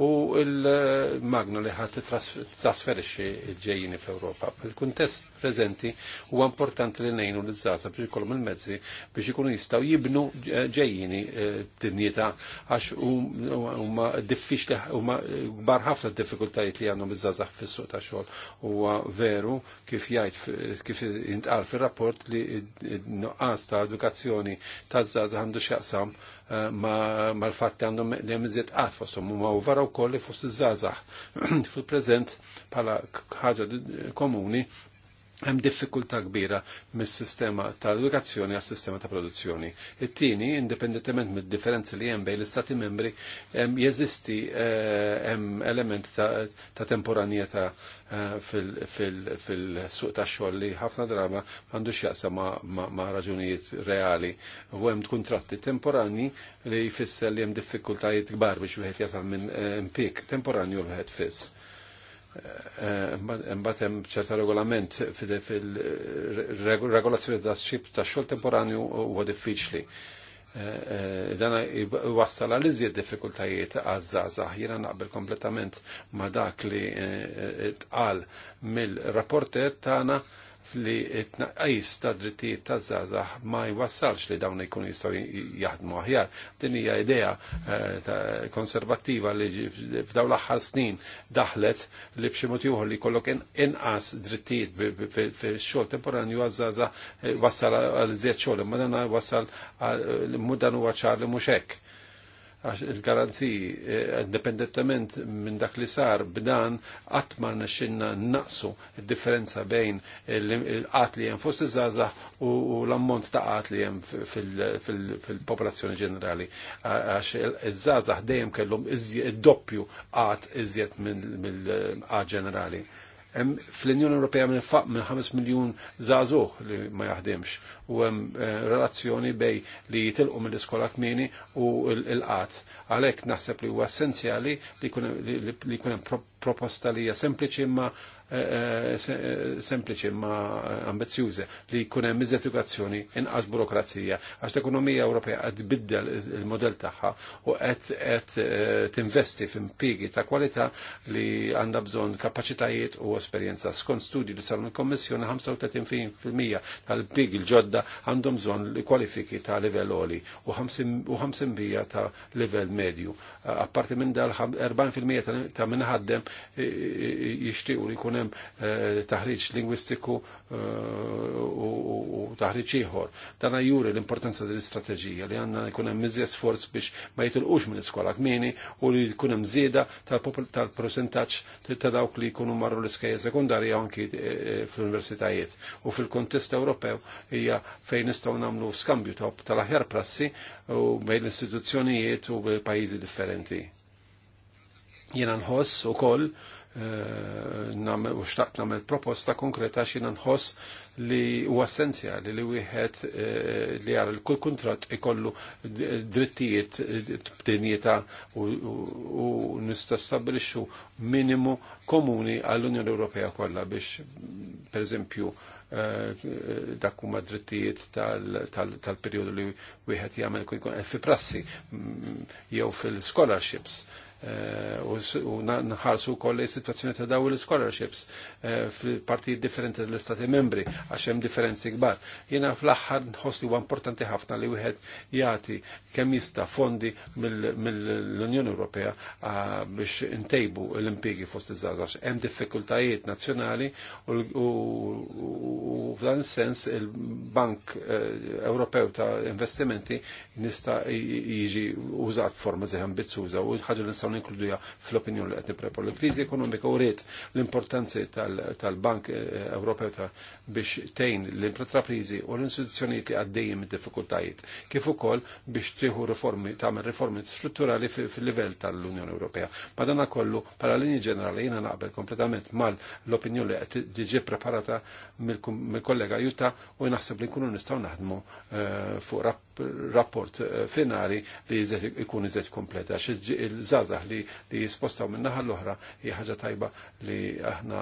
Speaker 1: u l-magna li ħadd trasferixxi l-ġejjini fl-Ewropa. Fil-kuntest preżenti huwa importanti li ngħinu li żgħażagħ biex ikollhom il-mezzi biex ikunu jistgħu jibnu ġejjini eh, dinjità għax huma diffiċli huma kbar ħafna diffikultajiet li għandhom iż-żgħażagħ fis-suq ta' xogħol. Huwa veru kif jgħid kif jintqal fir rapport li nuqqas ta' edukazzjoni ta' zaz għandu xaqsam eh, ma l-fatti għandu li għamizet għafosom u ma' uvara u koll li fost iż Fil-prezent pala ħaġa komuni hemm diffikultà kbira mis-sistema ta' edukazzjoni għas sistema ta' produzzjoni. It-tieni, indipendentement mid-differenzi li hemm bejn l-istati membri, hemm jeżisti eh, hemm element ta' temporanjeta eh, fil-suq ta' xogħol li ħafna drama m'għandux jaqsam ma' raġunijiet reali. U hemm kuntratti temporani li jfisser li hemm diffikultajiet kbar biex wieħed jasal minn eh, impik temporanju wieħed fiss Mbagħad hemm ċerta regolament fil-regolazzjoni ta' xib ta' xogħol temporanju huwa diffiċli. Eh, eh, dan iwassal għal iżjed diffikultajiet għaż-żgħażagħ. Jiena naqbel kompletament ma' dak li eh, tqal mill-rapporter tagħna li it-naqajs ta' drittijiet ta' zazax ma jwassalx li dawn ikun jistgħu jaħdmu aħjar. Din hija idea eh, konservattiva li f'dawn l-aħħar snin daħlet li b'xi mod li jkollok inqas drittijiet fix-xogħol temporanju għaż-żaza eh, wassal għal żied xogħol, imma dan wassal eh, dan huwa ċar li mhux hekk għax il-garanziji eh, indipendentament minn dak li sar b'dan qatt ma nixxinna naqsu il differenza bejn il-qat li hemm fost iż-żgħażagħ u l-ammont ta' qat li hemm fil-popolazzjoni ġenerali għax iż-żgħażagħ dejjem kellhom id-doppju qat iżjed mill-qat eh, ġenerali. Fl-Unjoni Ewropea minn faq minn 5 miljun zazuħ li ma jaħdimx u hemm eh, relazzjoni bej li jitilqu mill-iskola kmini u l-qat. Għalhekk naħseb li huwa essenzjali li jkun hemm proposta li hija sempliċi imma Eh, eh, eh, sempliċi ma ambizzjużi li jkun hemm iżjed inqas burokrazija għax l-ekonomija Ewropea qed tbiddel il-modell tagħha u qed investi tinvesti f'impjiegi ta' kwalità li għandha bżonn kapaċitajiet u esperjenza. Skont studju li saru il kommissjoni 35% tal-impjiegi l-ġodda għandhom bżonn kwalifiki ta' livell oli u 50% ta' livell medju apparti minn dal 40% ta' minn ħaddem jixtiequ li jkun hemm eh, taħriġ lingwistiku eh, u taħriġ ieħor. Dan juri l-importanza dell-istrateġija li għandna jkun hemm sforz biex ma jitilqux minn iskola kmieni u li jkun hemm tal prosentaċ ta' dawk li jkunu marru l iskajja sekundarja anki eh, fl-universitajiet. U fil-kontest Ewropew hija fejn nistgħu nagħmlu skambju tal-aħjar prassi u bejn l-istituzzjonijiet u pajjiżi differenti. Jiena nħoss ukoll eh, u xtaqt namel proposta konkreta xina nħoss li u essenzjali li wieħed eh, li għar il-kull kontrat ikollu drittijiet b'dinjeta u nistastabilixxu minimu komuni għall-Unjoni Ewropea kollha biex pereżempju Eh, dak madrittijiet tal periodu li wieħed jagħmel kun eh, fi prassi mm, jew fil-scholarships Eh, u nħarsu koll il-situazzjoni ta' daw il-scholarships eh, fil parti differenti dell-istati membri għax hemm differenzi kbar. Jiena fl-aħħar nħossi huwa importanti ħafna li wieħed jagħti kemm jista' fondi mill-Unjoni Ewropea ah, biex intejbu l-impjegi fost iż-żgħażagħ. Hemm diffikultajiet nazzjonali u f'dan is-sens il-Bank eh, Ewropew ta' investimenti nista' jiġi użat forma zeħan bizzuża u ħaġa nistaw ninkluduha fl-opinjoni li qed nipprepon. l kriżi ekonomika u rrit l-importanzi tal-Bank eh, Ewropew ta' biex tejn l-intraprizi u l-istituzzjonijiet li għaddejjin mid diffikultajiet kif ukoll biex tieħu riformi tagħmel riformi strutturali fil-livell tal-Unjoni Ewropea. Madana kollu bħala linji ġenerali jiena naqbel kompletament mal-opinjoni li qed tiġi preparata mill-kollega Juta u naħseb li nkunu nistgħu naħdmu eh, fuq rapport eh, finali li jkun iżed kompleta il żazah li jispostaw minn naħa l-oħra hija ħaġa tajba li aħna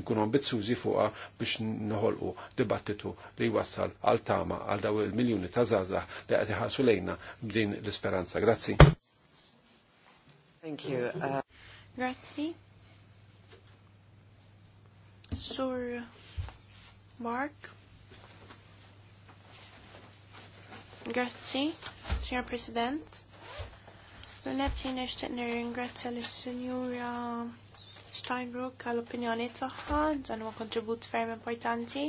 Speaker 1: nkunu ambizzużi fuqha biex noħolqu dibattitu li wassal għal tama għal daw il miljoni ta' zazah li għati ħasu lejna b'din l-isperanza. Grazzi. Thank you. Uh...
Speaker 3: Grazzi. Sur Mark. Grazzi, Signor President. L-net jina xtiq nirringrazzja l Steinbrook għall-opinjoni tagħha dan huwa kontribut ferm importanti.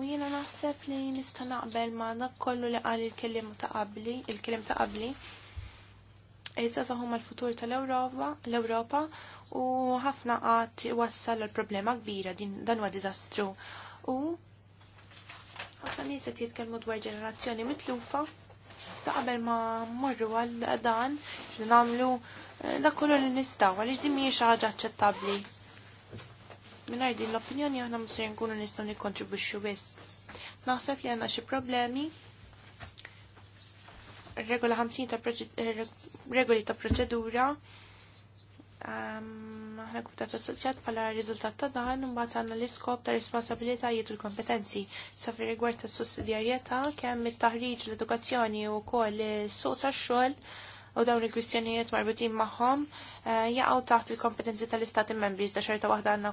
Speaker 3: U jiena naħseb li nista' naqbel ma' dak kollu li qal il-kellim ta' qabli, il-kellim ta' qabli. Issa saħum l-futur tal-Ewropa, l-Ewropa u ħafna qatt wassal l-problema kbira din dan huwa diżastru. U ħafna nies qed jitkellmu dwar ġenerazzjoni mitlufa ta' qabel ma morru għal dan nagħmlu Eh, da kullu li nistgħu għaliex din mhijiex ħaġa aċċettabbli. Mingħajr din l-opinjoni aħna musu se nkunu nistgħu nikkontribwixxu biss. Naħseb li għandna xi problemi regola 50 ta' eh, regoli ta' proċedura ehm, aħna kumitat assoċjat pala rizultat ta' dan bat għandna l-iskop ta' responsabilitajiet u l-kompetenzi Safri rigward tas sussidjarjetà kemm mit taħriġ l-edukazzjoni u wkoll is-suq tax-xogħol u dawn il-kwistjonijiet marbutin magħhom eh, jaqgħu taħt il-kompetenzi tal-istati membri iżda xorta waħda għandna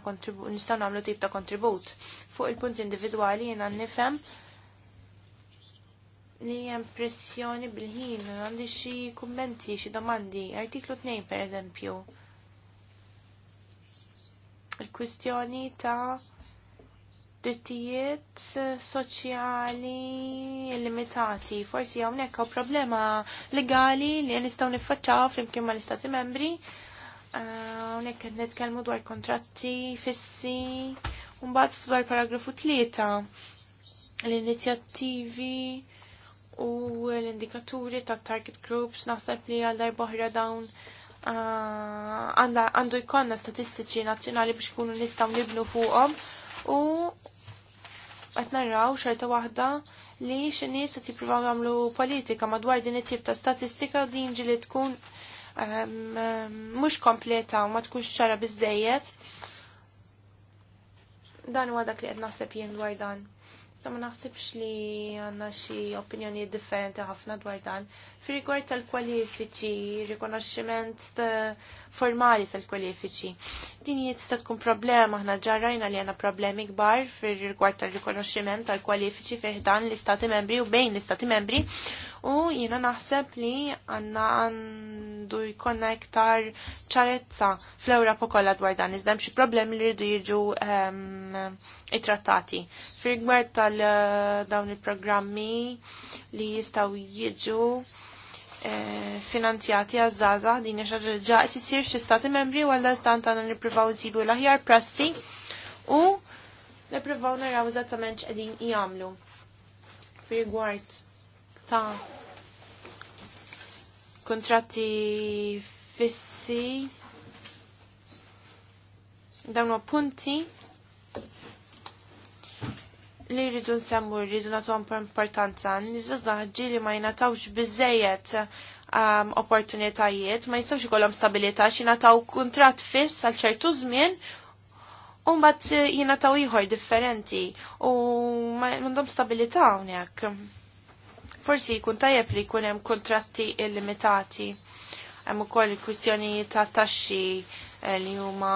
Speaker 3: nistgħu nagħmlu tip ta' kontribut. Fuq il-punt individwali jiena nifhem li hemm pressjoni bil-ħin għandi xi kummenti, xi domandi. Artiklu 2 pereżempju. Il-kwistjoni ta' drittijiet soċjali limitati. Forsi hawnhekk hawn problema legali li nistgħu niffaċċaw flimkien mal-Istati Membri. Ah, hawnhekk qed nitkellmu dwar kontratti fissi u f'dwar paragrafu tlieta l-inizjattivi u l-indikaturi ta' target groups naħseb li għal darboħra dawn ah, għandu jkonna statistiċi nazzjonali biex kunu nistaw nibnu fuqhom u qed narraw xorta waħda li xinis qed jiprivaw għamlu politika madwar din it-tip ta' statistika din ġi li tkun ehm, ehm, mhux kompleta u ma tkunx ċara biżejjed. Dan huwa dak li qed naħseb jien dwar dan iżda ma naħsibx li għandna xi opinjoni differenti ħafna dwar dan. Fi rigward tal-kwalifiċi, rikonoxximent formali tal-kwalifiċi. Din jista' tkun problema aħna ġarrajna li għandna problemi kbar fi rigward tal-rikonoxximent tal-kwalifiċi fiħdan dan l-istati membri u bejn l-istati membri u jiena naħseb li għanna għandu jkonna iktar ċarezza fl-Ewropa kollha dwar dan iżda hemm xi problemi li rridu jiġu ehm, it-trattati. fir tal-dawn eh, il-programmi li jistgħu jiġu eh, finanzjati għazzaza din xaġa ġa qed isir xi stati membri u għalda stant għandna nippruvaw nsibu l-aħjar prassi u nippruvaw naraw eżattament x'qegħdin jagħmlu. Rigward ta' kontratti fissi dawn punti li rridu nsemmu, rridu natu importanza, nizzazaġġi li ma jnatawx bizzejet um, opportunitajiet, ma jistawx ikollhom stabilità xi nataw kuntratt fiss għal ċertu żmien u mbagħad jingħataw ieħor differenti u ma m'għandhom stabilità hawnhekk forsi jkun tajjeb li jkun hemm kontratti illimitati. Hemm ukoll kwistjonijiet ta' taxxi eh, li huma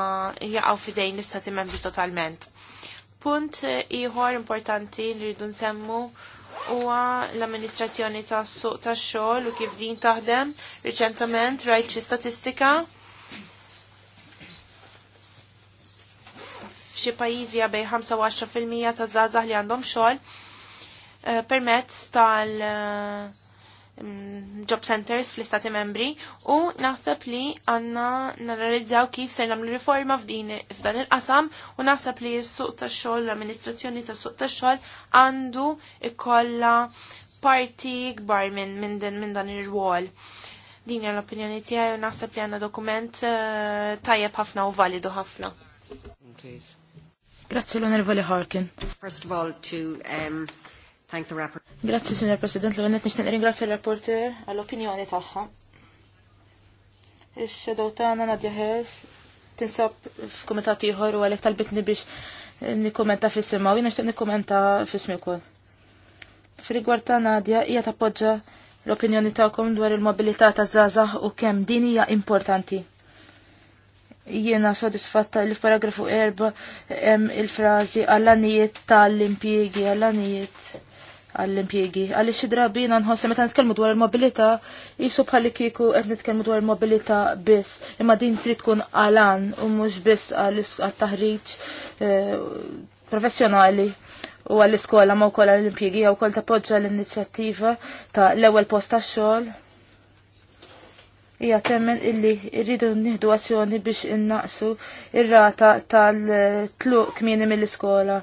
Speaker 3: jaqgħu fidejn l-istati membri totalment. Punt eh, ieħor importanti li rridu nsemmu huwa l-amministrazzjoni tas suq tax-xogħol u kif din taħdem. Riċentament rajt xi statistika f'xi pajjiżi għabej 5 u mija ta' żgħażagħ li għandhom xogħol Eh, permezz tal eh, mm, job centers fl-istati membri u naħseb li għanna naralizzaw kif se namlu riforma f'dan il-qasam u naħseb li s-suq ta' xol, l-amministrazzjoni ta' suq ta' xol għandu ikolla parti gbar minn min, min dan ir-rwol. Din l-opinjoni tiegħi u naħseb li għandna dokument uh, tajjeb ħafna u validu ħafna.
Speaker 2: Grazie l onervali Harkin.
Speaker 3: First of all, to um, thank the
Speaker 2: rapporteur. Grazzi, Signor President, l għennet nishtan ringrazio l rapporteur għall-opinjoni tagħha. Ix-xedow tagħna Nadja Hess tinsab f'kumitat ieħor u għalhekk talbit biex nikkumenta fis-sema u jiena nixtieq nikkumenta fis-smi wkoll. fir ta' Nadja hija tappoġġa l-opinjoni taħkom dwar il-mobilità ta' żgħażagħ u kemm din hija importanti. Jiena sodisfatta li f'paragrafu erba' hemm il-frażi għall tal-impjiegi għall għall-impjegi. Għalli xi drabina nħossi meta nitkellmu dwar il-mobilità, jisu bħalli kieku qed nitkellmu dwar il-mobilità biss, imma din trid tkun għalan u mhux biss għall taħriġ eh, professjonali u għall-iskola ma wkoll għall-impjegi jew ta' tappoġġa l-inizjattiva ta' l-ewwel post tax-xogħol. Hija temmen illi rridu nihdu azzjoni biex innaqsu ir-rata tal-tluq kmieni mill-iskola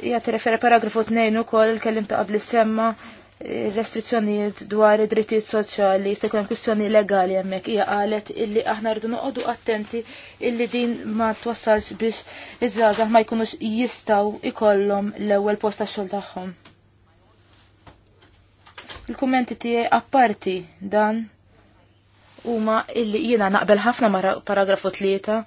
Speaker 2: jgħati referi paragrafu 2 u koll il-kellim ta' qabli semma eh, restrizzjonijiet dwar id-drittijiet soċjali, jistakun jkun kwistjoni legali hemmhekk hija qalet illi aħna rridu noqogħdu attenti illi din ma twassalx biex iż-żgħażagħ ma jkunux jistgħu ikollhom l-ewwel post tax-xogħol tagħhom. Il-kummenti tiegħi apparti dan huma illi jiena naqbel ħafna paragrafu tlieta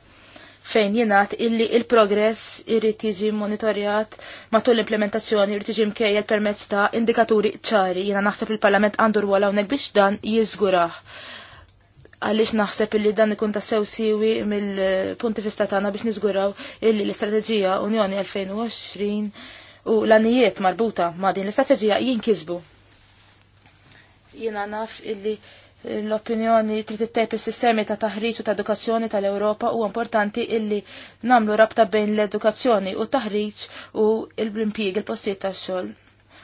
Speaker 2: fejn jenat illi il-progress irrit jiġi monitorjat matul l-implementazzjoni irrit jiġi mkejjel permezz ta' indikaturi ċari. Jena naħseb il-Parlament għandu rwol hawnhekk biex dan jiżguraħ. Għaliex naħseb illi dan ikun ta' sew siwi mill-punti vista tagħna biex niżguraw illi l-istrateġija Unjoni 2020 u l-anijiet marbuta ma' din l-istrateġija jinkisbu. Jena naf illi l-opinjoni trid ittejb is-sistemi ta' taħriġ u ta' edukazzjoni tal-Ewropa u importanti illi namlu rabta bejn l-edukazzjoni u taħriġ u l-impjieg il-postijiet tax-xogħol.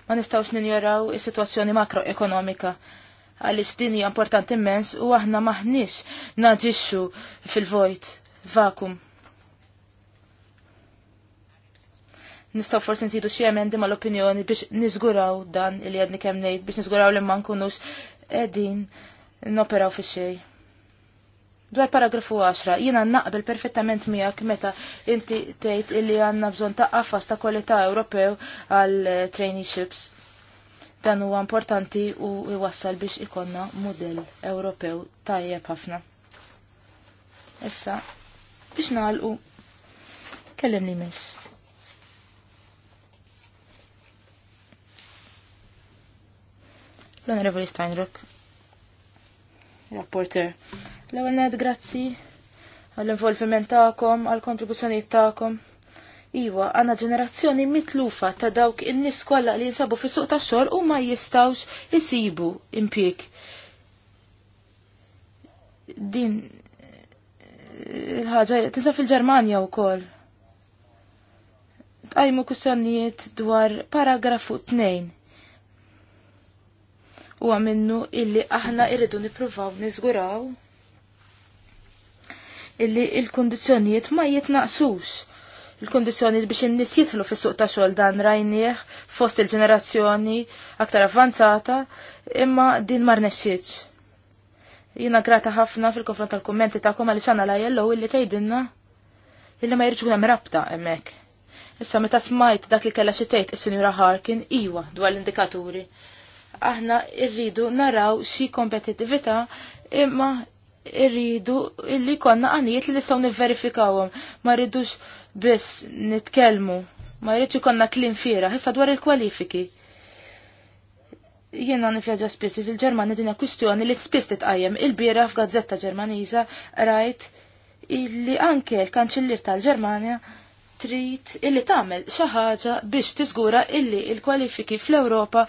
Speaker 2: Ma nistgħux ninjoraw is-sitwazzjoni makroekonomika għaliex din hija importanti immens u aħna maħniex naġixxu fil-vojt vakum. Nistgħu forsi nżidu xi emendi mal-opinjoni biex niżguraw dan li għadni kemm ngħid biex niżguraw li ma nkunux qegħdin noperaw fi xej. Dwar paragrafu 10, jina naqbel perfettament miegħek meta inti tgħid illi għandna bżonn ta' qafas ta' kwalità Ewropew għal traineeships. Dan huwa importanti u iwassal biex ikonna model Ewropew tajjeb ħafna. Issa, biex nagħlqu kellem li miss. L-Onorevoli Steinrock rapporter. L-ewwel ned grazzi għall-involviment tagħkom, għall-kontribuzzjonijiet tagħkom. Iva, għanna ġenerazzjoni mitlufa ta' dawk in-nies kollha li jinsabu fis-suq tax-xogħol u ma jistgħux isibu impjieg. Din eh, il-ħaġa tinsa fil-Ġermanja wkoll. Tqajmu kustjonijiet dwar paragrafu 2 u għamennu illi aħna irridu nipruvaw nizguraw illi il-kondizjonijiet ma jitnaqsux. Il-kondizjonijiet biex in-nies jitħlu fis-suq ta' xogħol dan rajnieh fost il-ġenerazzjoni aktar avvanzata imma din ma rnexxietx. Jiena grata ħafna fil-konfront tal-kummenti tagħkom għaliex għandna la jellow illi tgħidilna illi ma jirġu hemm rabta hemmhekk. Issa meta smajt dak li kellha xi tgħid is-Sinjura Harkin iwa dwar l-indikaturi aħna irridu naraw xi kompetittività imma irridu illi konna għanijiet li nistaw niverifikawhom. Ma rridux biss nitkellmu. Ma rridx ikonna klim fira, issa dwar il-kwalifiki. Jiena nifjaġa spiss fil-Ġermani dinja kwistjoni li spiss titqajjem il-bira f'gazzetta Ġermaniża rajt illi anke l-kanċellir tal-Ġermanja trid illi tagħmel xi ħaġa biex tiżgura illi il-kwalifiki fl-Ewropa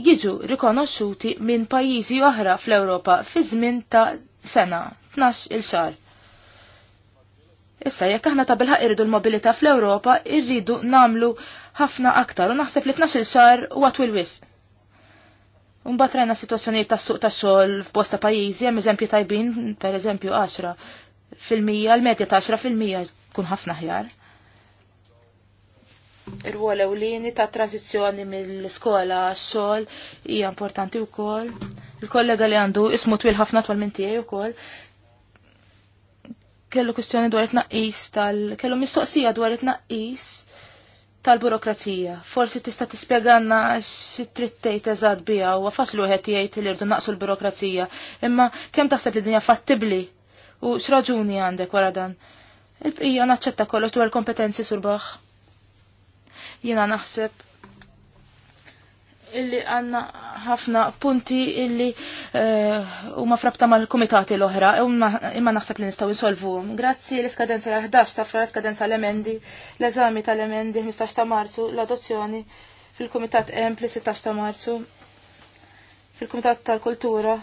Speaker 2: jiġu rikonoxxuti minn pajjiżi oħra fl-Ewropa fi żmien ta' sena, 12 il xar. Issa jekk aħna tabilħaq bilħaq irridu l-mobilità fl-Ewropa, irridu namlu ħafna aktar u naħseb li 12 il xar huwa il-wis. Mbagħad rajna sitwazzjonijiet tas-suq tax-xogħol f'bosta pajjiżi hemm eżempju tajbin, pereżempju 10 fil-mija, l-medja ta' 10 fil-mija tkun ħafna ħjar ir ruol ewlieni ta' tranzizzjoni mill-iskola għax-xogħol hija importanti wkoll. Il-kollega li għandu ismu twil ħafna twal tiegħi wkoll kellu kwistjoni dwar it-naqis tal kellu mistoqsija dwar it-naqis tal-burokrazija. Forsi tista' tispjeganna trid tgħid eżatt biha u faċlu wieħed jgħid li rdu naqsu l-burokrazija, imma kemm taħseb li dinja fattibbli u x'raġuni għandek wara dan? Il-bqija naċċetta kollox dwar kompetenzi surbaħ jina naħseb illi għanna ħafna punti illi eh, u ma frabta mal komitati l-oħra, imma naħseb li nistaw insolvu. Grazzi l-iskadenza l-11 ta' fra l-iskadenza l-emendi, l-eżami tal-emendi 15 ta' marzu, l-adozzjoni fil-komitat pli 16 ta' marzu, fil-komitat tal-kultura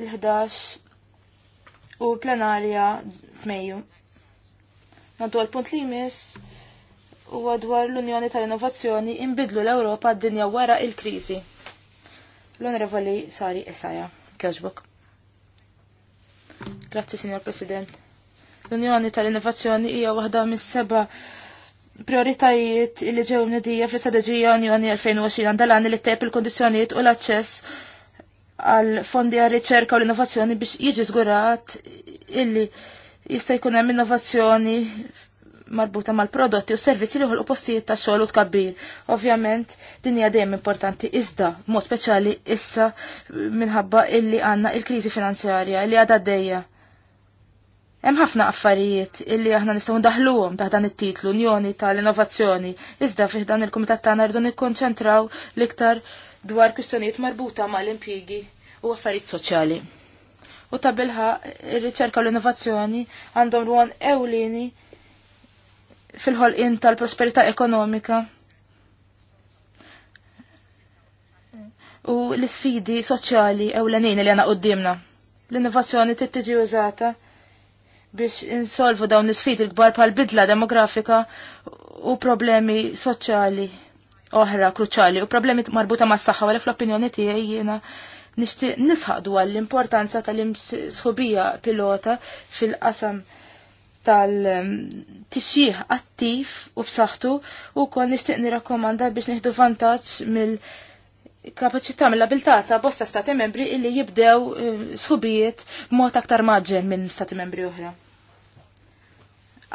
Speaker 2: l-11 u plenarja f'Mejju. Naddu għal-punt li jmiss u dwar l-Unjoni tal-Innovazzjoni imbidlu l-Ewropa d-dinja wara il-kriżi. L-Onorevoli Sari Esaja, Kjoġbuk. Grazzi, Signor President. L-Unjoni tal-Innovazzjoni hija waħda mis-seba' prioritajiet li ġew mnedija fl-istrateġija Unjoni 2020 għandalani li tep il kondizjoniet u l-aċċess għal fondi għal riċerka u l-innovazzjoni biex jiġi żgurat illi jista' jkun hemm innovazzjoni marbuta mal-prodotti u servizzi li u postijiet ta' xogħol u tkabbir. Ovvjament din hija dejjem importanti iżda mod speċjali issa minħabba illi għandna il-kriżi finanzjarja li għadha dejja. Hemm ħafna affarijiet illi aħna nistgħu ndaħluhom taħt dan it-titlu Unjoni tal-Innovazzjoni, iżda fih dan il-kumitat tagħna rridu nikkonċentraw l-iktar dwar kwistjonijiet marbuta mal-impjiegi u affarijiet soċjali. U tabilħa bilħa ir-riċerka u l-innovazzjoni għandhom ruwan ewlieni fil-ħolqin tal-prosperità ekonomika u l-sfidi soċjali ewlenin li għana qoddimna. L-innovazzjoni tiġi użata biex insolvu dawn l-sfid il-kbar bħal bidla demografika u problemi soċjali oħra kruċali u problemi marbuta ma' s-saxħa għal fl-opinjoni tiegħi jiena nixtieq nisħaq dwar l-importanza tal-imsħubija pilota fil-qasam tal-tixjih attiv u b'saħħtu u kol nixtieq nirakkomanda biex nieħdu vantaġġ mill-kapaċità mill-abilità ta' bosta stati membri illi jibdew eh, sħubijiet b'mod aktar maġġel minn stati membri oħra.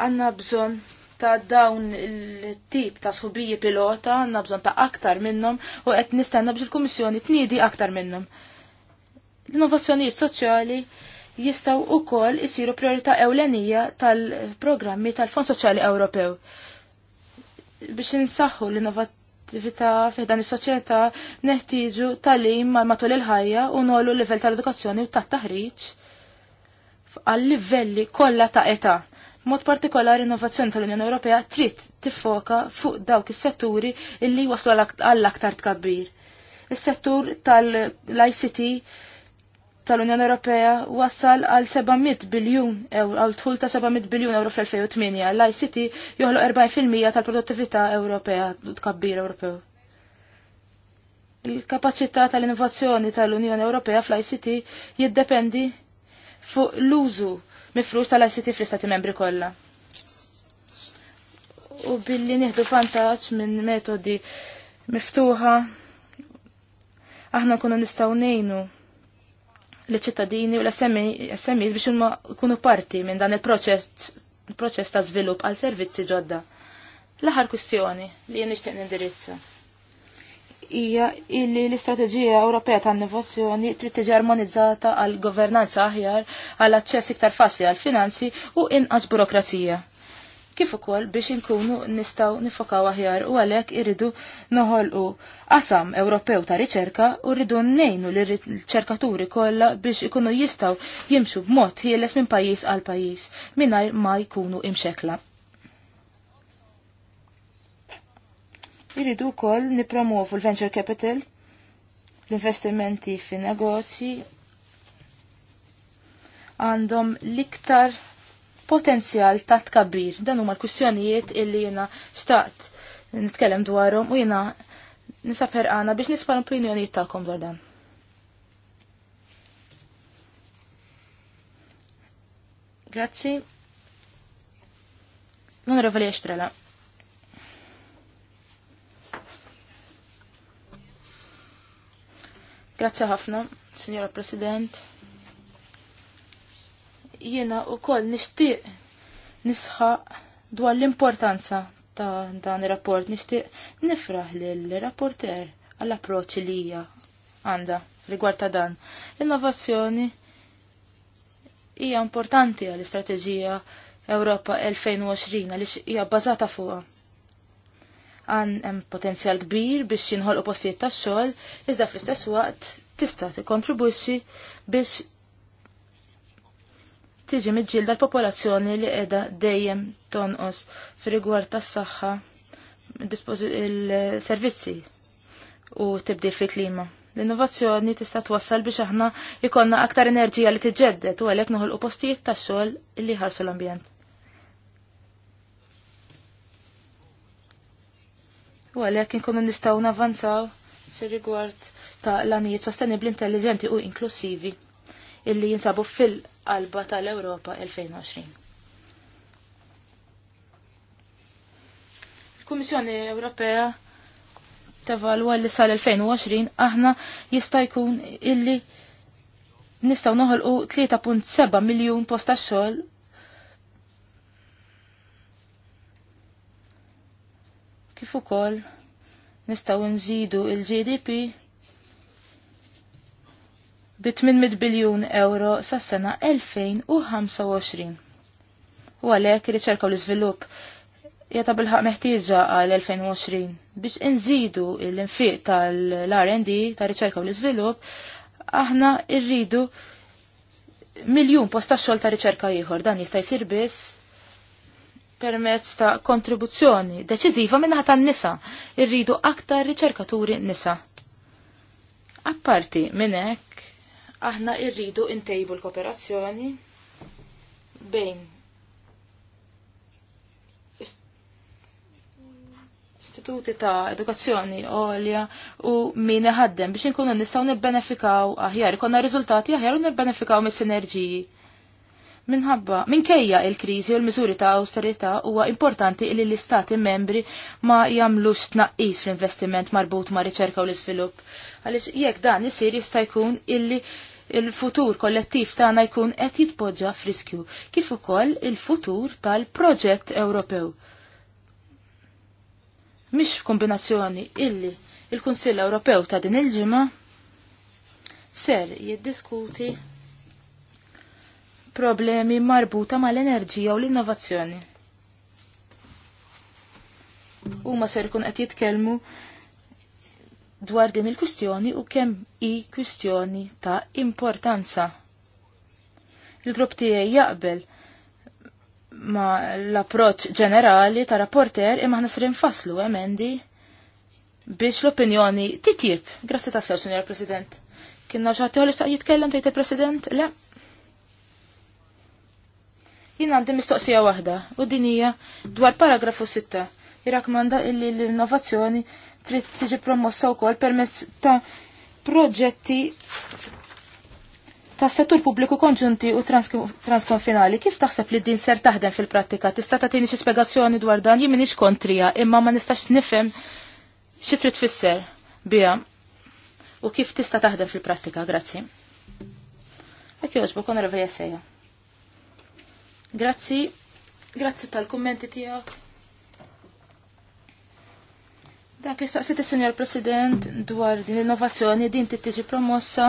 Speaker 2: Għandna bżonn ta' dawn il-tip ta' sħubiji pilota, għandna bżon ta' aktar minnhom u qed nistenna biex il-Kummissjoni tniedi aktar minnhom. L-innovazzjonijiet soċjali jistaw u kol jisiru priorita ewlenija tal-programmi tal-Fond Soċjali Ewropew. Biex insaħħu l-innovativita fiħdan is-soċjetà neħtieġu talim mal matul il-ħajja u nolu l-livell tal-edukazzjoni u tat-taħriġ għal livelli kollha ta' età. Mod partikolari innovazzjoni tal-Unjoni Ewropea trid tiffoka fuq dawk is-setturi illi waslu għall-aktar tkabbir. Is-settur tal-ICT tal-Unjoni Ewropea wassal għal 700 biljun euro, għal tħul ta' 700 biljun euro fl-2008. L-ICT joħloq 40% tal-produttività Ewropea, tkabbir Ewropew. Il-kapacità tal-innovazzjoni tal-Unjoni Ewropea fl-ICT jiddependi fuq l-użu mifrux tal-ICT fl-istati membri kollha. U billi nieħdu vantaġġ minn metodi miftuħa aħna nkunu nistgħu ngħinu li ċittadini u l-SMEs biex ma kunu parti minn dan il-proċess ta' żvilupp għal servizzi ġodda. L-aħħar kwistjoni li jien nixtieq nindirizza hija illi l-istrateġija Ewropea tan-innovazzjoni trid tiġi armonizzata għal governanza aħjar għal aċċess iktar faċli għal finanzi u inqas burokrazija kif ukoll biex inkunu nistgħu nifokaw aħjar u għalhekk irridu noħolqu qasam Ewropew ta' riċerka u rridu nnejnu li riċerkaturi kollha biex ikunu jistgħu jimxu b'mod ħieles minn pajjiż għal pajjiż mingħajr ma jkunu imxekla. Iridu wkoll nippromovu l-venture capital, l-investimenti fin negozji għandhom l-iktar potenzjal ta' tkabbir. Dan huma l-kwistjonijiet illi jiena xtaqt nitkellem dwarhom u jiena nisab ħerqana biex nisfa' l-opinjonijiet tagħkom dwar dan. Grazzi. L-onorevoli Estrella. Grazzi ħafna, Signora President jiena wkoll nixtieq nisħaq dwar l-importanza ta' dan ir-rapport nixtieq nifraħ lill-rapporter għall-approċċ li hija għandha rigward ta' dan. L-innovazzjoni hija importanti għall-istrateġija Ewropa 2020 għaliex hija bbażata fuqha. Għan hemm potenzjal kbir biex jinħolqu postijiet tax-xogħol, iżda fl-istess waqt tista' tikkontribwixxi biex tiġi miġġielda l-popolazzjoni li qiegħda dejjem tonqos fir-rigward tas-saħħa il-servizzi u tibdi fil-klima. L-innovazzjoni tista' twassal biex aħna ikonna aktar enerġija li tiġġeddet u għalhekk noħolqu postijiet tax-xogħol li ħarsu l-ambjent. U għalhekk inkunu nistgħu navanzaw fir-rigward ta' l-anijiet sostenibli intelligenti u inklusivi illi jinsabu fil- qalba tal-Ewropa 2020. Il-Kummissjoni Ewropea tevalwa li sal-2020 aħna jista' jkun illi nistgħu noħolqu 3.7 miljun post xogħol kif ukoll nistgħu nżidu il-GDP bi 800 biljun euro sas sena 2025. U għalhekk riċerka u l-iżvilupp jeta bilħaq meħtieġa għal 2020 biex inżidu l-infiq tal-R&D, ta' riċerka u l-iżvilupp, aħna irridu miljun posta xogħol ta' riċerka ieħor. Dan jista' jsir biss permezz ta' kontribuzzjoni deċiżiva minnaħa tan-nisa. Irridu aktar riċerkaturi nisa. Apparti minn hekk aħna irridu intejbu l-kooperazzjoni bejn istituti ta' edukazzjoni għolja u min ħaddem biex nkunu nistaw nibbenefikaw aħjar, ikonna riżultati aħjar u nibbenefikaw mis-sinerġiji. Minħabba, minkejja il-krizi u l-miżuri ta' austerità huwa importanti li l-istati membri ma jagħmlux tnaqqis fl-investiment marbut ma' riċerka u l-iżvilupp. Għaliex jekk dan isir jista' jkun illi il-futur kollettiv tagħna jkun qed jitpoġġa friskju, kif ukoll il-futur tal-proġett Ewropew. Mhix kombinazzjoni illi il-Kunsill Ewropew ta' din il-ġimgħa ser jiddiskuti problemi marbuta mal-enerġija u l-innovazzjoni. Huma ser ikun qed jitkellmu dwar din il-kwistjoni u kemm i kwistjoni ta' importanza. Il-grupp tiegħi jaqbel ma l-approċ ġenerali ta' rapporter imma ħna sirin faslu emendi biex l-opinjoni titjib. Grazzi ta' sew, Sinjor President. Kienna ġati għalix ta' jitkellem tajt il-President? Le. Jina għandim mistoqsija waħda u din hija dwar paragrafu 6 jirakmanda illi l-innovazzjoni trid tiġi promossa wkoll permezz ta' proġetti ta' settur pubbliku konġunti u transkonfinali. Kif taħseb li din ser taħdem fil-prattika? Tista' tagħtini xi spjegazzjoni dwar dan jien m'iniex kontrija, imma ma nistax nifhem xi trid tfisser biha u kif tista' taħdem fil-prattika. Grazzi. jogħġbu kon onorevoli sejja. Grazzi, grazzi tal-kummenti tiegħek Dak li staqsit is-Sinjor President dwar din l-innovazzjoni din tittiġi promossa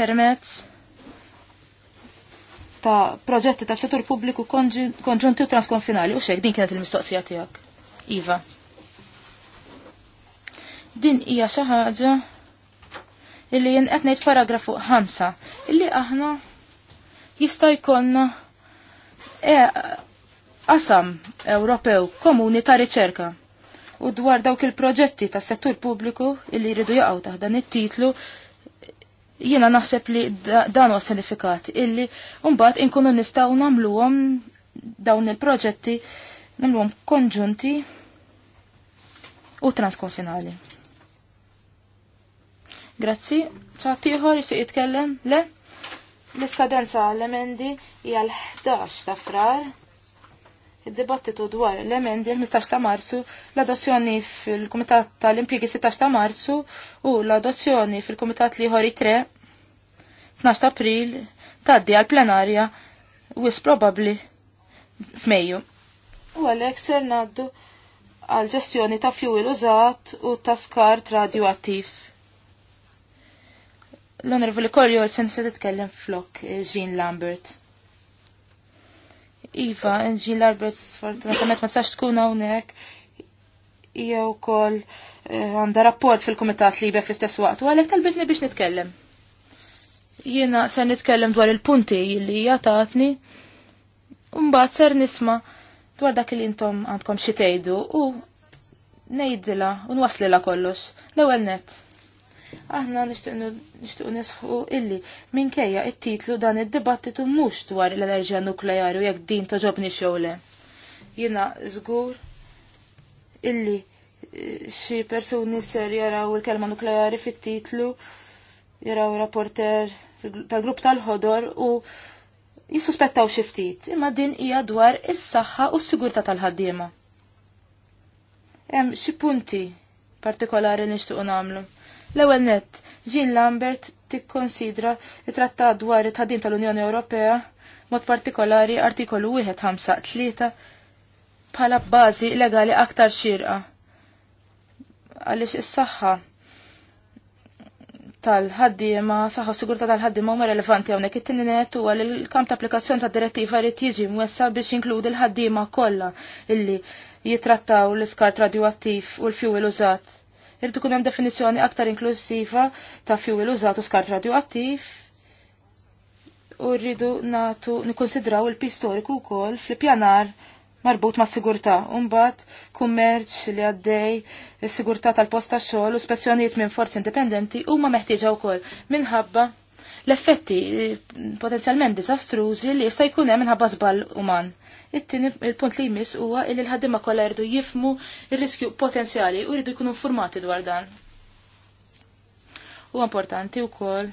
Speaker 2: permezz ta' proġetti ta' settur pubbliku konġunti u transkonfinali u xek din kienet il-mistoqsija tiegħek. Iva. Din hija xi ħaġa illi jien qed ngħid paragrafu 5 illi aħna jista' jkollna eh, qasam Ewropew komuni ta' riċerka u dwar dawk il-proġetti tas settur pubbliku illi jridu jaqgħu taħt dan it-titlu jiena naħseb li dan huwa sinifikat illi mbagħad inkunu nistgħu nagħmluhom dawn il-proġetti nagħmluhom konġunti u transkonfinali. Grazzi, ċaħtiħor jixtieq jitkellem? Le? L-iskadenza l-emendi hija l-11 ta' frar il dibattitu dwar l-emendi l-15 ta' marzu, l-adozzjoni fil-Kumitat tal-Impjegi 16 ta' marzu u l-adozzjoni fil-Kumitat liħori 3 12 ta' april taddi għal plenarja wis probabli f'Mejju. U għalhekk ser ngħaddu għal ġestjoni ta' fjuwil użat u ta' skart radioattiv. L-onorevoli Korjol sen se titkellem flok eh, Jean Lambert. Iva, l-arbet Larbert, sfortunatament ma sax tkun hawnhekk. Jew kol eh, għandha rapport fil-Kumitat Libja fl-istess waqt u għalhekk talbitni biex nitkellem. Jiena se nitkellem dwar il-punti li hija tatni u mbagħad ser nisma' dwar dak li intom għandkom xi tgħidu u ngħidilha u waslila kollox. L-ewwel nett aħna nishtuq nisħu illi minkejja it-titlu dan id-dibattitu mhux dwar l-enerġija nukleari u jekk din toġobni xogħle. Jiena żgur illi eh, xi persuni ser jaraw il-kelma nukleari fit-titlu, jaraw rapporter tal-grupp tal-ħodor u jissuspettaw xi ftit, imma din hija dwar is-saħħa u s-sigurtà tal-ħaddiema. Hemm xi punti partikolari nixtiequ nagħmlu. L-ewwel nett, Jean Lambert tikkonsidra it-trattat dwar it-ħadim tal-Unjoni Ewropea mod partikolari artikolu 153 bħala bażi legali aktar xirqa. Għaliex is-saħħa tal-ħaddiema, saħħa sigurta tal-ħaddiema huma relevanti hawnhekk it-tieni net huwa li l-kamp ta' applikazzjoni tad direttiva rid jiġi mwessa biex jinkludi l-ħaddiema kollha illi jitrattaw l-iskart radioattiv u l-fjuwil użat Irrid kunem hemm definizzjoni aktar inklusiva ta' fuel użatu skart radioattiv u rridu natu nikkonsidraw il pistoriku storiku wkoll fl-pjanar marbut ma' sigurtà. Umbat, kummerċ li għaddej, is-sigurtà tal posta xol xogħol u spessjoniet minn forzi indipendenti huma meħtieġa wkoll minħabba l-effetti eh, potenzjalment disastrużi li jista' jkun hemm minħabba żball uman. It-tieni il-punt li jmiss huwa li l-ħaddiema kollha jridu jifmu r-riskju potenzjali u jridu jkunu informati dwar dan. Huwa importanti wkoll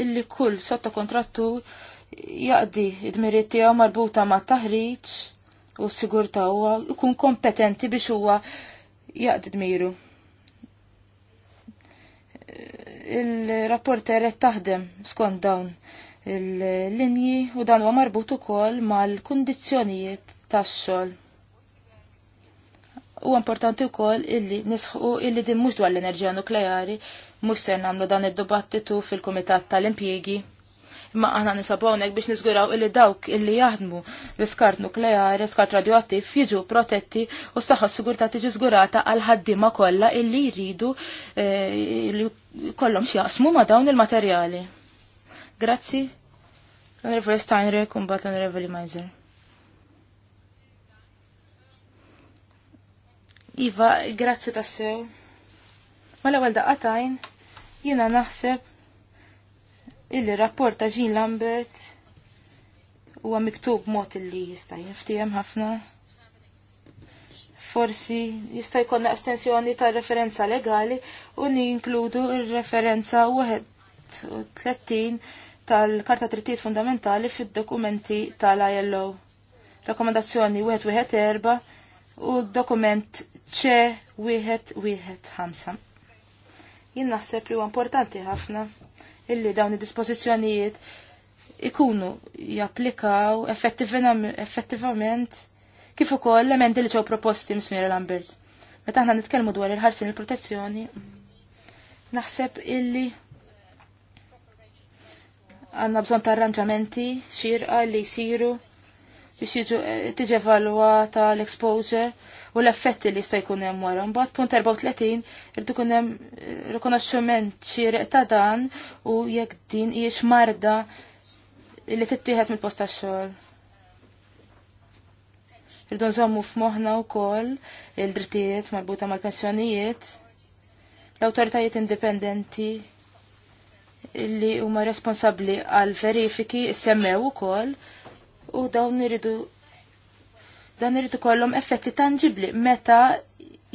Speaker 2: illi kull sotta kontrattur jaqdi id-miriet tiegħu marbuta mat taħriġ u s-sigurtà huwa jkun kompetenti biex huwa jaqdi dmiru il-rapporter qed taħdem skont dawn il-linji u dan huwa marbut ukoll mal-kundizzjonijiet tax-xogħol. U importanti wkoll illi nisħu illi din mhux dwar l-enerġija nukleari mhux se nagħmlu dan id-dibattitu fil-Kumitat tal-Impjiegi Ma aħna nisabu hawnhekk biex niżguraw illi dawk illi jaħdmu l-iskart nukleari, skart radioattiv jiġu protetti u s saxħa s-sigurtà tiġi żgurata għal ħaddima kollha illi jridu eh, illi kollom x'jaqsmu ma' dawn il-materjali. Grazzi. L-Onorevoli Steinrek un bat l Meiser. Iva, grazzi tassew. Mala għal daqqatajn, jina naħseb illi rapport ta' Jean Lambert huwa miktub mod illi jista' jiftijem ħafna. Forsi jista' jkollna estensjoni ta' referenza legali u ninkludu r referenza 31 tal-Karta Trittijiet Fundamentali fid-dokumenti tal-ILO. Rakkomandazzjoni 114 u dokument C wieħed wieħed ħamsa. Jien naħseb li huwa importanti ħafna illi dawn id-dispożizzjonijiet ikunu japplikaw effettivament kif ukoll l elementi li ġew proposti Msmir Lambert. Meta aħna nitkellmu dwar il-ħarsin il-protezzjoni, naħseb illi għandna bżonn ta' arranġamenti xirqa li jsiru biex jiġu eh, tiġi evalwata l-exposure u l-effetti li jista' jkun hemm wara. Mbagħad punt 34 irid jkun hemm eh, rikonoxximent xieriq ta' dan u jekk din hijiex marda li tittieħed mill-post tax-xogħol. Irdu nżommu f'moħħna wkoll il-drittijiet marbuta mal-pensjonijiet, l-awtoritajiet indipendenti li huma responsabbli għal verifiki semmew ukoll u dawn iridu dan irid ikollhom effetti tangibli meta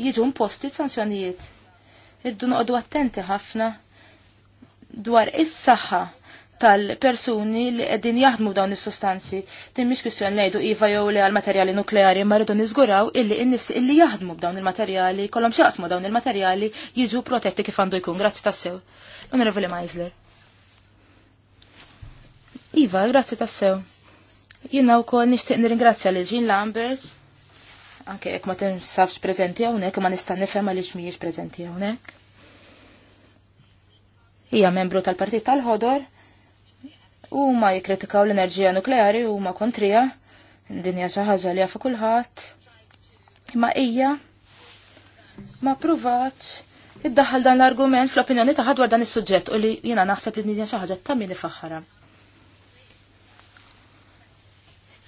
Speaker 2: jiġu imposti sanzjonijiet. Irdu noqogħdu attenti ħafna dwar is-saħħa tal-persuni li qegħdin jaħdmu dawn is-sostanzi. Din mhix kwistjoni ngħidu iva jew le għall-materjali nukleari ma rridu niżguraw illi n-nies illi jaħdmu b'dawn il-materjali, kollhom xaqsmu dawn il-materjali jiġu protetti kif għandu jkun. Grazzi tassew. Onorevoli Meisler. Iva, grazzi tassew. Jina u kol nishtiq nir-ingrazzja li Jean Lambers, anke jek ma tinsabx prezenti għonek, ma nista nifem għalli miex prezenti għonek. Hija membru tal-partit tal-ħodor, u ma jikritikaw l-enerġija nukleari u ma kontrija, dinja xaħġa li għafu kullħat, ma ija, ma provaċ, iddaħħal dan l-argument fl-opinjoni taħad dwar dan is-suġġett u li jina naħseb li dinja xaħġa ta' min ifaħħara.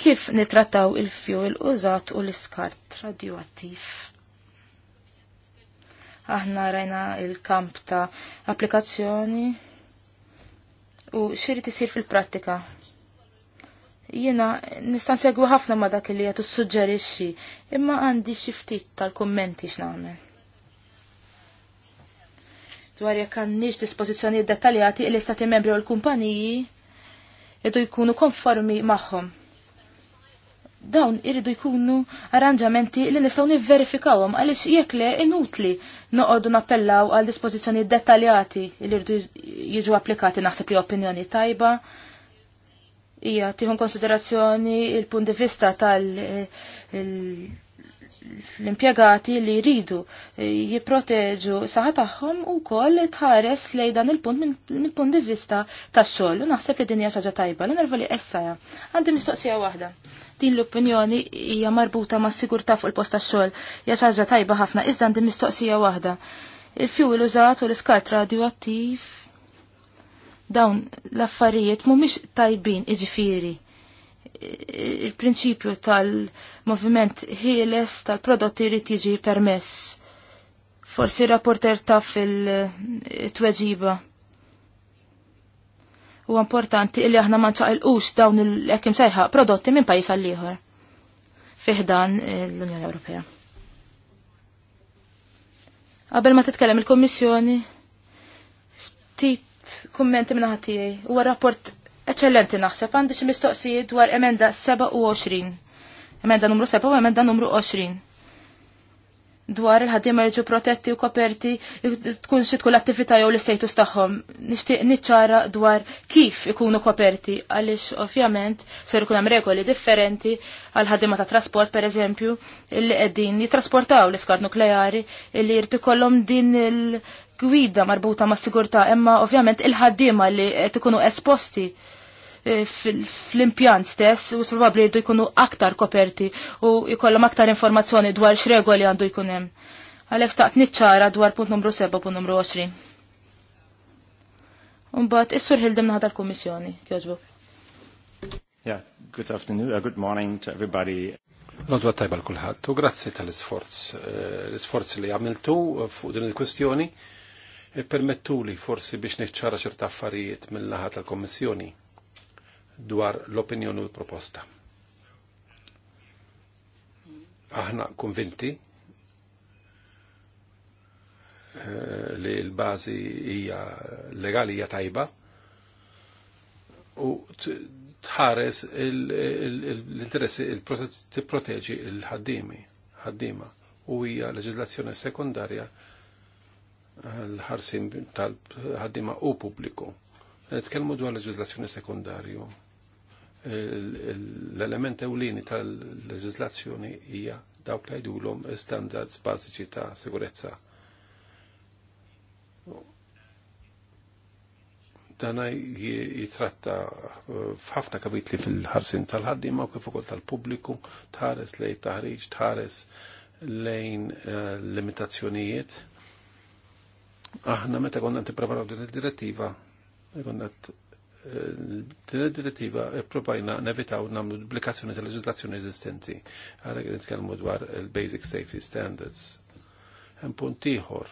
Speaker 2: kif nitrattaw il-fjuwil użat u l-iskart radioattiv. Aħna rajna il-kamp ta' applikazzjoni u xirri isir fil-prattika jena nistan segwi ħafna ma dak li jgħat suġġerixxi, imma għandi xi ftit tal-kummenti x'nagħmel. Dwar jekk għandniex dispożizzjonijiet dettaljati l istati membri u l-kumpaniji jdu jkunu konformi magħhom dawn irridu jkunu arranġamenti li nistgħu nivverifikawhom għaliex jekk le inutli noqogħdu nappellaw għal dispożizzjoni dettaljati li rridu jiġu applikati naħseb li opinjoni tajba. Hija tieħu konsiderazzjoni il-punt di vista tal eh, l-impjegati li jridu eh, jipproteġu saħa tagħhom ukoll tħares lejn dan il-punt minn punt di vista tax-xogħol u naħseb li din hija xaġa tajba l-nerva li essaja. Għandi mistoqsija waħda Din l-opinjoni hija marbuta ma' sigurtà fuq il-post tax-xogħol hija ħaġa tajba ħafna iżda għandi mistoqsija waħda. Il-fjuwil użat u l-iskart radioattiv dawn l-affarijiet mhumiex tajbin iġifieri il-prinċipju tal-moviment ħieles tal-prodotti jrid jiġi permess. Forsi rapporter taf il-tweġiba U importanti illi aħna ma qus dawn il-ekim sejħa prodotti minn pajis għall-ieħor. Fiħdan eh, l-Unjoni Ewropea. Qabel ma titkellem il-Kommissjoni, ftit kummenti minn ħatijaj. Huwa rapport eċċellenti naħseb għandi xi mistoqsijiet dwar emenda 27. Emenda numru 7 u emenda numru 20 dwar il-ħaddim irġu protetti u koperti tkun xi tkun l-attività jew l-istatus tagħhom. Nixtieq niċċara dwar kif ikunu koperti għaliex ovvjament ser ikun hemm regoli differenti għal ħaddiema ta' trasport pereżempju li qegħdin jitrasportaw l-iskart nukleari li jrid ikollhom din il-gwida marbuta ma' sigurtà imma ovvjament il-ħaddiema li qed ikunu esposti Eh, fl-impjant stess u probabbli jridu jkunu aktar koperti u jkollhom aktar informazzjoni dwar x'regoli għandu jkun hemm. Għalhekk taqt niċċara dwar punt numru 7 punt numru 20. Umbagħad is-sur Hildem naħa tal kummissjoni jogħġbu.
Speaker 1: Yeah, good afternoon, uh, good morning to everybody. Nodwa tajba l-kulħadd u grazzi tal-isforz eh, l sforz li għamiltu eh, fuq din il-kwestjoni permettu li forsi biex neċċara ċerta affarijiet mill laħat tal-Kommissjoni dwar l-opinjoni u l-proposta. Aħna konvinti eh, li l-bazi hija legali hija tajba u tħares l-interessi tipproteġi l-ħaddimi, ħaddima u hija leġislazzjoni sekundarja l-ħarsim tal-ħaddima u pubbliku. Nitkellmu dwar leġislazzjoni sekundarju l-element ewlieni tal-leġislazzjoni hija dawk li jgħidulhom standards bażiċi ta' sigurezza. Dana jitratta eh, f'ħafna kapitli fil-ħarsin tal-ħaddiema u kif ukoll tal-pubbliku tħares lejn taħriġ, tħares lejn eh, limitazzjonijiet. Aħna meta konna nippreparaw din id-direttiva, konna din id-direttiva propajna nevitaw namlu duplikazzjoni tal-leġislazzjoni eżistenti. Għalhekk nitkellmu dwar il-basic safety standards. Hemm punt ieħor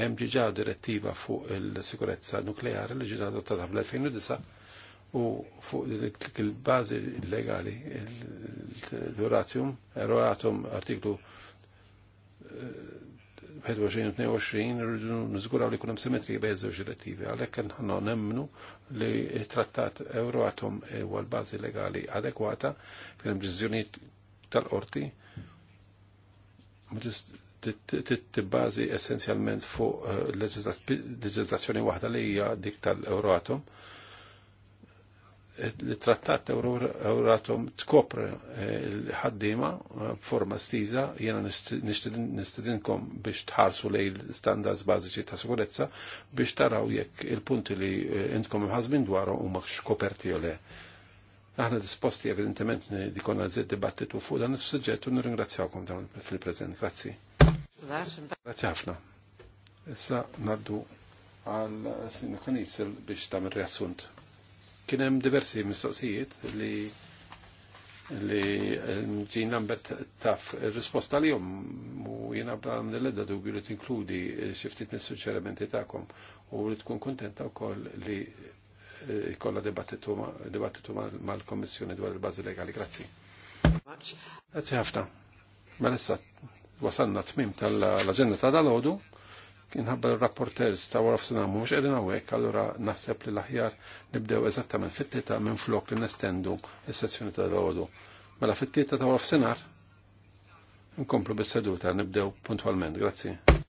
Speaker 1: hemm ġiġa direttiva fuq il-sikurezza nukleari li ġiet adottata fl-2009 u fuq il-bażi legali l euratum Euratum artiklu eh, 21-22 rridu nżguraw li kunem simetri bejn żewġ direttivi, għalhekk nħanna nemmnu li trattat Euroatom huwa l-bażi legali adekwata fil deċiżjonijiet tal-qorti tibbażi essenzjalment fuq eh, leġiżlazzjoni waħda li hija dik tal-Euroatom il-trattat Euratom tkopre eh, l-ħaddima eh, b'forma stiża jena nistidinkom biex tħarsu lej l-standards bażiċi ta' sigurezza biex taraw jekk il-punti li eh, intkom imħazmin dwarhom huma x'koperti le. Aħna disposti evidentement dikonna żed dibattitu fuq dan is-suġġett u nirringrazzjawkom dawn fil prezent Grazzi. Grazzi ħafna. Issa naddu għal sinu biex tam il-reassunt. Kien hemm diversi mistoqsijiet li li ġin ehm, Lambert taf risposta li jom u jena bħam l-edda dubju li tinkludi eh, xiftit mis suċċerimenti ta'kom u li tkun kontenta u koll li eh, kolla ma mal-Komissjoni dwar il-bazi legali. Grazzi. Grazzi ħafna. Melissa, wasanna tmim tal-agenda ta' dal-ħodu kienħabba l-rapporters ta' waraf sinamu, mux għedin għawek, għallura naħseb li l-aħjar nibdew eżattament fit-tita minn flok li nestendu s-sessjoni ta' d-għodu. Mela fit-tita ta' waraf sinar, nkomplu bis-seduta, nibdew puntualment, Grazie.